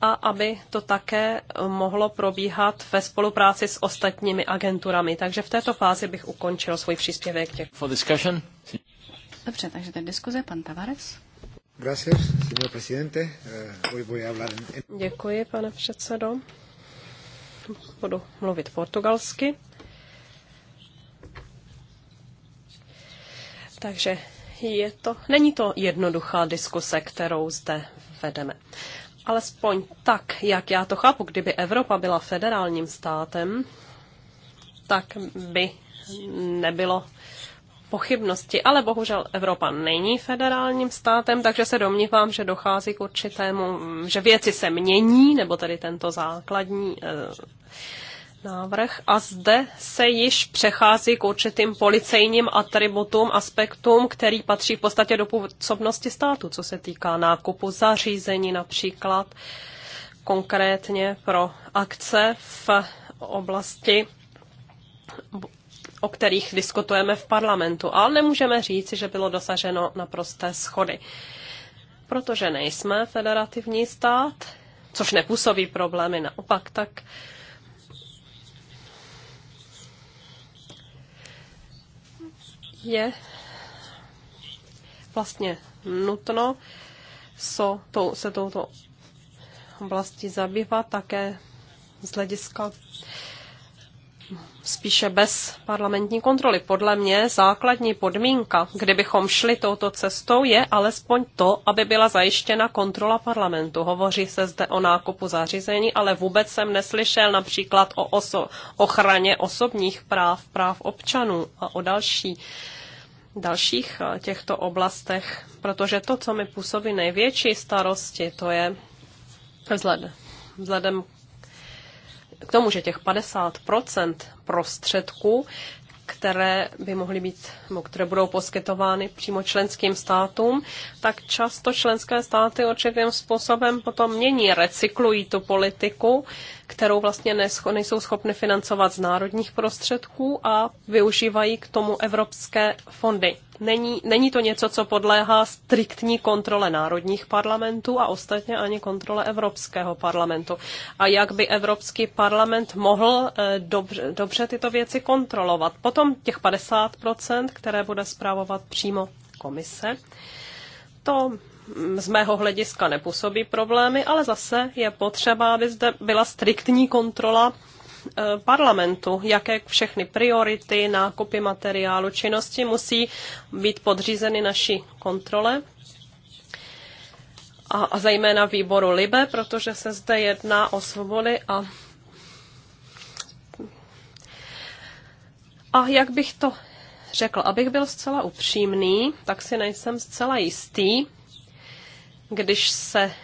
a aby to také mohlo probíhat ve spolupráci s ostatními agenturami. Takže v této fázi bych ukončil svůj příspěvek. For discussion. Dobře, takže teď diskuze, pan Tavares. Gracias, señor presidente. Voy, eh, voy a hablar en... Děkuji, pane předsedo budu mluvit portugalsky. Takže je to, není to jednoduchá diskuse, kterou zde vedeme. Alespoň tak, jak já to chápu, kdyby Evropa byla federálním státem, tak by nebylo pochybnosti, ale bohužel Evropa není federálním státem, takže se domnívám, že dochází k určitému, že věci se mění, nebo tedy tento základní eh, návrh a zde se již přechází k určitým policejním atributům, aspektům, který patří v podstatě do působnosti státu, co se týká nákupu zařízení například konkrétně pro akce v oblasti o kterých diskutujeme v parlamentu, ale nemůžeme říci, že bylo dosaženo naprosté schody. Protože nejsme federativní stát, což nepůsobí problémy, naopak tak je vlastně nutno so, to, se touto oblasti zabývat také z hlediska spíše bez parlamentní kontroly. Podle mě základní podmínka, kdybychom šli touto cestou, je alespoň to, aby byla zajištěna kontrola parlamentu. Hovoří se zde o nákupu zařízení, ale vůbec jsem neslyšel například o oso- ochraně osobních práv, práv občanů a o další dalších eh, těchto oblastech, protože to, co mi působí největší starosti, to je vzhledem, vzhledem k tomu, že těch 50 prostředků, které by mohly být, nebo které budou poskytovány přímo členským státům, tak často členské státy určitým způsobem potom mění, recyklují tu politiku kterou vlastně nejsou schopny financovat z národních prostředků a využívají k tomu evropské fondy. Není, není to něco, co podléhá striktní kontrole národních parlamentů a ostatně ani kontrole Evropského parlamentu. A jak by Evropský parlament mohl eh, dobře, dobře tyto věci kontrolovat? Potom těch 50%, které bude zprávovat přímo komise, to z mého hlediska nepůsobí problémy, ale zase je potřeba, aby zde byla striktní kontrola e, parlamentu, jaké všechny priority, nákupy materiálu, činnosti musí být podřízeny naší kontrole a, a zejména výboru LIBE, protože se zde jedná o svobody a A jak bych to řekl, abych byl zcela upřímný, tak si nejsem zcela jistý, když se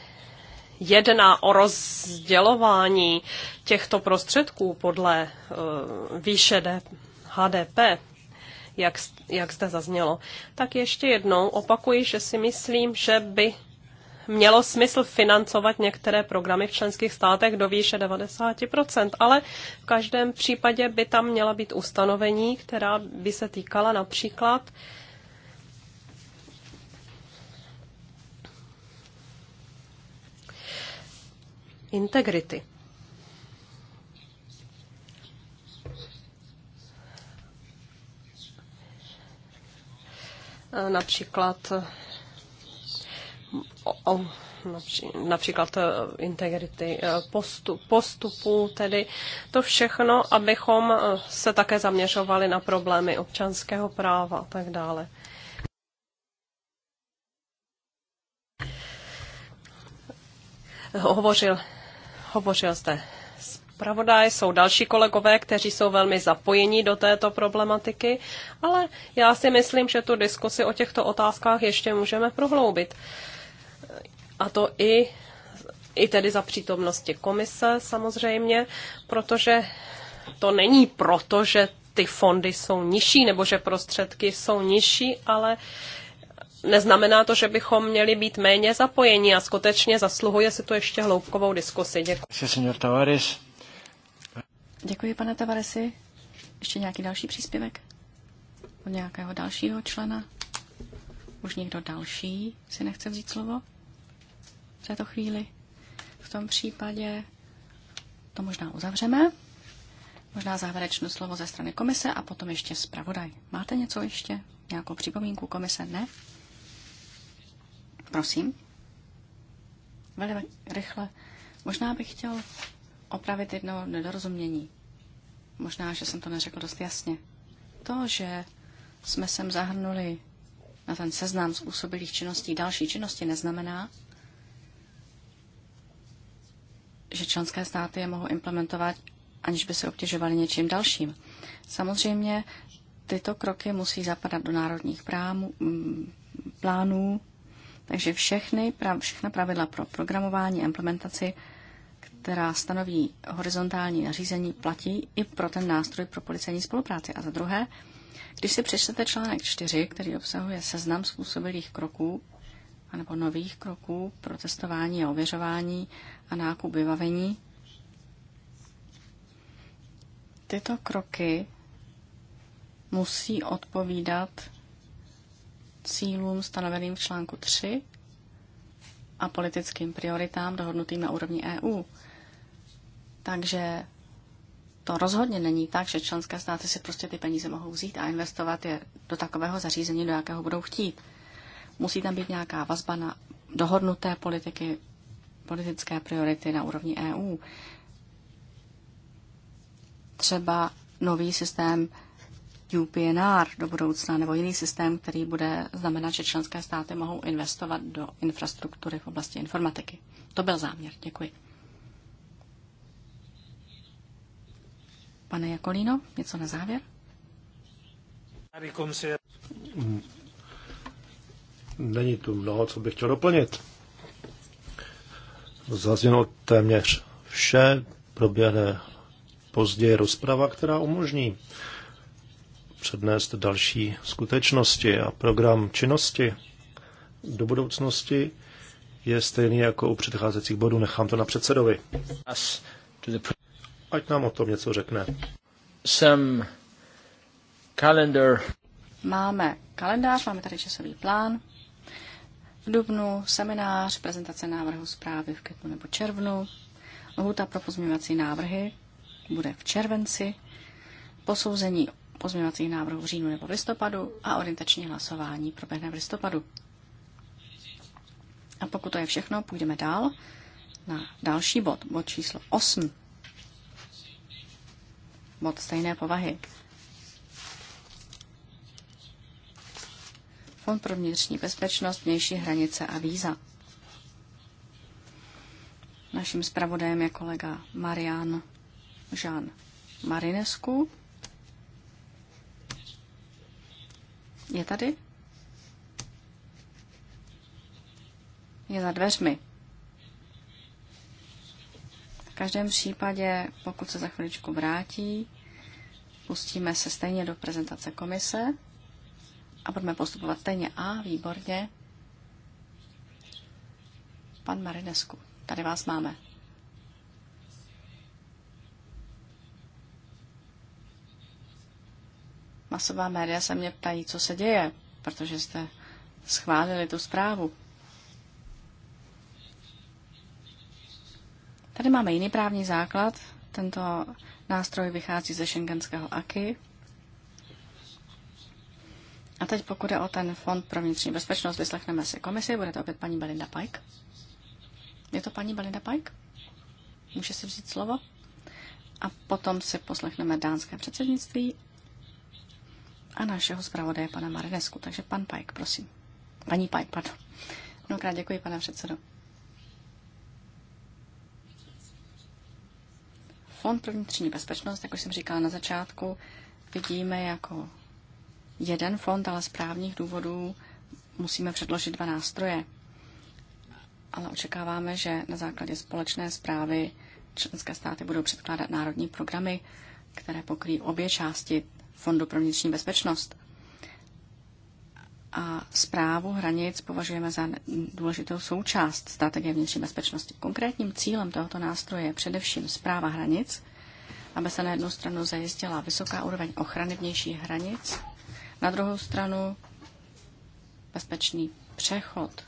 jedná o rozdělování těchto prostředků podle uh, výše HDP, jak, jak zde zaznělo, tak ještě jednou opakuji, že si myslím, že by mělo smysl financovat některé programy v členských státech do výše 90%, ale v každém případě by tam měla být ustanovení, která by se týkala například uh, integrity. Například o, například eh, integrity eh, postup, postupu, tedy to všechno, abychom eh, se také zaměřovali na problémy občanského práva a tak dále. Hovořil Hovořil jste zpravodaj, jsou další kolegové, kteří jsou velmi zapojení do této problematiky, ale já si myslím, že tu diskusi o těchto otázkách ještě můžeme prohloubit. A to i, i tedy za přítomnosti komise samozřejmě, protože to není proto, že ty fondy jsou nižší nebo že prostředky jsou nižší, ale neznamená to, že bychom měli být méně zapojeni a skutečně zasluhuje si to ještě hloubkovou diskusi. Děkuji. Děkuji, pane Tavaresi. Ještě nějaký další příspěvek? Od nějakého dalšího člena? Už někdo další si nechce vzít slovo? V této chvíli? V tom případě to možná uzavřeme. Možná závěrečné slovo ze strany komise a potom ještě zpravodaj. Máte něco ještě? Nějakou připomínku komise? Ne? Prosím. Velmi rychle. Možná bych chtěl opravit jedno nedorozumění. Možná, že jsem to neřekl dost jasně. To, že jsme sem zahrnuli na ten seznam způsobilých činností další činnosti, neznamená, že členské státy je mohou implementovat, aniž by se obtěžovali něčím dalším. Samozřejmě tyto kroky musí zapadat do národních prámů, plánů takže všechny, všechna pravidla pro programování a implementaci, která stanoví horizontální nařízení, platí i pro ten nástroj pro policejní spolupráci. A za druhé, když si přečtete článek 4, který obsahuje seznam způsobilých kroků anebo nových kroků pro testování a ověřování a nákup vybavení, tyto kroky musí odpovídat cílům stanoveným v článku 3 a politickým prioritám dohodnutým na úrovni EU. Takže to rozhodně není tak, že členské státy si prostě ty peníze mohou vzít a investovat je do takového zařízení, do jakého budou chtít. Musí tam být nějaká vazba na dohodnuté politiky, politické priority na úrovni EU. Třeba nový systém UPNR do budoucna nebo jiný systém, který bude znamenat, že členské státy mohou investovat do infrastruktury v oblasti informatiky. To byl záměr. Děkuji. Pane Jakolíno, něco na závěr? Není tu mnoho, co bych chtěl doplnit. Zazněno téměř vše, proběhne později rozprava, která umožní přednést další skutečnosti a program činnosti do budoucnosti je stejný jako u předcházejících bodů. Nechám to na předsedovi. Ať nám o tom něco řekne. calendar. Máme kalendář, máme tady časový plán. V dubnu seminář, prezentace návrhu zprávy v květnu nebo červnu. Lhuta pro pozměňovací návrhy bude v červenci. Posouzení pozměňovacích návrhů v říjnu nebo v listopadu a orientační hlasování proběhne v listopadu. A pokud to je všechno, půjdeme dál na další bod, bod číslo 8. Bod stejné povahy. Fond pro vnitřní bezpečnost, vnější hranice a víza. Naším zpravodajem je kolega Marian Jean Marinescu. Je tady? Je za dveřmi. V každém případě, pokud se za chviličku vrátí, pustíme se stejně do prezentace komise a budeme postupovat stejně. A, výborně. Pan Marinesku, tady vás máme. masová média se mě ptají, co se děje, protože jste schválili tu zprávu. Tady máme jiný právní základ. Tento nástroj vychází ze šengenského AKI. A teď pokud je o ten fond pro vnitřní bezpečnost, vyslechneme si komisi. Bude to opět paní Belinda Pike. Je to paní Belinda Pike? Může si vzít slovo? A potom si poslechneme dánské předsednictví a našeho zpravodaje pana Marinesku. Takže pan Pajk, prosím. Paní Pajk, pardon. Mnohokrát děkuji, pane předsedo. Fond pro vnitřní bezpečnost, jak už jsem říkala na začátku, vidíme jako jeden fond, ale z právních důvodů musíme předložit dva nástroje. Ale očekáváme, že na základě společné zprávy členské státy budou předkládat národní programy, které pokryjí obě části Fondu pro vnitřní bezpečnost. A zprávu hranic považujeme za důležitou součást strategie vnitřní bezpečnosti. Konkrétním cílem tohoto nástroje je především zpráva hranic, aby se na jednu stranu zajistila vysoká úroveň ochrany vnějších hranic, na druhou stranu bezpečný přechod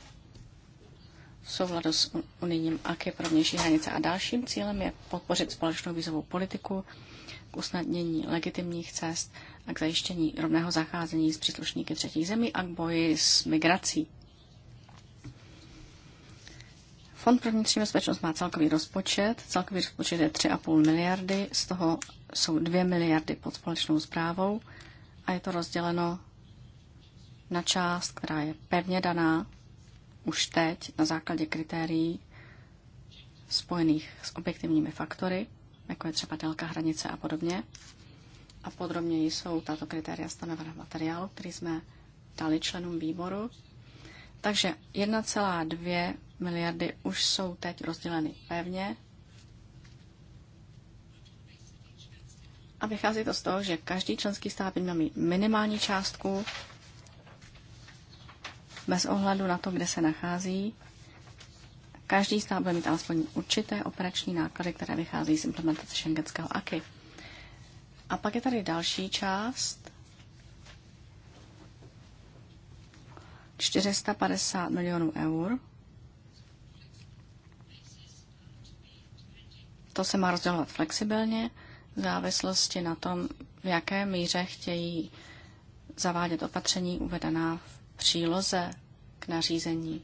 v souladu s unijním aké pro vnější hranice a dalším cílem je podpořit společnou vízovou politiku k usnadnění legitimních cest a k zajištění rovného zacházení s příslušníky třetích zemí a k boji s migrací. Fond pro vnitřní bezpečnost má celkový rozpočet. Celkový rozpočet je 3,5 miliardy, z toho jsou 2 miliardy pod společnou zprávou a je to rozděleno na část, která je pevně daná už teď na základě kritérií spojených s objektivními faktory, jako je třeba délka hranice a podobně. A podrobněji jsou tato kritéria stanovena v materiálu, který jsme dali členům výboru. Takže 1,2 miliardy už jsou teď rozděleny pevně. A vychází to z toho, že každý členský stát by měl mít minimální částku bez ohledu na to, kde se nachází. Každý stát bude mít alespoň určité operační náklady, které vychází z implementace šengenského AKY. A pak je tady další část. 450 milionů eur. To se má rozdělovat flexibilně v závislosti na tom, v jaké míře chtějí zavádět opatření uvedená v příloze k nařízení.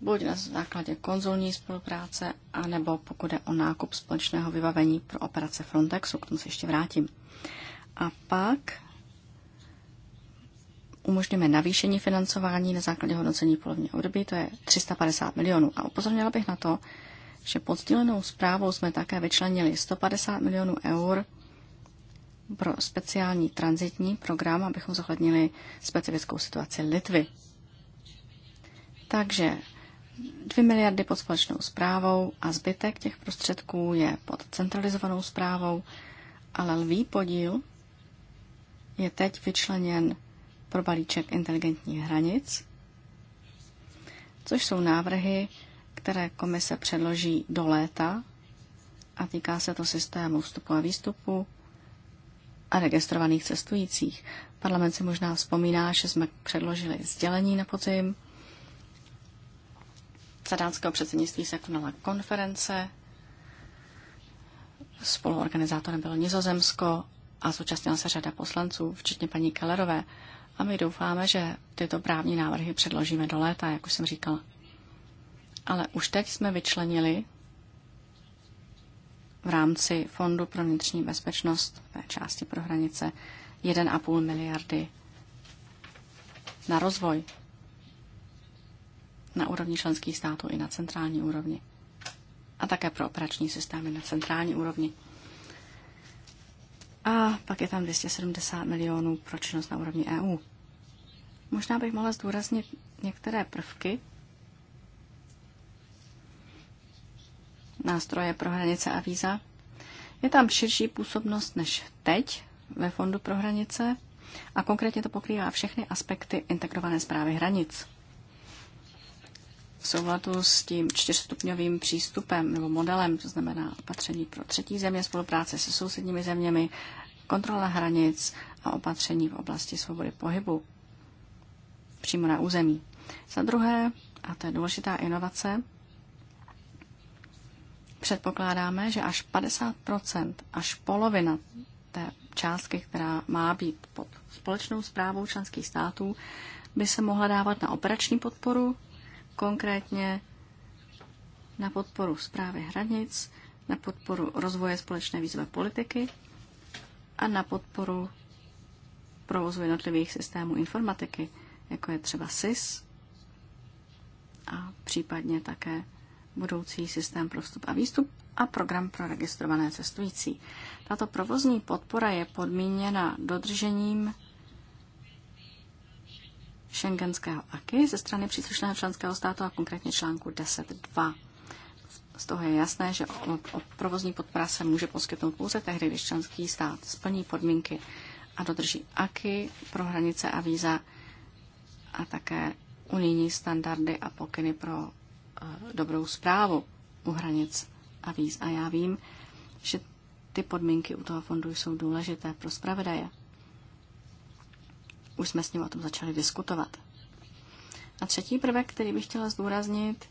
Buď na základě konzulní spolupráce, anebo pokud je o nákup společného vybavení pro operace Frontexu, k tomu se ještě vrátím. A pak umožňujeme navýšení financování na základě hodnocení polovní období, to je 350 milionů. A upozornila bych na to, že pod sdílenou zprávou jsme také vyčlenili 150 milionů eur pro speciální transitní program, abychom zohlednili specifickou situaci Litvy. Takže 2 miliardy pod společnou zprávou a zbytek těch prostředků je pod centralizovanou zprávou, ale lvý podíl je teď vyčleněn pro balíček inteligentních hranic, což jsou návrhy, které komise předloží do léta a týká se to systému vstupu a výstupu, a registrovaných cestujících. Parlament si možná vzpomíná, že jsme předložili sdělení na podzim. Za dánského předsednictví se konala konference. Spoluorganizátorem bylo Nizozemsko a zúčastnila se řada poslanců, včetně paní Kellerové. A my doufáme, že tyto právní návrhy předložíme do léta, jak už jsem říkala. Ale už teď jsme vyčlenili v rámci Fondu pro vnitřní bezpečnost té části pro hranice 1,5 miliardy na rozvoj na úrovni členských států i na centrální úrovni. A také pro operační systémy na centrální úrovni. A pak je tam 270 milionů pro činnost na úrovni EU. Možná bych mohla zdůraznit některé prvky, nástroje pro hranice a víza. Je tam širší působnost než teď ve Fondu pro hranice a konkrétně to pokrývá všechny aspekty integrované zprávy hranic. V souladu s tím čtyřstupňovým přístupem nebo modelem, to znamená opatření pro třetí země, spolupráce se sousedními zeměmi, kontrola hranic a opatření v oblasti svobody pohybu přímo na území. Za druhé, a to je důležitá inovace, Předpokládáme, že až 50 až polovina té částky, která má být pod společnou zprávou členských států, by se mohla dávat na operační podporu, konkrétně na podporu zprávy hranic, na podporu rozvoje společné výzve politiky a na podporu provozu jednotlivých systémů informatiky, jako je třeba SIS a případně také budoucí systém pro vstup a výstup a program pro registrované cestující. Tato provozní podpora je podmíněna dodržením šengenského AKY ze strany příslušného členského státu a konkrétně článku 10.2. Z toho je jasné, že o, o provozní podpora se může poskytnout pouze tehdy, když členský stát splní podmínky a dodrží AKY pro hranice a víza a také unijní standardy a pokyny pro dobrou zprávu u hranic a víz. A já vím, že ty podmínky u toho fondu jsou důležité pro zpravodaje. Už jsme s ním o tom začali diskutovat. A třetí prvek, který bych chtěla zdůraznit,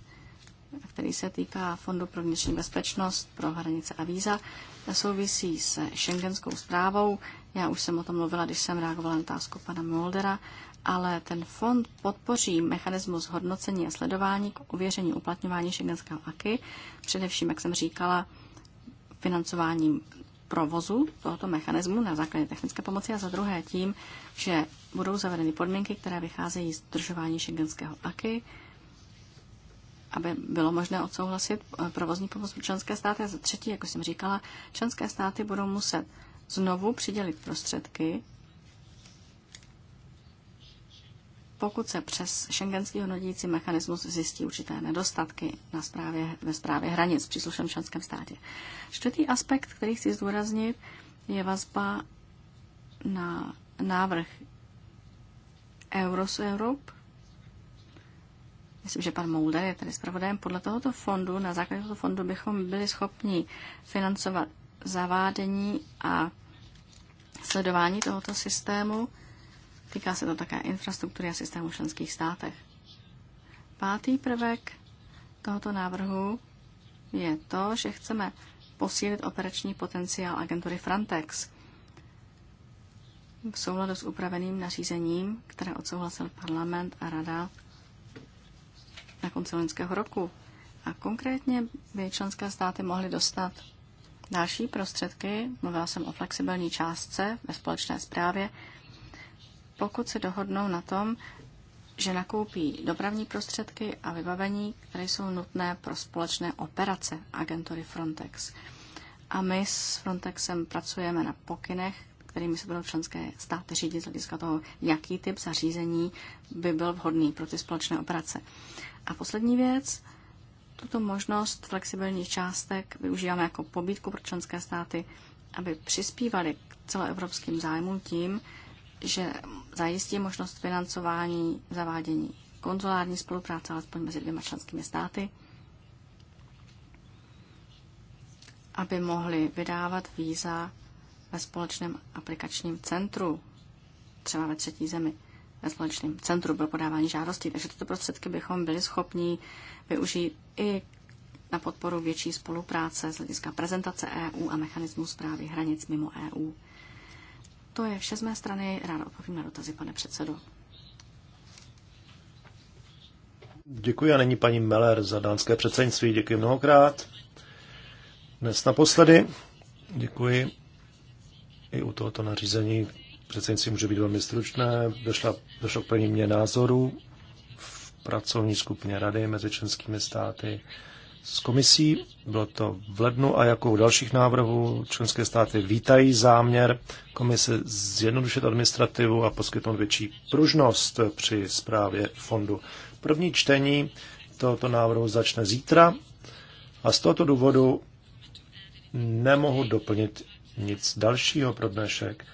který se týká Fondu pro vnitřní bezpečnost, pro hranice a víza, souvisí se šengenskou zprávou. Já už jsem o tom mluvila, když jsem reagovala na otázku pana Muldera ale ten fond podpoří mechanismus hodnocení a sledování k ověření uplatňování šengenského aky, především, jak jsem říkala, financováním provozu tohoto mechanismu na základě technické pomoci a za druhé tím, že budou zavedeny podmínky, které vycházejí z držování šengenského aky, aby bylo možné odsouhlasit eh, provozní pomoc pro členské státy. A za třetí, jako jsem říkala, členské státy budou muset znovu přidělit prostředky pokud se přes šengenský hodnotící mechanismus zjistí určité nedostatky na správě, ve správě hranic v příslušném členském státě. Čtvrtý aspekt, který chci zdůraznit, je vazba na návrh Euros Europe. Myslím, že pan Moulder je tady zpravodajem. Podle tohoto fondu, na základě tohoto fondu bychom byli schopni financovat zavádění a sledování tohoto systému Týká se to také infrastruktury a systému v členských státech. Pátý prvek tohoto návrhu je to, že chceme posílit operační potenciál agentury Frontex v souladu s upraveným nařízením, které odsouhlasil parlament a rada na konci loňského roku. A konkrétně by členské státy mohly dostat další prostředky, mluvila jsem o flexibilní částce ve společné zprávě, pokud se dohodnou na tom, že nakoupí dopravní prostředky a vybavení, které jsou nutné pro společné operace agentury Frontex. A my s Frontexem pracujeme na pokynech, kterými se budou členské státy řídit z hlediska toho, jaký typ zařízení by byl vhodný pro ty společné operace. A poslední věc, tuto možnost flexibilních částek využíváme jako pobídku pro členské státy, aby přispívali k celoevropským zájmům tím, že zajistí možnost financování zavádění konzulární spolupráce alespoň mezi dvěma členskými státy, aby mohli vydávat víza ve společném aplikačním centru, třeba ve třetí zemi, ve společném centru pro podávání žádostí. Takže tyto prostředky bychom byli schopni využít i na podporu větší spolupráce z hlediska prezentace EU a mechanismu zprávy hranic mimo EU. To je vše z mé strany. Ráno odpovím na dotazy, pane předsedo. Děkuji a není paní Meller za dánské předsednictví. Děkuji mnohokrát. Dnes naposledy. Děkuji. I u tohoto nařízení předsednictví může být velmi stručné. Došla, došlo k plní mě názoru v pracovní skupině rady mezi členskými státy s komisí. Bylo to v lednu a jako u dalších návrhů členské státy vítají záměr komise zjednodušit administrativu a poskytnout větší pružnost při zprávě fondu. První čtení tohoto návrhu začne zítra a z tohoto důvodu nemohu doplnit nic dalšího pro dnešek,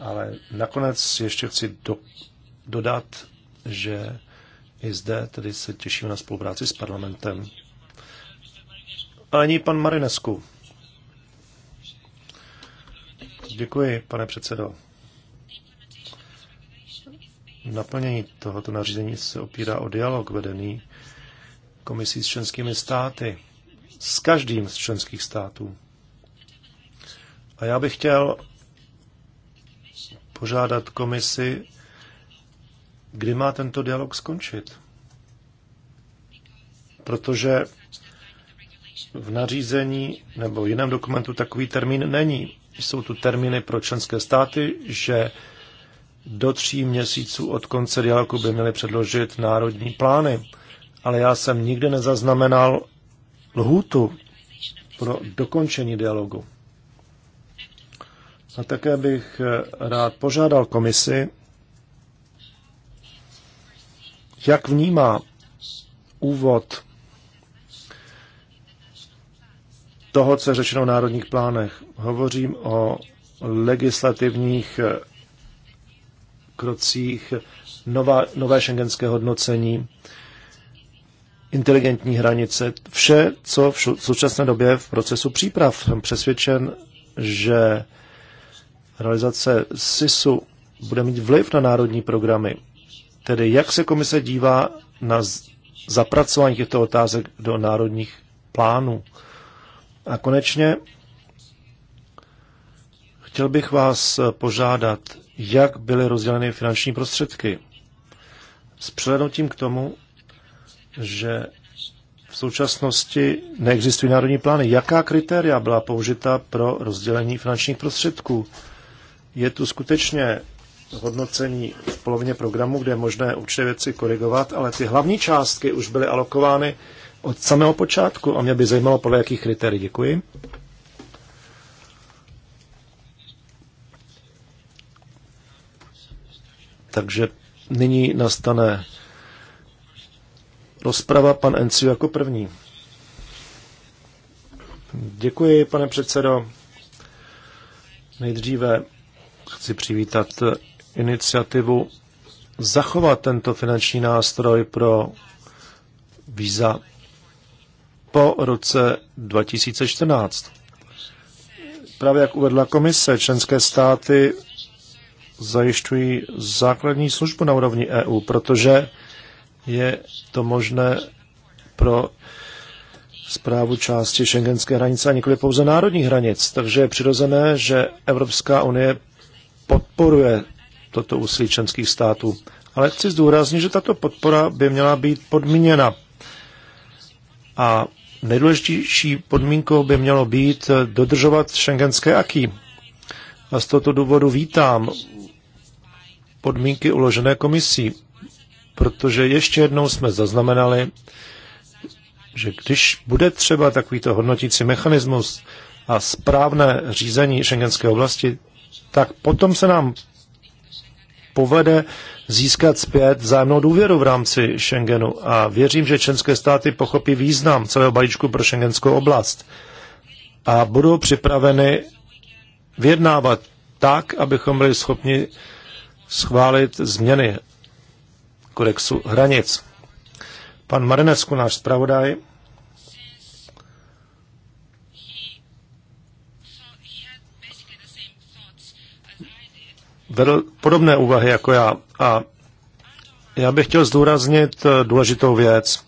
ale nakonec ještě chci do, dodat, že i zde tedy se těším na spolupráci s parlamentem ani pan Marinesku. Děkuji, pane předsedo. Naplnění tohoto nařízení se opírá o dialog vedený komisí s členskými státy, s každým z členských států. A já bych chtěl požádat komisi, kdy má tento dialog skončit. Protože v nařízení nebo jiném dokumentu takový termín není. Jsou tu termíny pro členské státy, že do tří měsíců od konce dialogu by měly předložit národní plány. Ale já jsem nikdy nezaznamenal lhůtu pro dokončení dialogu. A také bych rád požádal komisi, jak vnímá úvod toho, co je řečeno v národních plánech. Hovořím o legislativních eh, krocích, nová, nové šengenské hodnocení, inteligentní hranice, vše, co v současné době v procesu příprav. Jsem přesvědčen, že realizace SISu bude mít vliv na národní programy. Tedy jak se komise dívá na zapracování těchto otázek do národních plánů. A konečně chtěl bych vás požádat, jak byly rozděleny finanční prostředky. S přihlednutím k tomu, že v současnosti neexistují národní plány. Jaká kritéria byla použita pro rozdělení finančních prostředků? Je tu skutečně hodnocení v polovině programu, kde je možné určité věci korigovat, ale ty hlavní částky už byly alokovány od samého počátku a mě by zajímalo, podle jakých kritérií. Děkuji. Takže nyní nastane rozprava pan Enciu jako první. Děkuji, pane předsedo. Nejdříve chci přivítat iniciativu zachovat tento finanční nástroj pro víza po roce 2014. Právě jak uvedla komise, členské státy zajišťují základní službu na úrovni EU, protože je to možné pro zprávu části šengenské hranice a nikoli pouze národních hranic. Takže je přirozené, že Evropská unie podporuje toto úsilí členských států. Ale chci zdůraznit, že tato podpora by měla být podmíněna. A nejdůležitější podmínkou by mělo být dodržovat šengenské aky. A z tohoto důvodu vítám podmínky uložené komisí, protože ještě jednou jsme zaznamenali, že když bude třeba takovýto hodnotící mechanismus a správné řízení šengenské oblasti, tak potom se nám povede získat zpět vzájemnou důvěru v rámci Schengenu a věřím, že členské státy pochopí význam celého balíčku pro šengenskou oblast a budou připraveny vyjednávat tak, abychom byli schopni schválit změny kodexu hranic. Pan Marinesku, náš zpravodaj, vedl podobné úvahy jako já. A já bych chtěl zdůraznit eh, důležitou věc.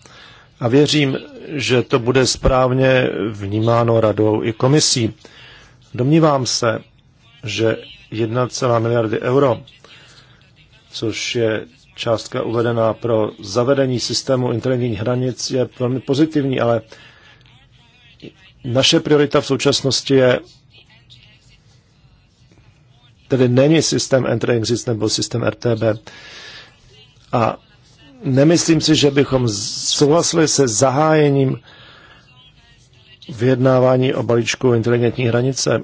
A věřím, že to bude správně vnímáno radou i komisí. Domnívám se, že 1,1 miliardy euro, což je částka uvedená pro zavedení systému inteligentních hranic, je velmi pozitivní, ale naše priorita v současnosti je tedy není systém entry exist nebo systém RTB. A nemyslím si, že bychom souhlasili se zahájením vyjednávání o balíčku inteligentní hranice.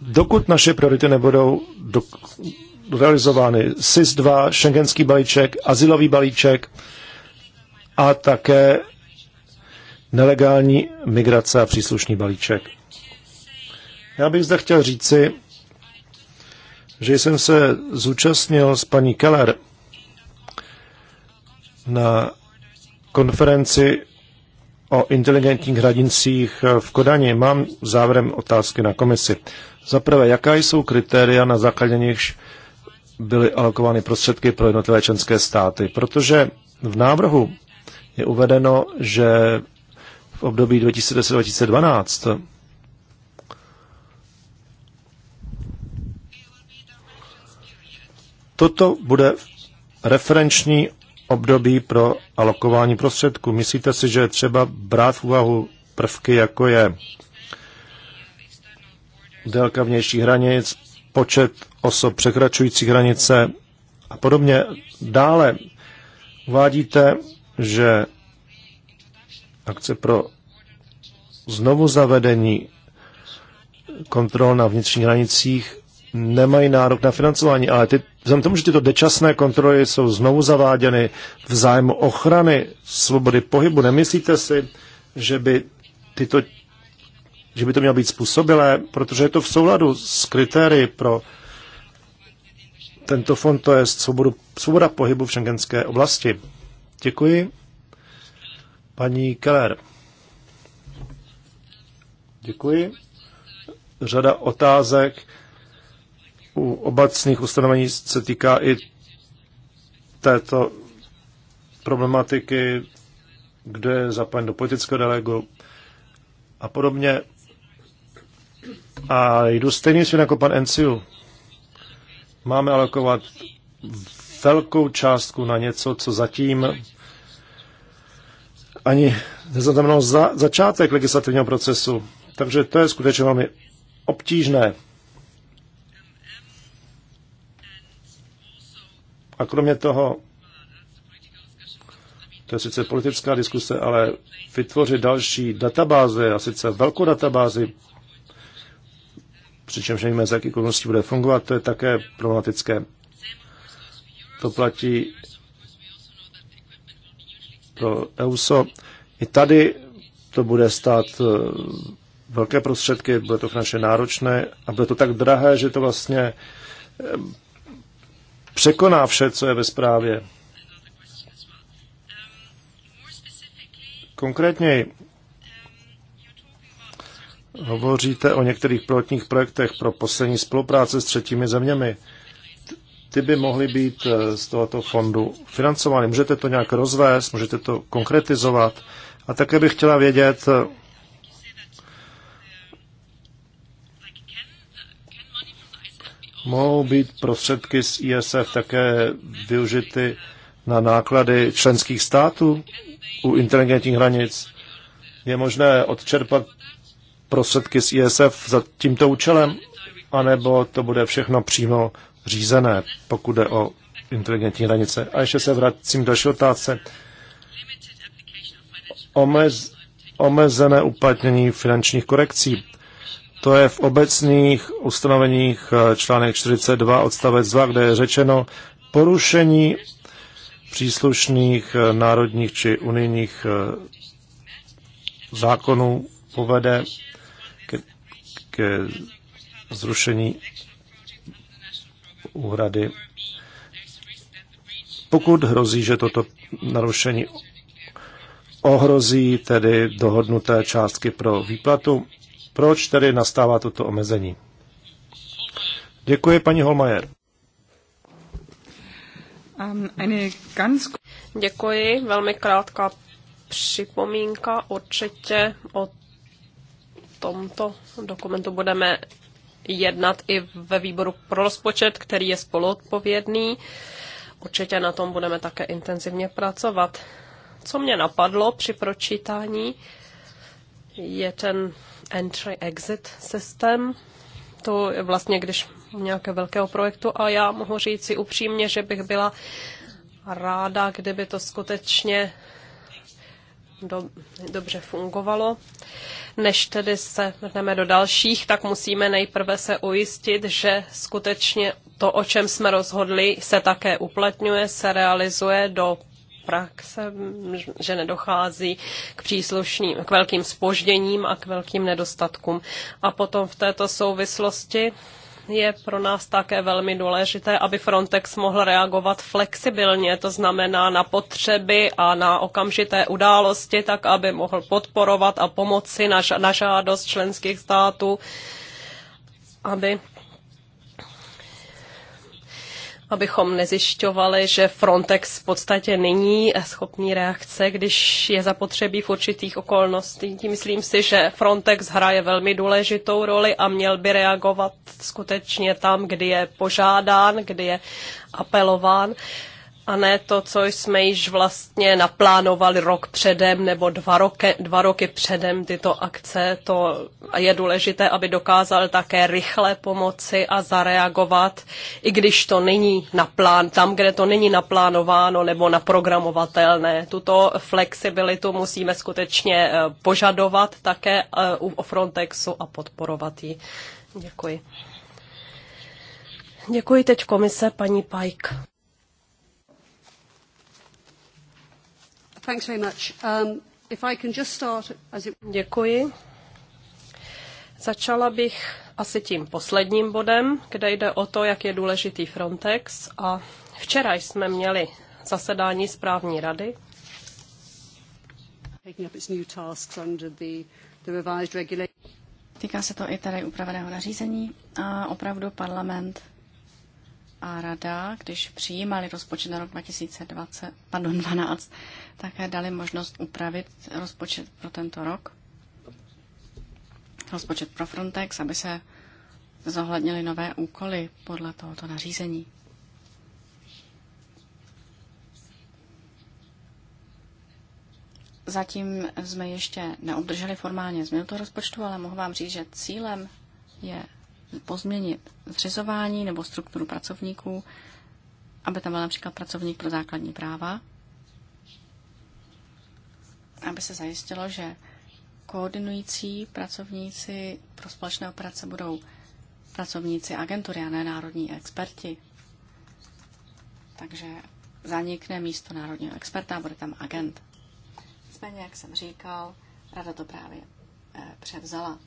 Dokud naše priority nebudou do, realizovány SIS-2, šengenský balíček, asilový balíček a také nelegální migrace a příslušný balíček. Já bych zde chtěl říci, že jsem se zúčastnil s paní Keller na konferenci o inteligentních hradincích v Kodani. Mám závěrem otázky na komisi. Za prvé, jaká jsou kritéria, na základě nichž byly alokovány prostředky pro jednotlivé členské státy? Protože v návrhu je uvedeno, že v období 2010-2012 Toto bude referenční období pro alokování prostředků. Myslíte si, že je třeba brát v úvahu prvky, jako je délka vnějších hranic, počet osob překračujících hranice a podobně. Dále uvádíte, že akce pro znovu zavedení kontrol na vnitřních hranicích nemají nárok na financování, ale ty, Vzhledem tomu, že tyto dočasné kontroly jsou znovu zaváděny v zájmu ochrany svobody pohybu, nemyslíte si, že by, tyto, že by to mělo být způsobilé, protože je to v souladu s kritérii pro tento fond, to je svobodu, svoboda pohybu v šengenské oblasti. Děkuji. Paní Keller. Děkuji. Řada otázek u obecných ustanovení se týká i této problematiky, kde je zapojen do politického delegu a podobně. A jdu stejný svět jako pan Enciu. Máme alokovat velkou částku na něco, co zatím ani nezaznamenalo za, začátek legislativního procesu. Takže to je skutečně velmi obtížné A kromě toho, to je sice politická diskuse, ale vytvořit další databáze, a sice velkou databázi, přičemž nevíme, z jakých okolností bude fungovat, to je také problematické. To platí pro EUSO. I tady to bude stát eh, velké prostředky, bude to finančně náročné a bude to tak drahé, že to vlastně eh, překoná vše, co je ve zprávě. Konkrétně hovoříte o některých pilotních projektech pro poslední spolupráce s třetími zeměmi. Ty by mohly být eh, z tohoto fondu financovány. Můžete to nějak rozvést, můžete to konkretizovat. A také bych chtěla vědět, Mohou být prostředky z ISF také využity na náklady členských států u inteligentních hranic? Je možné odčerpat prostředky z ISF za tímto účelem? anebo to bude všechno přímo řízené, pokud jde o inteligentní hranice. A ještě se vracím k další otázce. Omez, omezené uplatnění finančních korekcí. To je v obecných ustanoveních eh, článek 42 odstavec 2, kde je řečeno porušení příslušných eh, národních či unijních eh, zákonů povede ke, ke zrušení úhrady. Pokud hrozí, že toto narušení ohrozí tedy dohodnuté částky pro výplatu, proč tedy nastává toto omezení? Děkuji, paní Holmajer. Um, Děkuji, velmi krátká připomínka. Určitě o tomto dokumentu budeme jednat i ve výboru pro rozpočet, který je spoluodpovědný. Určitě na tom budeme také intenzivně pracovat. Co mě napadlo při pročítání, je ten entry-exit systém. To je vlastně, když nějaké velkého projektu a já mohu říct si upřímně, že bych byla ráda, kdyby to skutečně do, dobře fungovalo. Než tedy se vrhneme do dalších, tak musíme nejprve se ujistit, že skutečně to, o čem jsme rozhodli, se také uplatňuje, se realizuje do praxe, že nedochází k příslušným, k velkým spožděním a k velkým nedostatkům. A potom v této souvislosti je pro nás také velmi důležité, aby Frontex mohl reagovat flexibilně, to znamená na potřeby a na okamžité události, tak aby mohl podporovat a pomoci na, na žádost členských států, aby abychom nezjišťovali, že Frontex v podstatě není schopný reakce, když je zapotřebí v určitých okolnostech. Myslím si, že Frontex hraje velmi důležitou roli a měl by reagovat skutečně tam, kdy je požádán, kdy je apelován. Uh, a ne to, co jsme již vlastně naplánovali rok předem nebo dva roky, dva roky předem tyto akce. To je důležité, aby dokázal také rychle pomoci a zareagovat, i když to není naplán, tam, kde to není naplánováno nebo naprogramovatelné. Tuto flexibilitu musíme skutečně eh, požadovat také eh, u Frontexu a podporovat ji. Děkuji. Děkuji teď komise paní Pajk. Um, Děkuji. Začala bych asi tím posledním bodem, kde jde o to, jak je důležitý Frontex. A včera jsme měli zasedání správní rady. Týká se to i tady upraveného nařízení a opravdu parlament a rada, když přijímali rozpočet na rok 2020, pardon, 12, také dali možnost upravit rozpočet pro tento rok, rozpočet pro Frontex, aby se zohlednili nové úkoly podle tohoto nařízení. Zatím jsme ještě neobdrželi formálně změnu toho rozpočtu, ale mohu vám říct, že cílem je pozměnit zřizování nebo strukturu pracovníků, aby tam byl například pracovník pro základní práva, aby se zajistilo, že koordinující pracovníci pro společné operace budou pracovníci agentury a ne národní experti. Takže zanikne místo národního experta a bude tam agent. Nicméně, jak jsem říkal, rada to právě eh, převzala.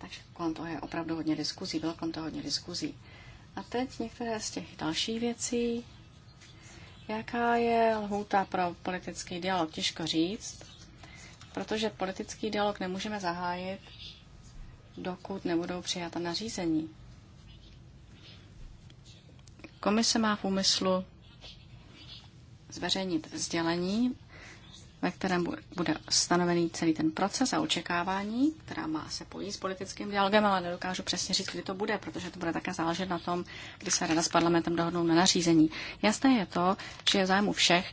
Takže kolem toho je opravdu hodně diskuzí, bylo kolem toho hodně diskuzí. A teď některé z těch dalších věcí. Jaká je lhůta pro politický dialog? Těžko říct, protože politický dialog nemůžeme zahájit, dokud nebudou přijata nařízení. Komise má v úmyslu zveřejnit sdělení ve kterém bude stanovený celý ten proces a očekávání, která má se pojít s politickým dialogem, ale nedokážu přesně říct, kdy to bude, protože to bude také záležet na tom, kdy se Rada s parlamentem dohodnou na nařízení. Jasné je to, že je zájmu všech,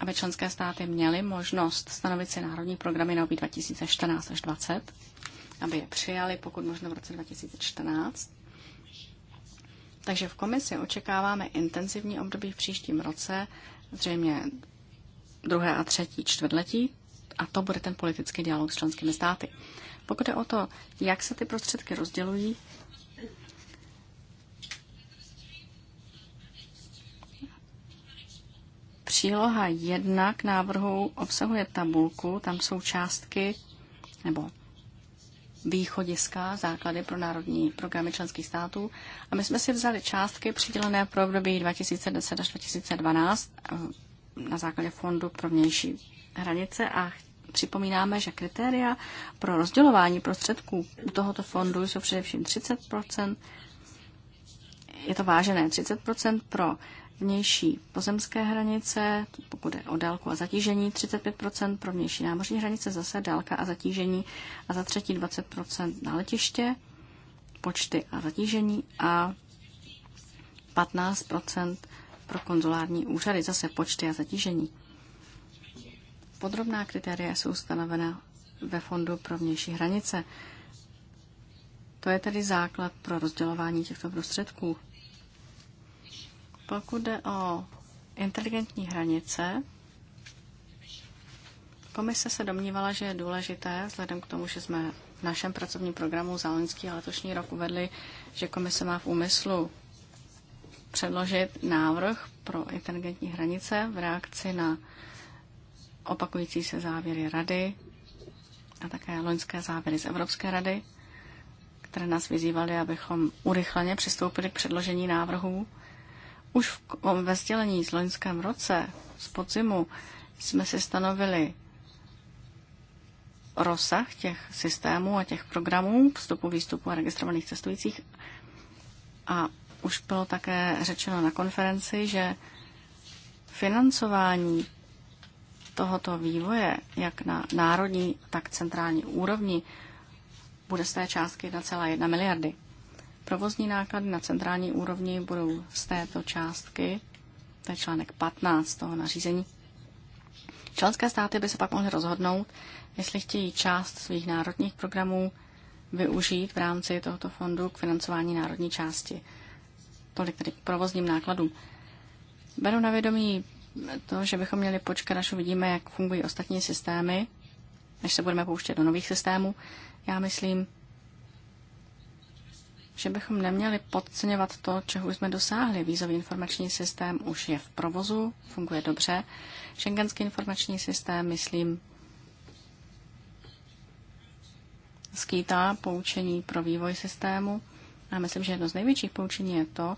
aby členské státy měly možnost stanovit si národní programy na období 2014 až 2020, aby je přijali pokud možno v roce 2014. Takže v komisi očekáváme intenzivní období v příštím roce, zřejmě druhé a třetí čtvrtletí a to bude ten politický dialog s členskými státy. Pokud je o to, jak se ty prostředky rozdělují, příloha jedna k návrhu obsahuje tabulku, tam jsou částky nebo východiska, základy pro národní programy členských států. A my jsme si vzali částky přidělené pro období 2010 až 2012 na základě fondu pro vnější hranice a připomínáme, že kritéria pro rozdělování prostředků u tohoto fondu jsou především 30 je to vážené 30 pro vnější pozemské hranice, pokud je o délku a zatížení, 35 pro vnější námořní hranice, zase délka a zatížení a za třetí 20 na letiště, počty a zatížení a 15 pro konzulární úřady, zase počty a zatížení. Podrobná kritéria jsou stanovena ve Fondu pro vnější hranice. To je tedy základ pro rozdělování těchto prostředků. Pokud jde o inteligentní hranice, komise se domnívala, že je důležité, vzhledem k tomu, že jsme v našem pracovním programu za loňský a letošní rok uvedli, že komise má v úmyslu předložit návrh pro inteligentní hranice v reakci na opakující se závěry rady a také loňské závěry z Evropské rady, které nás vyzývaly, abychom urychleně přistoupili k předložení návrhů. Už v, ve sdělení z loňském roce, z podzimu, jsme si stanovili rozsah těch systémů a těch programů vstupu, výstupu a registrovaných cestujících a už bylo také řečeno na konferenci, že financování tohoto vývoje, jak na národní, tak centrální úrovni, bude z té částky 1,1 miliardy. Provozní náklady na centrální úrovni budou z této částky, to je článek 15 toho nařízení. Členské státy by se pak mohly rozhodnout, jestli chtějí část svých národních programů využít v rámci tohoto fondu k financování národní části. Tolik tedy k provozním nákladům. Beru na vědomí to, že bychom měli počkat, až uvidíme, jak fungují ostatní systémy, než se budeme pouštět do nových systémů. Já myslím, že bychom neměli podceňovat to, čeho jsme dosáhli. Vízový informační systém už je v provozu, funguje dobře. Schengenský informační systém, myslím, skýtá poučení pro vývoj systému. A myslím, že jedno z největších poučení je to,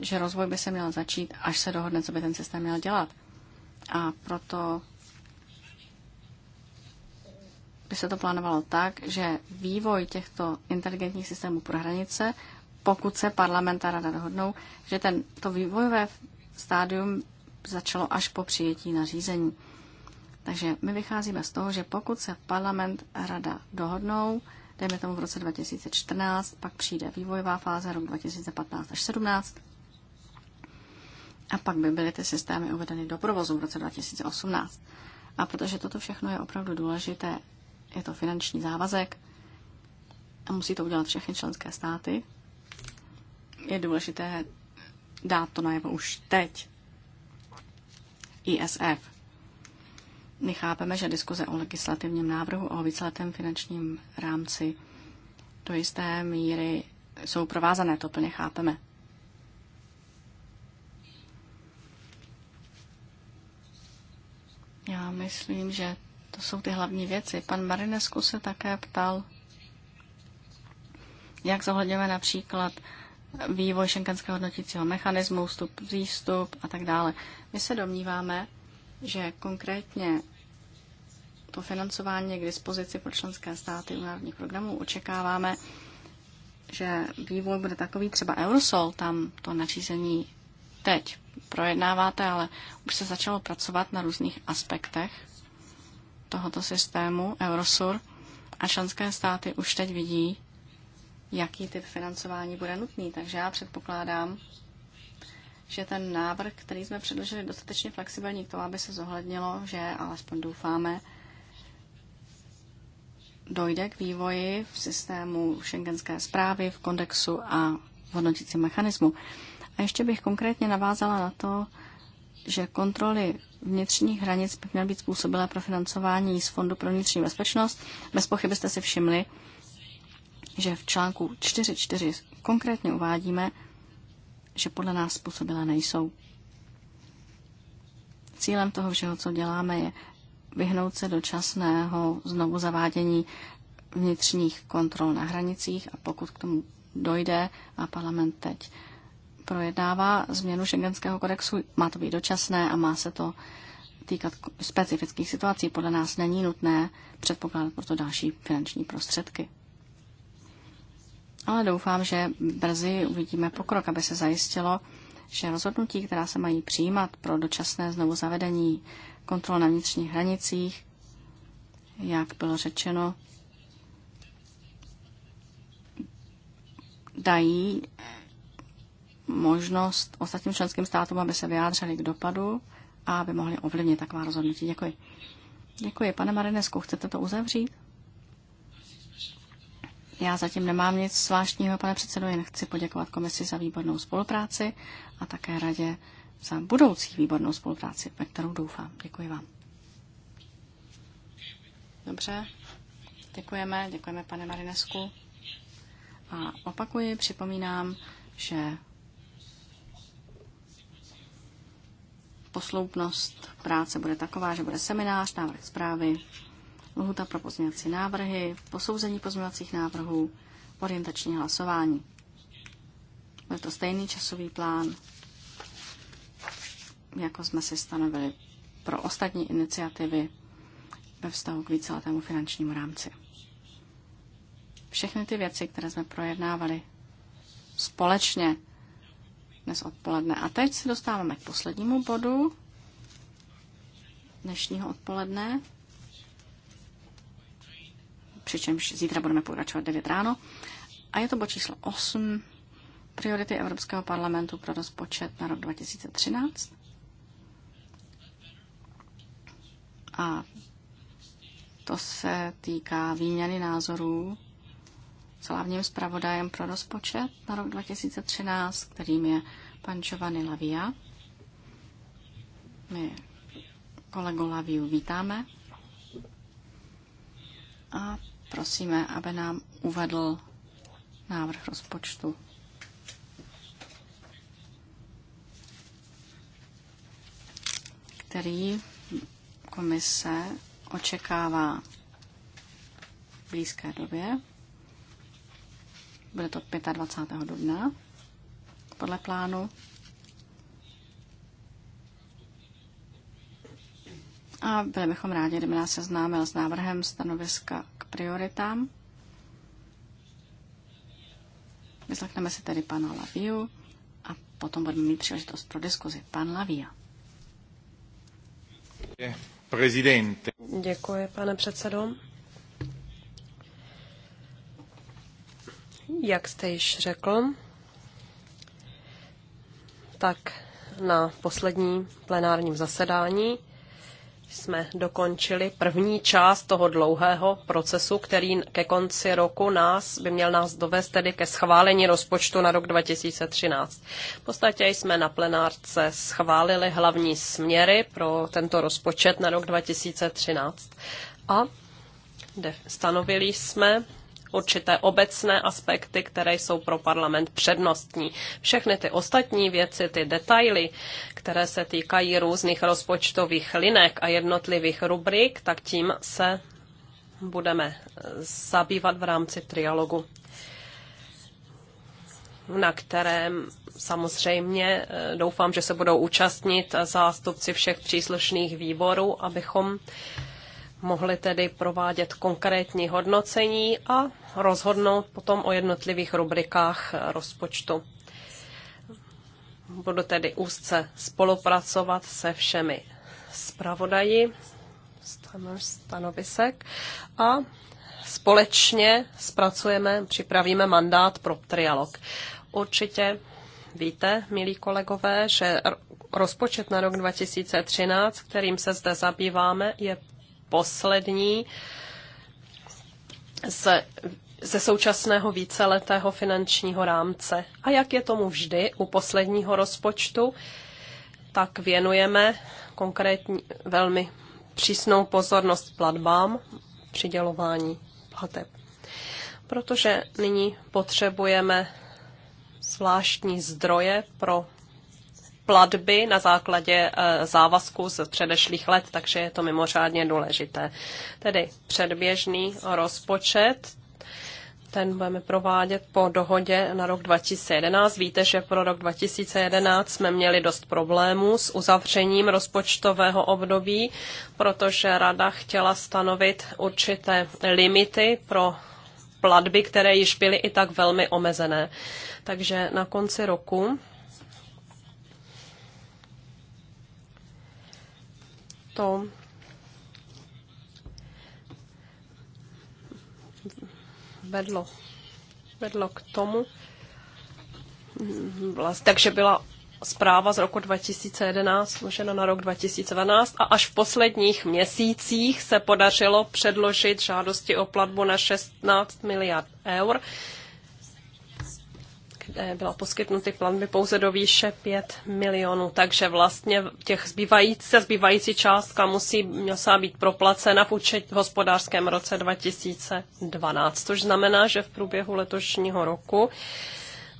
že rozvoj by se měl začít, až se dohodne, co by ten systém měl dělat. A proto by se to plánovalo tak, že vývoj těchto inteligentních systémů pro hranice, pokud se parlament a rada dohodnou, že ten, to vývojové stádium začalo až po přijetí nařízení. Takže my vycházíme z toho, že pokud se parlament a rada dohodnou, dejme tomu v roce 2014, pak přijde vývojová fáze rok 2015 až 17 a pak by byly ty systémy uvedeny do provozu v roce 2018. A protože toto všechno je opravdu důležité, je to finanční závazek a musí to udělat všechny členské státy, je důležité dát to najevo už teď. ISF. My chápeme, že diskuze o legislativním návrhu o víceletém finančním rámci do jisté míry jsou provázané, to plně chápeme. Já myslím, že to jsou ty hlavní věci. Pan Marinesku se také ptal, jak zohledňujeme například vývoj šenkenského hodnotícího mechanismu, vstup, výstup a tak dále. My se domníváme, že konkrétně to financování je k dispozici pro členské státy u národních programů. Očekáváme, že vývoj bude takový, třeba Eurosol, tam to nařízení teď projednáváte, ale už se začalo pracovat na různých aspektech tohoto systému Eurosur a členské státy už teď vidí, jaký typ financování bude nutný. Takže já předpokládám, že ten návrh, který jsme předložili, je dostatečně flexibilní k tomu, aby se zohlednilo, že alespoň doufáme, dojde k vývoji v systému šengenské zprávy, v kontextu a v hodnotícím mechanismu. A ještě bych konkrétně navázala na to, že kontroly vnitřních hranic by měly být způsobilé pro financování z Fondu pro vnitřní bezpečnost. Bez pochyby jste si všimli, že v článku 4.4 konkrétně uvádíme, že podle nás způsobila nejsou. Cílem toho všeho, co děláme, je vyhnout se dočasného znovu zavádění vnitřních kontrol na hranicích a pokud k tomu dojde a parlament teď projednává změnu šengenského kodexu, má to být dočasné a má se to týkat specifických situací. Podle nás není nutné předpokládat proto další finanční prostředky. Ale doufám, že brzy uvidíme pokrok, aby se zajistilo, že rozhodnutí, která se mají přijímat pro dočasné znovu zavedení kontrol na vnitřních hranicích, jak bylo řečeno, dají možnost ostatním členským státům, aby se vyjádřili k dopadu a aby mohli ovlivnit taková rozhodnutí. Děkuji. Děkuji. Pane Marinesku, chcete to uzavřít? Já zatím nemám nic zvláštního, pane předsedo, jen chci poděkovat komisi za výbornou spolupráci a také radě za budoucí výbornou spolupráci, ve kterou doufám. Děkuji vám. Dobře, děkujeme, děkujeme pane Marinesku. A opakuji, připomínám, že posloupnost práce bude taková, že bude seminář, návrh zprávy, lhuta pro pozměňovací návrhy, posouzení pozměňovacích návrhů, orientační hlasování. Byl to stejný časový plán, jako jsme si stanovili pro ostatní iniciativy ve vztahu k víceletému finančnímu rámci. Všechny ty věci, které jsme projednávali společně dnes odpoledne. A teď se dostáváme k poslednímu bodu dnešního odpoledne přičemž zítra budeme pokračovat 9 ráno. A je to bod číslo 8, priority Evropského parlamentu pro rozpočet na rok 2013. A to se týká výměny názorů s hlavním zpravodajem pro rozpočet na rok 2013, kterým je pan Giovanni Lavia. My kolegu Laviu vítáme. A prosíme, aby nám uvedl návrh rozpočtu. který komise očekává v blízké době. Bude to 25. dubna podle plánu. A byli bychom rádi, kdyby nás seznámil s návrhem stanoviska k prioritám. Vyslechneme si tedy pana Laviu a potom budeme mít příležitost pro diskuzi. Pan Lavia. Prezidente. Děkuji, pane předsedo. Jak jste již řekl, tak na poslední plenárním zasedání jsme dokončili první část toho dlouhého procesu, který ke konci roku nás by měl nás dovést tedy ke schválení rozpočtu na rok 2013. V podstatě jsme na plenárce schválili hlavní směry pro tento rozpočet na rok 2013 a stanovili jsme určité obecné aspekty, které jsou pro parlament přednostní. Všechny ty ostatní věci, ty detaily, které se týkají různých rozpočtových linek a jednotlivých rubrik, tak tím se budeme eh, zabývat v rámci trialogu, na kterém samozřejmě eh, doufám, že se budou účastnit eh, zástupci všech příslušných výborů, abychom mohli tedy provádět konkrétní hodnocení a rozhodnout potom o jednotlivých rubrikách rozpočtu. Budu tedy úzce spolupracovat se všemi zpravodaji stanovisek a společně zpracujeme, připravíme mandát pro trialog. Určitě víte, milí kolegové, že rozpočet na rok 2013, kterým se zde zabýváme, je poslední se ze současného víceletého finančního rámce. A jak je tomu vždy u posledního rozpočtu, tak věnujeme konkrétní velmi přísnou pozornost platbám přidělování plateb. Protože nyní potřebujeme zvláštní zdroje pro platby na základě eh, závazků z předešlých let, takže je to mimořádně důležité. Tedy předběžný rozpočet ten budeme provádět po dohodě na rok 2011. Víte, že pro rok 2011 jsme měli dost problémů s uzavřením rozpočtového období, protože rada chtěla stanovit určité limity pro platby, které již byly i tak velmi omezené. Takže na konci roku to vedlo, vedlo k tomu, vlastně, takže byla zpráva z roku 2011 složena na rok 2012 a až v posledních měsících se podařilo předložit žádosti o platbu na 16 miliard eur Eh, bylo poskytnuty platby pouze do výše 5 milionů, takže vlastně těch zbývající, se zbývající částka musí měla být proplacena v účet v hospodářském roce 2012, což znamená, že v průběhu letošního roku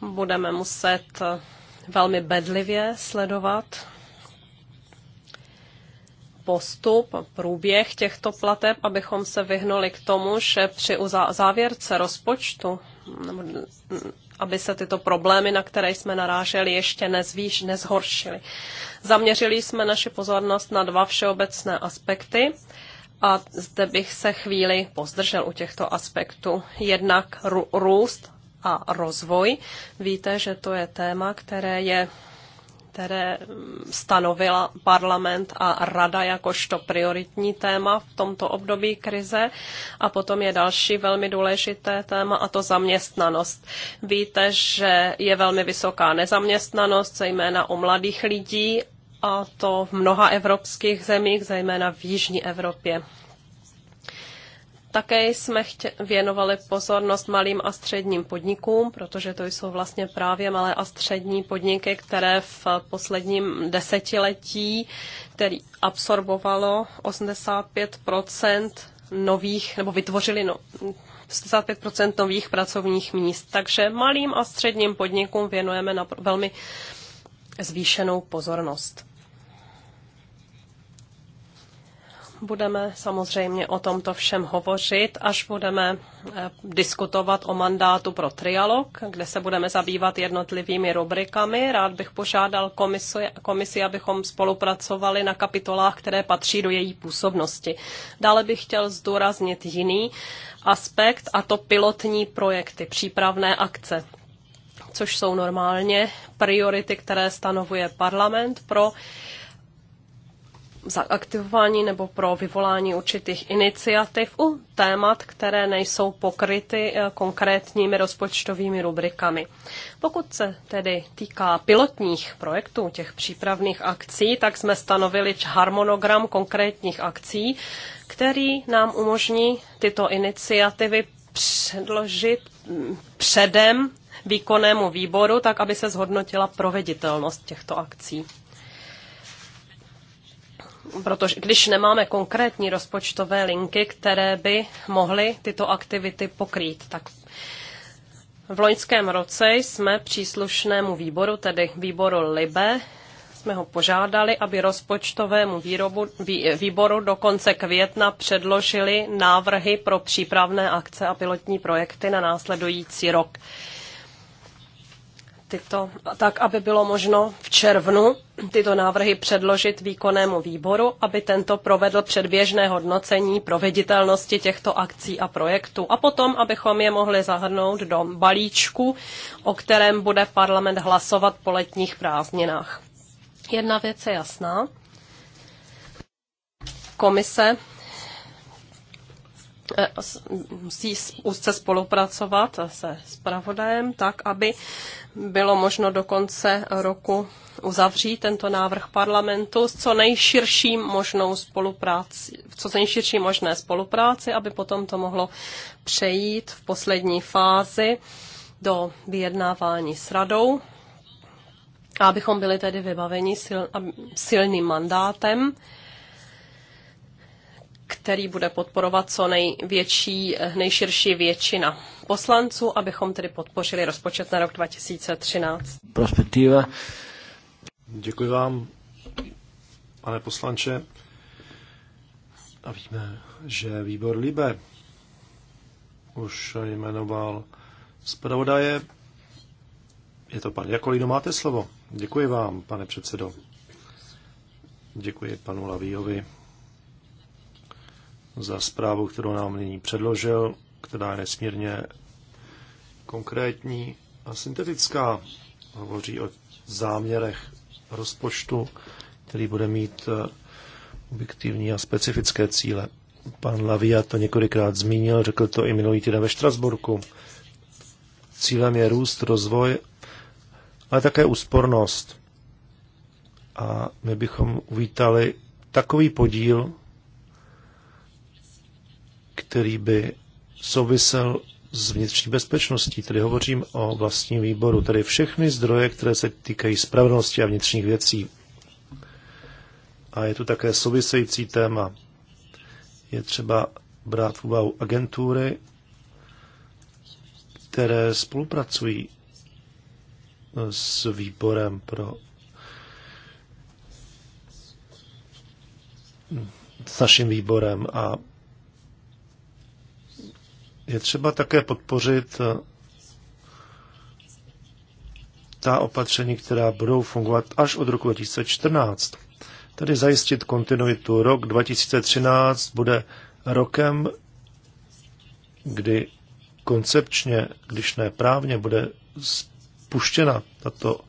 budeme muset eh, velmi bedlivě sledovat postup, průběh těchto plateb, abychom se vyhnuli k tomu, že při závěrce rozpočtu aby se tyto problémy, na které jsme naráželi, ještě nezvýš, nezhoršily. Zaměřili jsme naši pozornost na dva všeobecné aspekty a zde bych se chvíli pozdržel u těchto aspektů. Jednak růst a rozvoj. Víte, že to je téma, které je které hm, stanovila parlament a rada jakožto prioritní téma v tomto období krize. A potom je další velmi důležité téma a to zaměstnanost. Víte, že je velmi vysoká nezaměstnanost, zejména u mladých lidí a to v mnoha evropských zemích, zejména v Jižní Evropě. Také jsme chtě, věnovali pozornost malým a středním podnikům, protože to jsou vlastně právě malé a střední podniky, které v posledním desetiletí, který absorbovalo 85 nových, nebo vytvořili no, 85 nových pracovních míst. Takže malým a středním podnikům věnujeme velmi zvýšenou pozornost. budeme samozřejmě o tomto všem hovořit, až budeme eh, diskutovat o mandátu pro trialog, kde se budeme zabývat jednotlivými rubrikami. Rád bych požádal komisi, komisi, abychom spolupracovali na kapitolách, které patří do její působnosti. Dále bych chtěl zdůraznit jiný aspekt, a to pilotní projekty, přípravné akce což jsou normálně priority, které stanovuje parlament pro uh, zaaktivování nebo pro vyvolání určitých iniciativ u témat, které nejsou pokryty eh, konkrétními rozpočtovými rubrikami. Pokud se tedy týká pilotních projektů, těch přípravných akcí, tak jsme stanovili harmonogram konkrétních akcí, který nám umožní tyto iniciativy předložit mm, předem výkonnému výboru, tak aby se zhodnotila proveditelnost těchto akcí protože když nemáme konkrétní rozpočtové linky, které by mohly tyto aktivity pokrýt, tak v loňském roce jsme příslušnému výboru, tedy výboru LIBE, jsme ho požádali, aby rozpočtovému výrobu, vý, výboru do konce května předložili návrhy pro přípravné akce a pilotní projekty na následující rok tyto, tak, aby bylo možno v červnu tyto návrhy předložit výkonnému výboru, aby tento provedl předběžné hodnocení proveditelnosti těchto akcí a projektů a potom, abychom je mohli zahrnout do balíčku, o kterém bude parlament hlasovat po letních prázdninách. Jedna věc je jasná. Komise eh, musí úzce spolupracovat se spravodajem tak, aby bylo možno do konce roku uzavřít tento návrh parlamentu s co nejširším možnou spolupráci, v co nejširší možné spolupráci, aby potom to mohlo přejít v poslední fázi do vyjednávání s radou a abychom byli tedy vybaveni sil, silným mandátem, který bude podporovat co největší, eh, nejširší většina poslanců, abychom tedy podpořili rozpočet na rok 2013. Prospektiva. Děkuji vám, pane poslanče. A víme, že výbor Libe už jmenoval zpravodaje. Je to pan Jakolino, máte slovo. Děkuji vám, pane předsedo. Děkuji panu Lavíjovi za zprávu, kterou nám nyní předložil, která je nesmírně konkrétní a syntetická. Hovoří o záměrech rozpočtu, který bude mít eh, objektivní a specifické cíle. Pan Lavia to několikrát zmínil, řekl to i minulý týden ve Štrasburku. Cílem je růst, rozvoj, ale také úspornost. A my bychom uvítali takový podíl který by souvisel s vnitřní bezpečností, tedy hovořím o vlastním výboru, tedy všechny zdroje, které se týkají spravedlnosti a vnitřních věcí. A je tu také související téma. Je třeba brát v úvahu agentury, které spolupracují s výborem pro s naším výborem a je třeba také podpořit eh, ta opatření, která budou fungovat až od roku 2014. Tedy zajistit kontinuitu. Rok 2013 bude rokem, kdy koncepčně, když ne právně, bude spuštěna tato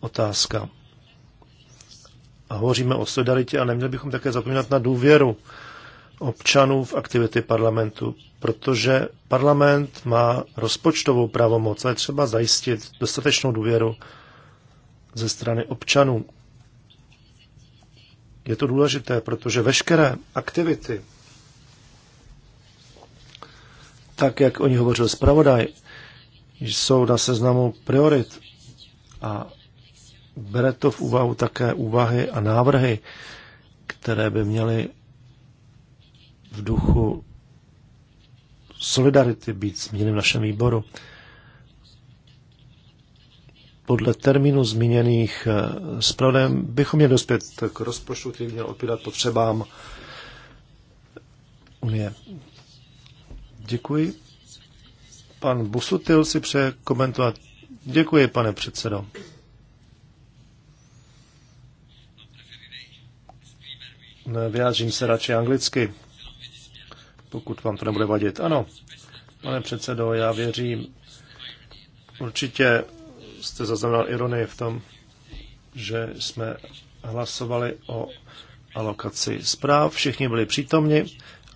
otázka. A hovoříme o solidaritě a neměli bychom také zapomínat na důvěru občanů v aktivity parlamentu, protože parlament má rozpočtovou pravomoc a je třeba zajistit dostatečnou důvěru ze strany občanů. Je to důležité, protože veškeré aktivity, tak jak o ní hovořil zpravodaj, jsou na seznamu priorit a bere to v úvahu také úvahy a návrhy, které by měly v duchu solidarity být zmíněny v našem výboru. Podle termínu zmíněných s eh, bychom měli dospět k rozpočtu, který měl odpírat potřebám Unie. Děkuji. Pan Busutil si přeje komentovat. Děkuji, pane předsedo. Vyjádřím se radši anglicky pokud vám to nebude vadit. Ano, pane předsedo, já věřím, určitě jste zaznamenal ironii v tom, že jsme hlasovali o alokaci zpráv, všichni byli přítomni,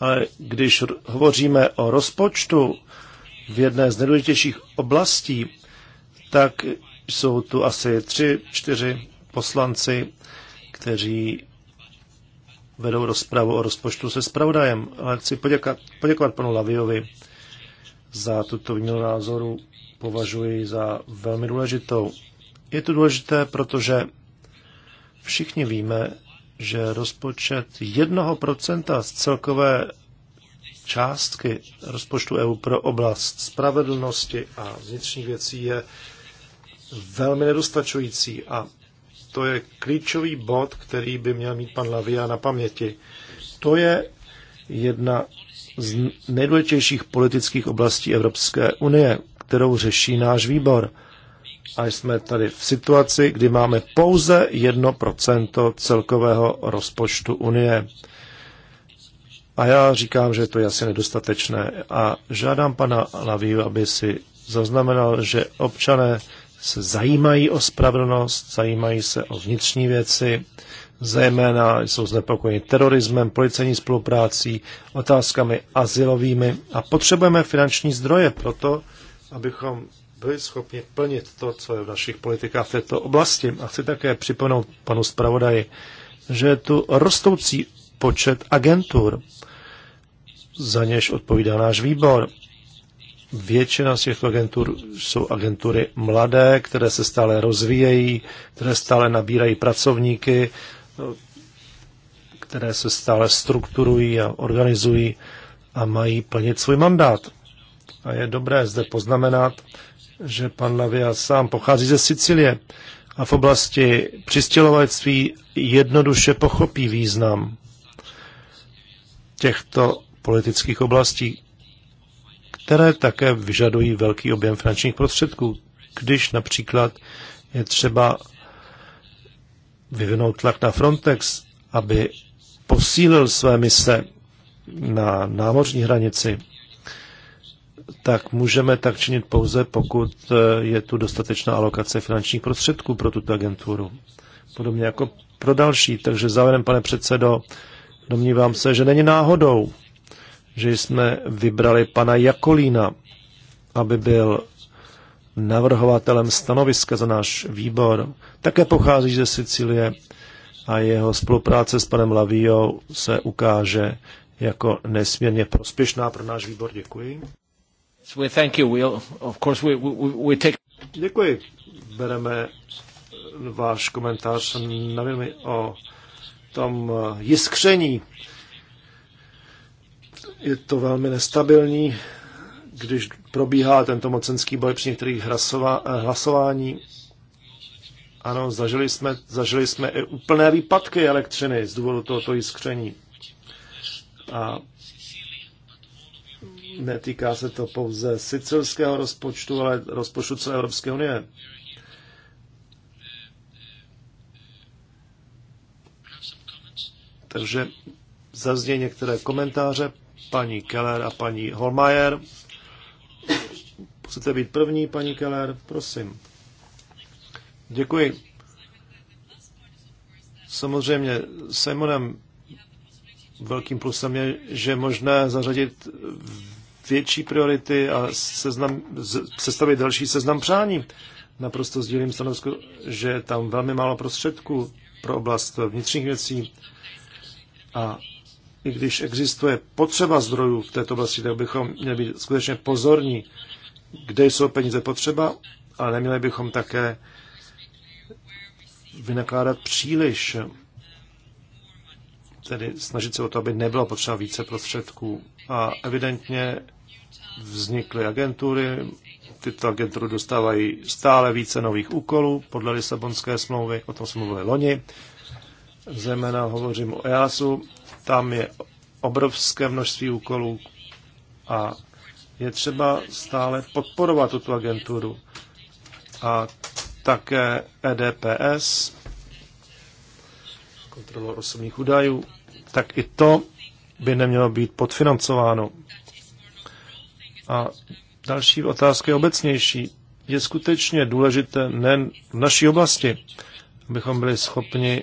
ale když hovoříme o rozpočtu v jedné z nejdůležitějších oblastí, tak jsou tu asi tři, čtyři poslanci, kteří vedou rozpravu o rozpočtu se spravodajem, ale chci poděkat, poděkovat panu Laviovi za tuto výměnu názoru. Považuji za velmi důležitou. Je to důležité, protože všichni víme, že rozpočet 1% z celkové částky rozpočtu EU pro oblast spravedlnosti a vnitřních věcí je velmi nedostačující a to je klíčový bod, který by měl mít pan Lavia na paměti. To je jedna z nejdůležitějších politických oblastí Evropské unie, kterou řeší náš výbor. A jsme tady v situaci, kdy máme pouze 1% celkového rozpočtu Unie. A já říkám, že to je asi nedostatečné. A žádám pana Laviu, aby si zaznamenal, že občané se zajímají o spravedlnost, zajímají se o vnitřní věci, zejména jsou znepokojeni terorismem, policejní spoluprácí, otázkami asilovými a potřebujeme finanční zdroje pro to, abychom byli schopni plnit to, co je v našich politikách v této oblasti. A chci také připomenout panu zpravodaji, že je tu rostoucí počet agentur, za něž odpovídá náš výbor. Většina z těchto agentur jsou agentury mladé, které se stále rozvíjejí, které stále nabírají pracovníky, které se stále strukturují a organizují a mají plnit svůj mandát. A je dobré zde poznamenat, že pan Lavia sám pochází ze Sicilie a v oblasti přistělovalectví jednoduše pochopí význam těchto politických oblastí, které také vyžadují velký objem finančních prostředků. Když například je třeba vyvinout tlak na Frontex, aby posílil své mise na námořní hranici, tak můžeme tak činit pouze, pokud eh, je tu dostatečná alokace finančních prostředků pro tuto agenturu. Podobně jako pro další. Takže závěrem, pane předsedo, domnívám se, že není náhodou, že jsme vybrali pana Jakolína, aby byl navrhovatelem stanoviska za náš výbor. Také pochází ze Sicílie a jeho spolupráce s panem Laviou se ukáže jako nesmírně prospěšná pro náš výbor. Děkuji. Děkuji. Bereme váš komentář na o tom jiskření je to velmi nestabilní, když probíhá tento mocenský boj při některých hlasová, eh, hlasování. Ano, zažili jsme, zažili jsme i úplné výpadky elektřiny z důvodu tohoto jiskření. A netýká se to pouze sicilského rozpočtu, ale rozpočtu celé Evropské unie. Takže zazní některé komentáře paní Keller a paní Holmajer. Chcete být první, paní Keller? Prosím. Děkuji. Samozřejmě Simonem velkým plusem je, že je možné zařadit větší priority a seznam, sestavit další seznam přání. Naprosto sdílím stanovisko, že je tam velmi málo prostředků pro oblast vnitřních věcí a i když existuje potřeba zdrojů v této oblasti, tak bychom měli být skutečně pozorní, kde jsou peníze potřeba, ale neměli bychom také vynakládat příliš, tedy snažit se o to, aby nebylo potřeba více prostředků. A evidentně vznikly agentury, tyto agentury dostávají stále více nových úkolů podle Lisabonské smlouvy, o tom jsme mluvili loni, zejména hovořím o EASu tam je obrovské množství úkolů a je třeba stále podporovat tuto agenturu. A také EDPS, kontrolu osobních údajů, tak i to by nemělo být podfinancováno. A další otázka je obecnější. Je skutečně důležité nejen v naší oblasti, abychom byli schopni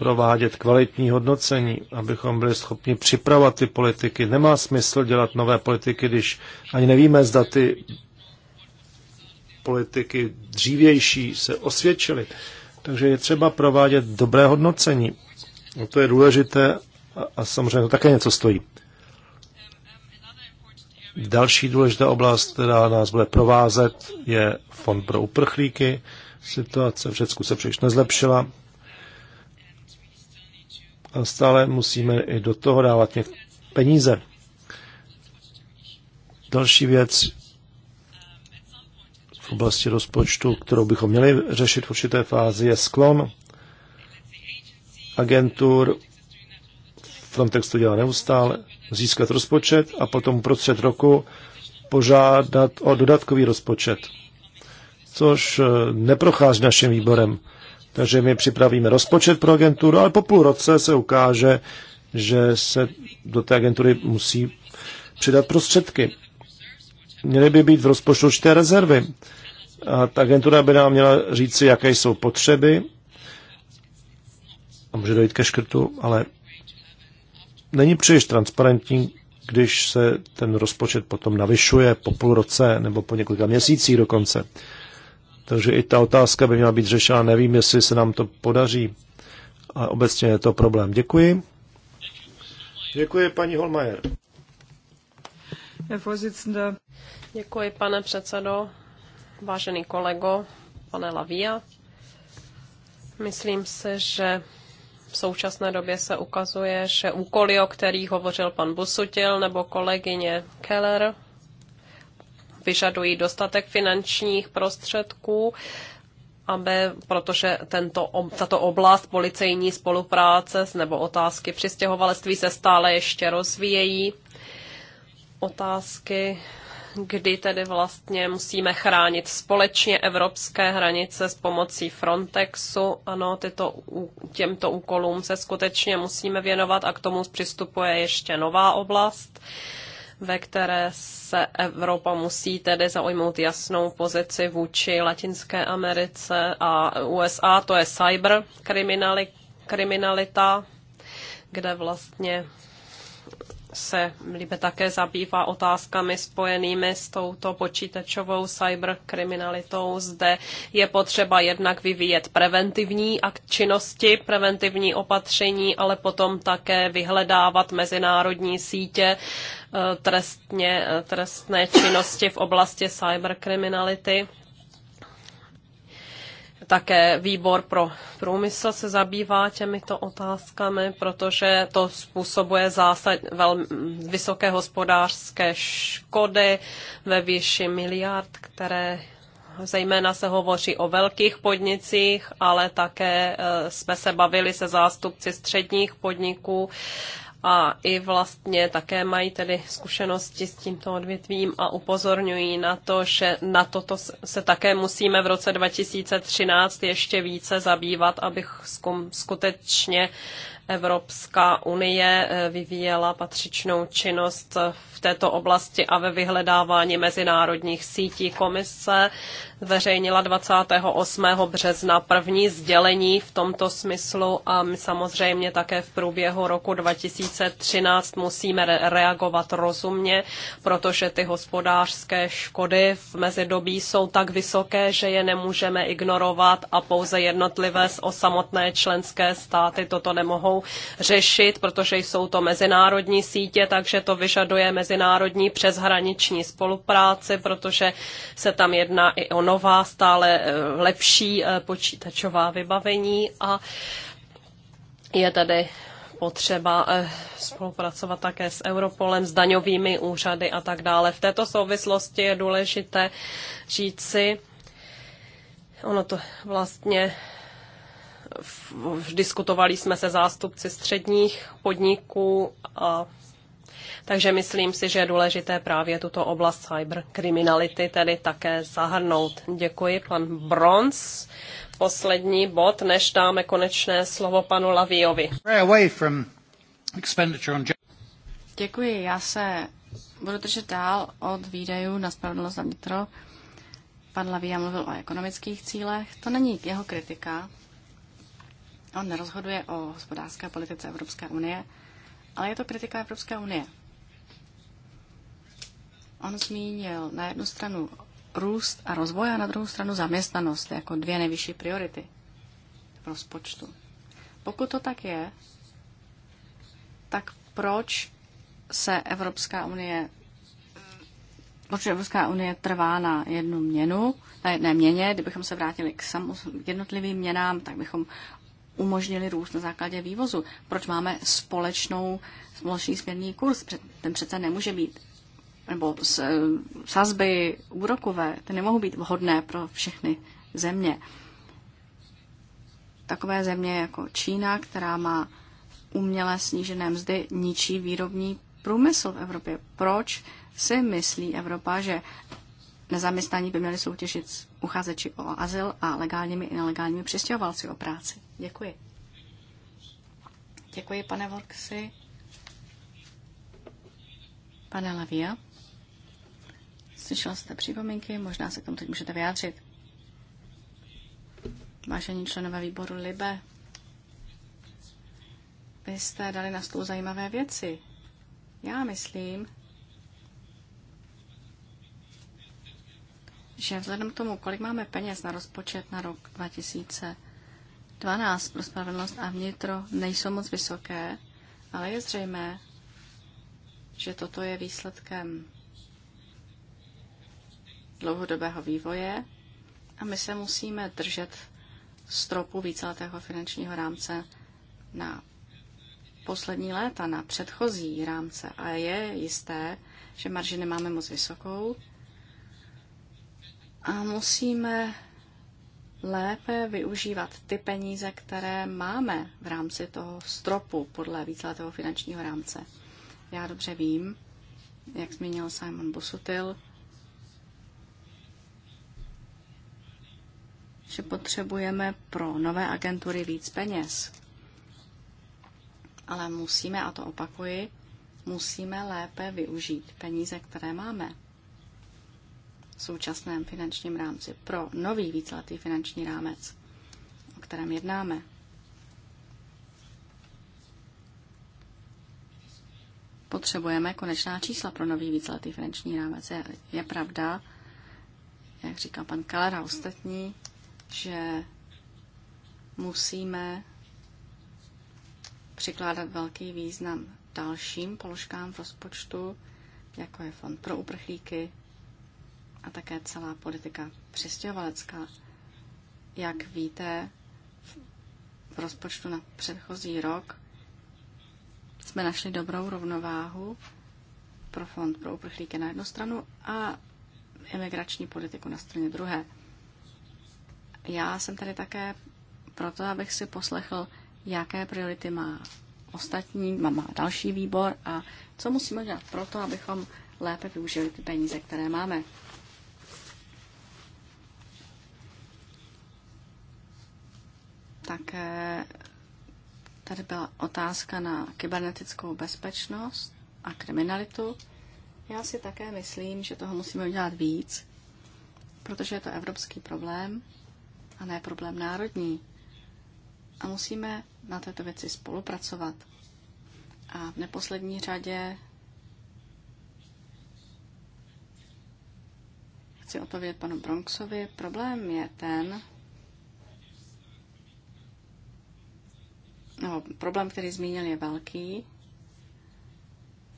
provádět kvalitní hodnocení, abychom byli schopni připravovat ty politiky. Nemá smysl dělat nové politiky, když ani nevíme, zda ty politiky dřívější se osvědčily. Takže je třeba provádět dobré hodnocení. No to je důležité a, a samozřejmě to také něco stojí. Další důležitá oblast, která nás bude provázet, je fond pro uprchlíky. Situace v Řecku se příliš nezlepšila. A stále musíme i do toho dávat peníze. Další věc v oblasti rozpočtu, kterou bychom měli řešit v určité fázi, je sklon agentur. Frontex to dělá neustále. Získat rozpočet a potom prostřed roku požádat o dodatkový rozpočet, což eh, neprochází naším výborem. Takže my připravíme rozpočet pro agenturu, ale po půl roce se ukáže, že se do té agentury musí přidat prostředky. Měly by být v rozpočtu určité rezervy. A ta agentura by nám měla říci, jaké jsou potřeby. A může dojít ke škrtu, ale není příliš transparentní, když se ten rozpočet potom navyšuje po půl roce nebo po několika měsících dokonce. Takže i ta otázka by měla být řešena. Nevím, jestli se nám to podaří. A obecně je to problém. Děkuji. Děkuji, paní Holmajer. Děkuji, pane předsedo, vážený kolego, pane Lavia. Myslím se, že v současné době se ukazuje, že úkoly, o kterých hovořil pan Busutil nebo kolegyně Keller, vyžadují dostatek finančních prostředků, aby, protože tento, tato oblast policejní spolupráce nebo otázky přistěhovalectví se stále ještě rozvíjejí. Otázky, kdy tedy vlastně musíme chránit společně evropské hranice s pomocí Frontexu. Ano, tyto, těmto úkolům se skutečně musíme věnovat a k tomu přistupuje ještě nová oblast. Uh, ve které se Evropa musí tedy zaujmout jasnou pozici vůči Latinské Americe a USA, to je cyber kriminali, kriminalita, kde vlastně se líbe také zabývá otázkami spojenými s touto počítačovou cyberkriminalitou. Zde je potřeba jednak vyvíjet preventivní činnosti, preventivní opatření, ale potom také vyhledávat mezinárodní sítě Eh, trestně, eh, trestné činnosti v oblasti cyberkriminality. Také výbor pro průmysl se zabývá těmito otázkami, protože to způsobuje zásad velmi vysoké hospodářské škody ve výši miliard, které zejména se hovoří o velkých podnicích, ale také eh, jsme se bavili se zástupci středních podniků a i vlastně také mají tedy zkušenosti s tímto odvětvím a upozorňují na to, že na toto se také musíme v roce 2013 ještě více zabývat, abych skutečně Evropská unie eh, vyvíjela patřičnou činnost v této oblasti a ve vyhledávání mezinárodních sítí komise zveřejnila 28. března první sdělení v tomto smyslu a my samozřejmě také v průběhu roku 2013 musíme re- reagovat rozumně, protože ty hospodářské škody v mezidobí jsou tak vysoké, že je nemůžeme ignorovat a pouze jednotlivé samotné členské státy toto nemohou řešit, protože jsou to mezinárodní sítě, takže to vyžaduje mezinárodní přeshraniční spolupráci, protože se tam jedná i o nová, stále eh, lepší eh, počítačová vybavení a je tady potřeba eh, spolupracovat také s Europolem, s daňovými úřady a tak dále. V této souvislosti je důležité říci, ono to vlastně diskutovali jsme se zástupci středních podniků a takže myslím si, že je důležité právě tuto oblast cyberkriminality tedy také zahrnout. Děkuji, pan Bronz. Poslední bod, než dáme konečné slovo panu Laviovi. Děkuji, já se budu držet dál od výdajů na spravedlnost a vnitro. Pan Lavia mluvil o ekonomických cílech. To není jeho kritika. On nerozhoduje o hospodářské politice Evropské unie ale je to kritika Evropské unie. On zmínil na jednu stranu růst a rozvoj a na druhou stranu zaměstnanost jako dvě nejvyšší priority v rozpočtu. Pokud to tak je, tak proč se Evropská unie proč Evropská unie trvá na jednu měnu, na jedné měně. Kdybychom se vrátili k, samo, k jednotlivým měnám, tak bychom umožnili růst na základě vývozu. Proč máme společnou, společný směrný kurz? Ten přece nemůže být nebo eh, sazby úrokové, ty nemohou být vhodné pro všechny země. Takové země jako Čína, která má uměle snížené mzdy, ničí výrobní průmysl v Evropě. Proč si myslí Evropa, že nezaměstnaní by měli soutěžit s uchazeči o azyl a legálními i nelegálními přistěhovalci o práci. Děkuji. Děkuji, pane Vorksy. Pane Lavia, slyšel jste připomínky, možná se k tomu teď můžete vyjádřit. Vážení členové výboru Libe, vy jste dali na stůl zajímavé věci. Já myslím, že vzhledem k tomu, kolik máme peněz na rozpočet na rok 2012 pro spravedlnost a vnitro, nejsou moc vysoké, ale je zřejmé, že toto je výsledkem dlouhodobého vývoje a my se musíme držet stropu víceletého finančního rámce na poslední léta, na předchozí rámce. A je jisté, že marži nemáme moc vysokou a musíme lépe využívat ty peníze, které máme v rámci toho stropu podle víceletého finančního rámce. Já dobře vím, jak zmínil Simon Busutil, že potřebujeme pro nové agentury víc peněz. Ale musíme, a to opakuji, musíme lépe využít peníze, které máme v současném finančním rámci pro nový víceletý finanční rámec, o kterém jednáme. Potřebujeme konečná čísla pro nový víceletý finanční rámec. Je, je pravda, jak říká pan Keller a ostatní, že musíme přikládat velký význam dalším položkám v rozpočtu, jako je fond pro uprchlíky, a také celá politika přistěhovalecká. Jak víte, v rozpočtu na předchozí rok jsme našli dobrou rovnováhu pro fond pro uprchlíky na jednu stranu a imigrační politiku na straně druhé. Já jsem tady také proto, abych si poslechl, jaké priority má ostatní, má další výbor a co musíme dělat proto, abychom lépe využili ty peníze, které máme. Také tady byla otázka na kybernetickou bezpečnost a kriminalitu. Já si také myslím, že toho musíme udělat víc, protože je to evropský problém a ne problém národní. A musíme na této věci spolupracovat. A v neposlední řadě chci odpovědět panu Bronxovi. Problém je ten, no, problém, který zmínil, je velký,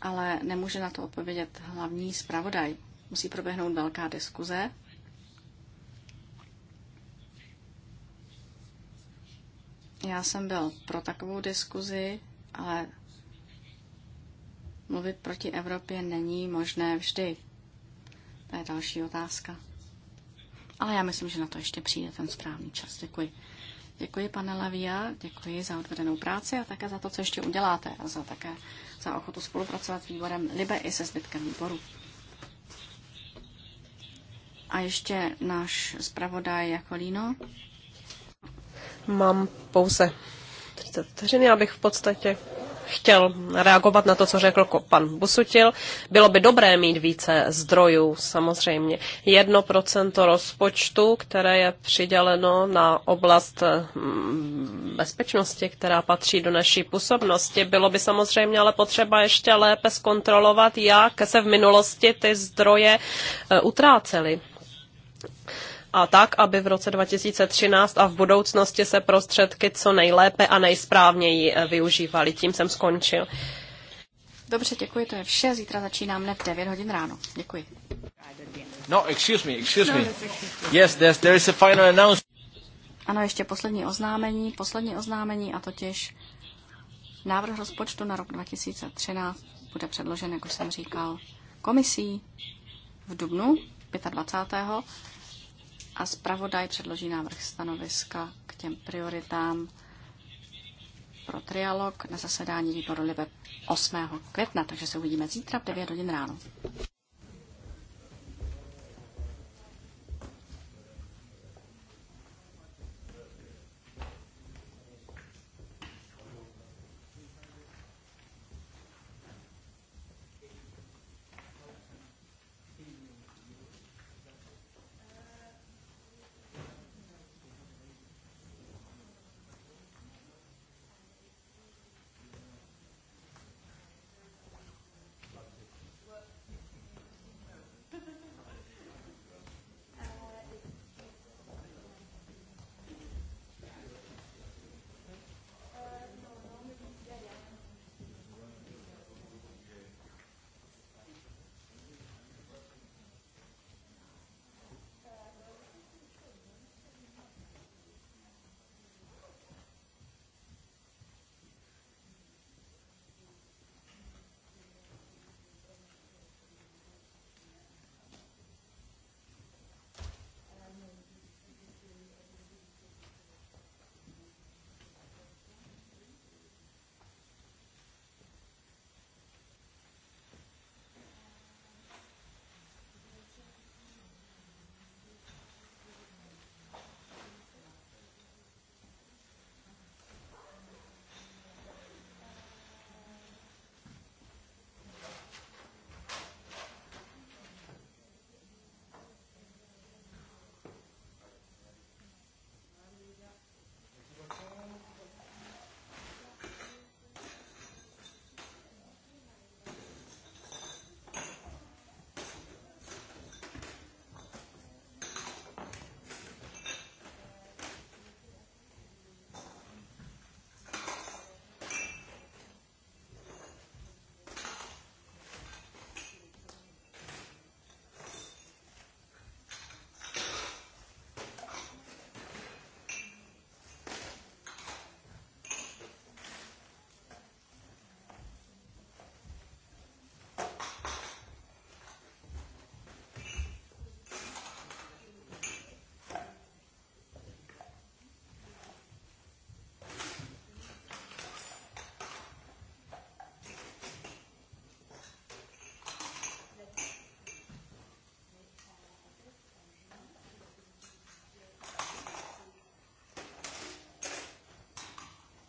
ale nemůže na to odpovědět hlavní zpravodaj. Musí proběhnout velká diskuze. Já jsem byl pro takovou diskuzi, ale mluvit proti Evropě není možné vždy. To je další otázka. Ale já myslím, že na to ještě přijde ten správný čas. Děkuji. Děkuji, pane Lavia, děkuji za odvedenou práci a také za to, co ještě uděláte a za také za ochotu spolupracovat s výborem Libe i se zbytkem výboru. A ještě náš zpravodaj Jakolíno. Mám pouze 30 já abych v podstatě chtěl reagovat na to, co řekl pan Busutil. Bylo by dobré mít více zdrojů, samozřejmě. Jedno procento rozpočtu, které je přiděleno na oblast hm, bezpečnosti, která patří do naší působnosti, bylo by samozřejmě ale potřeba ještě lépe zkontrolovat, jak se v minulosti ty zdroje eh, utrácely a tak, aby v roce 2013 a v budoucnosti se prostředky co nejlépe a nejsprávněji eh, využívaly. Tím jsem skončil. Dobře, děkuji, to je vše. Zítra začínám ne v 9 hodin ráno. Děkuji. No, excuse me, excuse me. Yes, there's, there is a final announcement. Ano, ještě poslední oznámení, poslední oznámení a totiž návrh rozpočtu na rok 2013 bude předložen, jak už jsem říkal, komisí v Dubnu 25 a zpravodaj předloží návrh stanoviska k těm prioritám pro trialog na zasedání výboru Libe 8. května, takže se uvidíme zítra v 9 hodin ráno.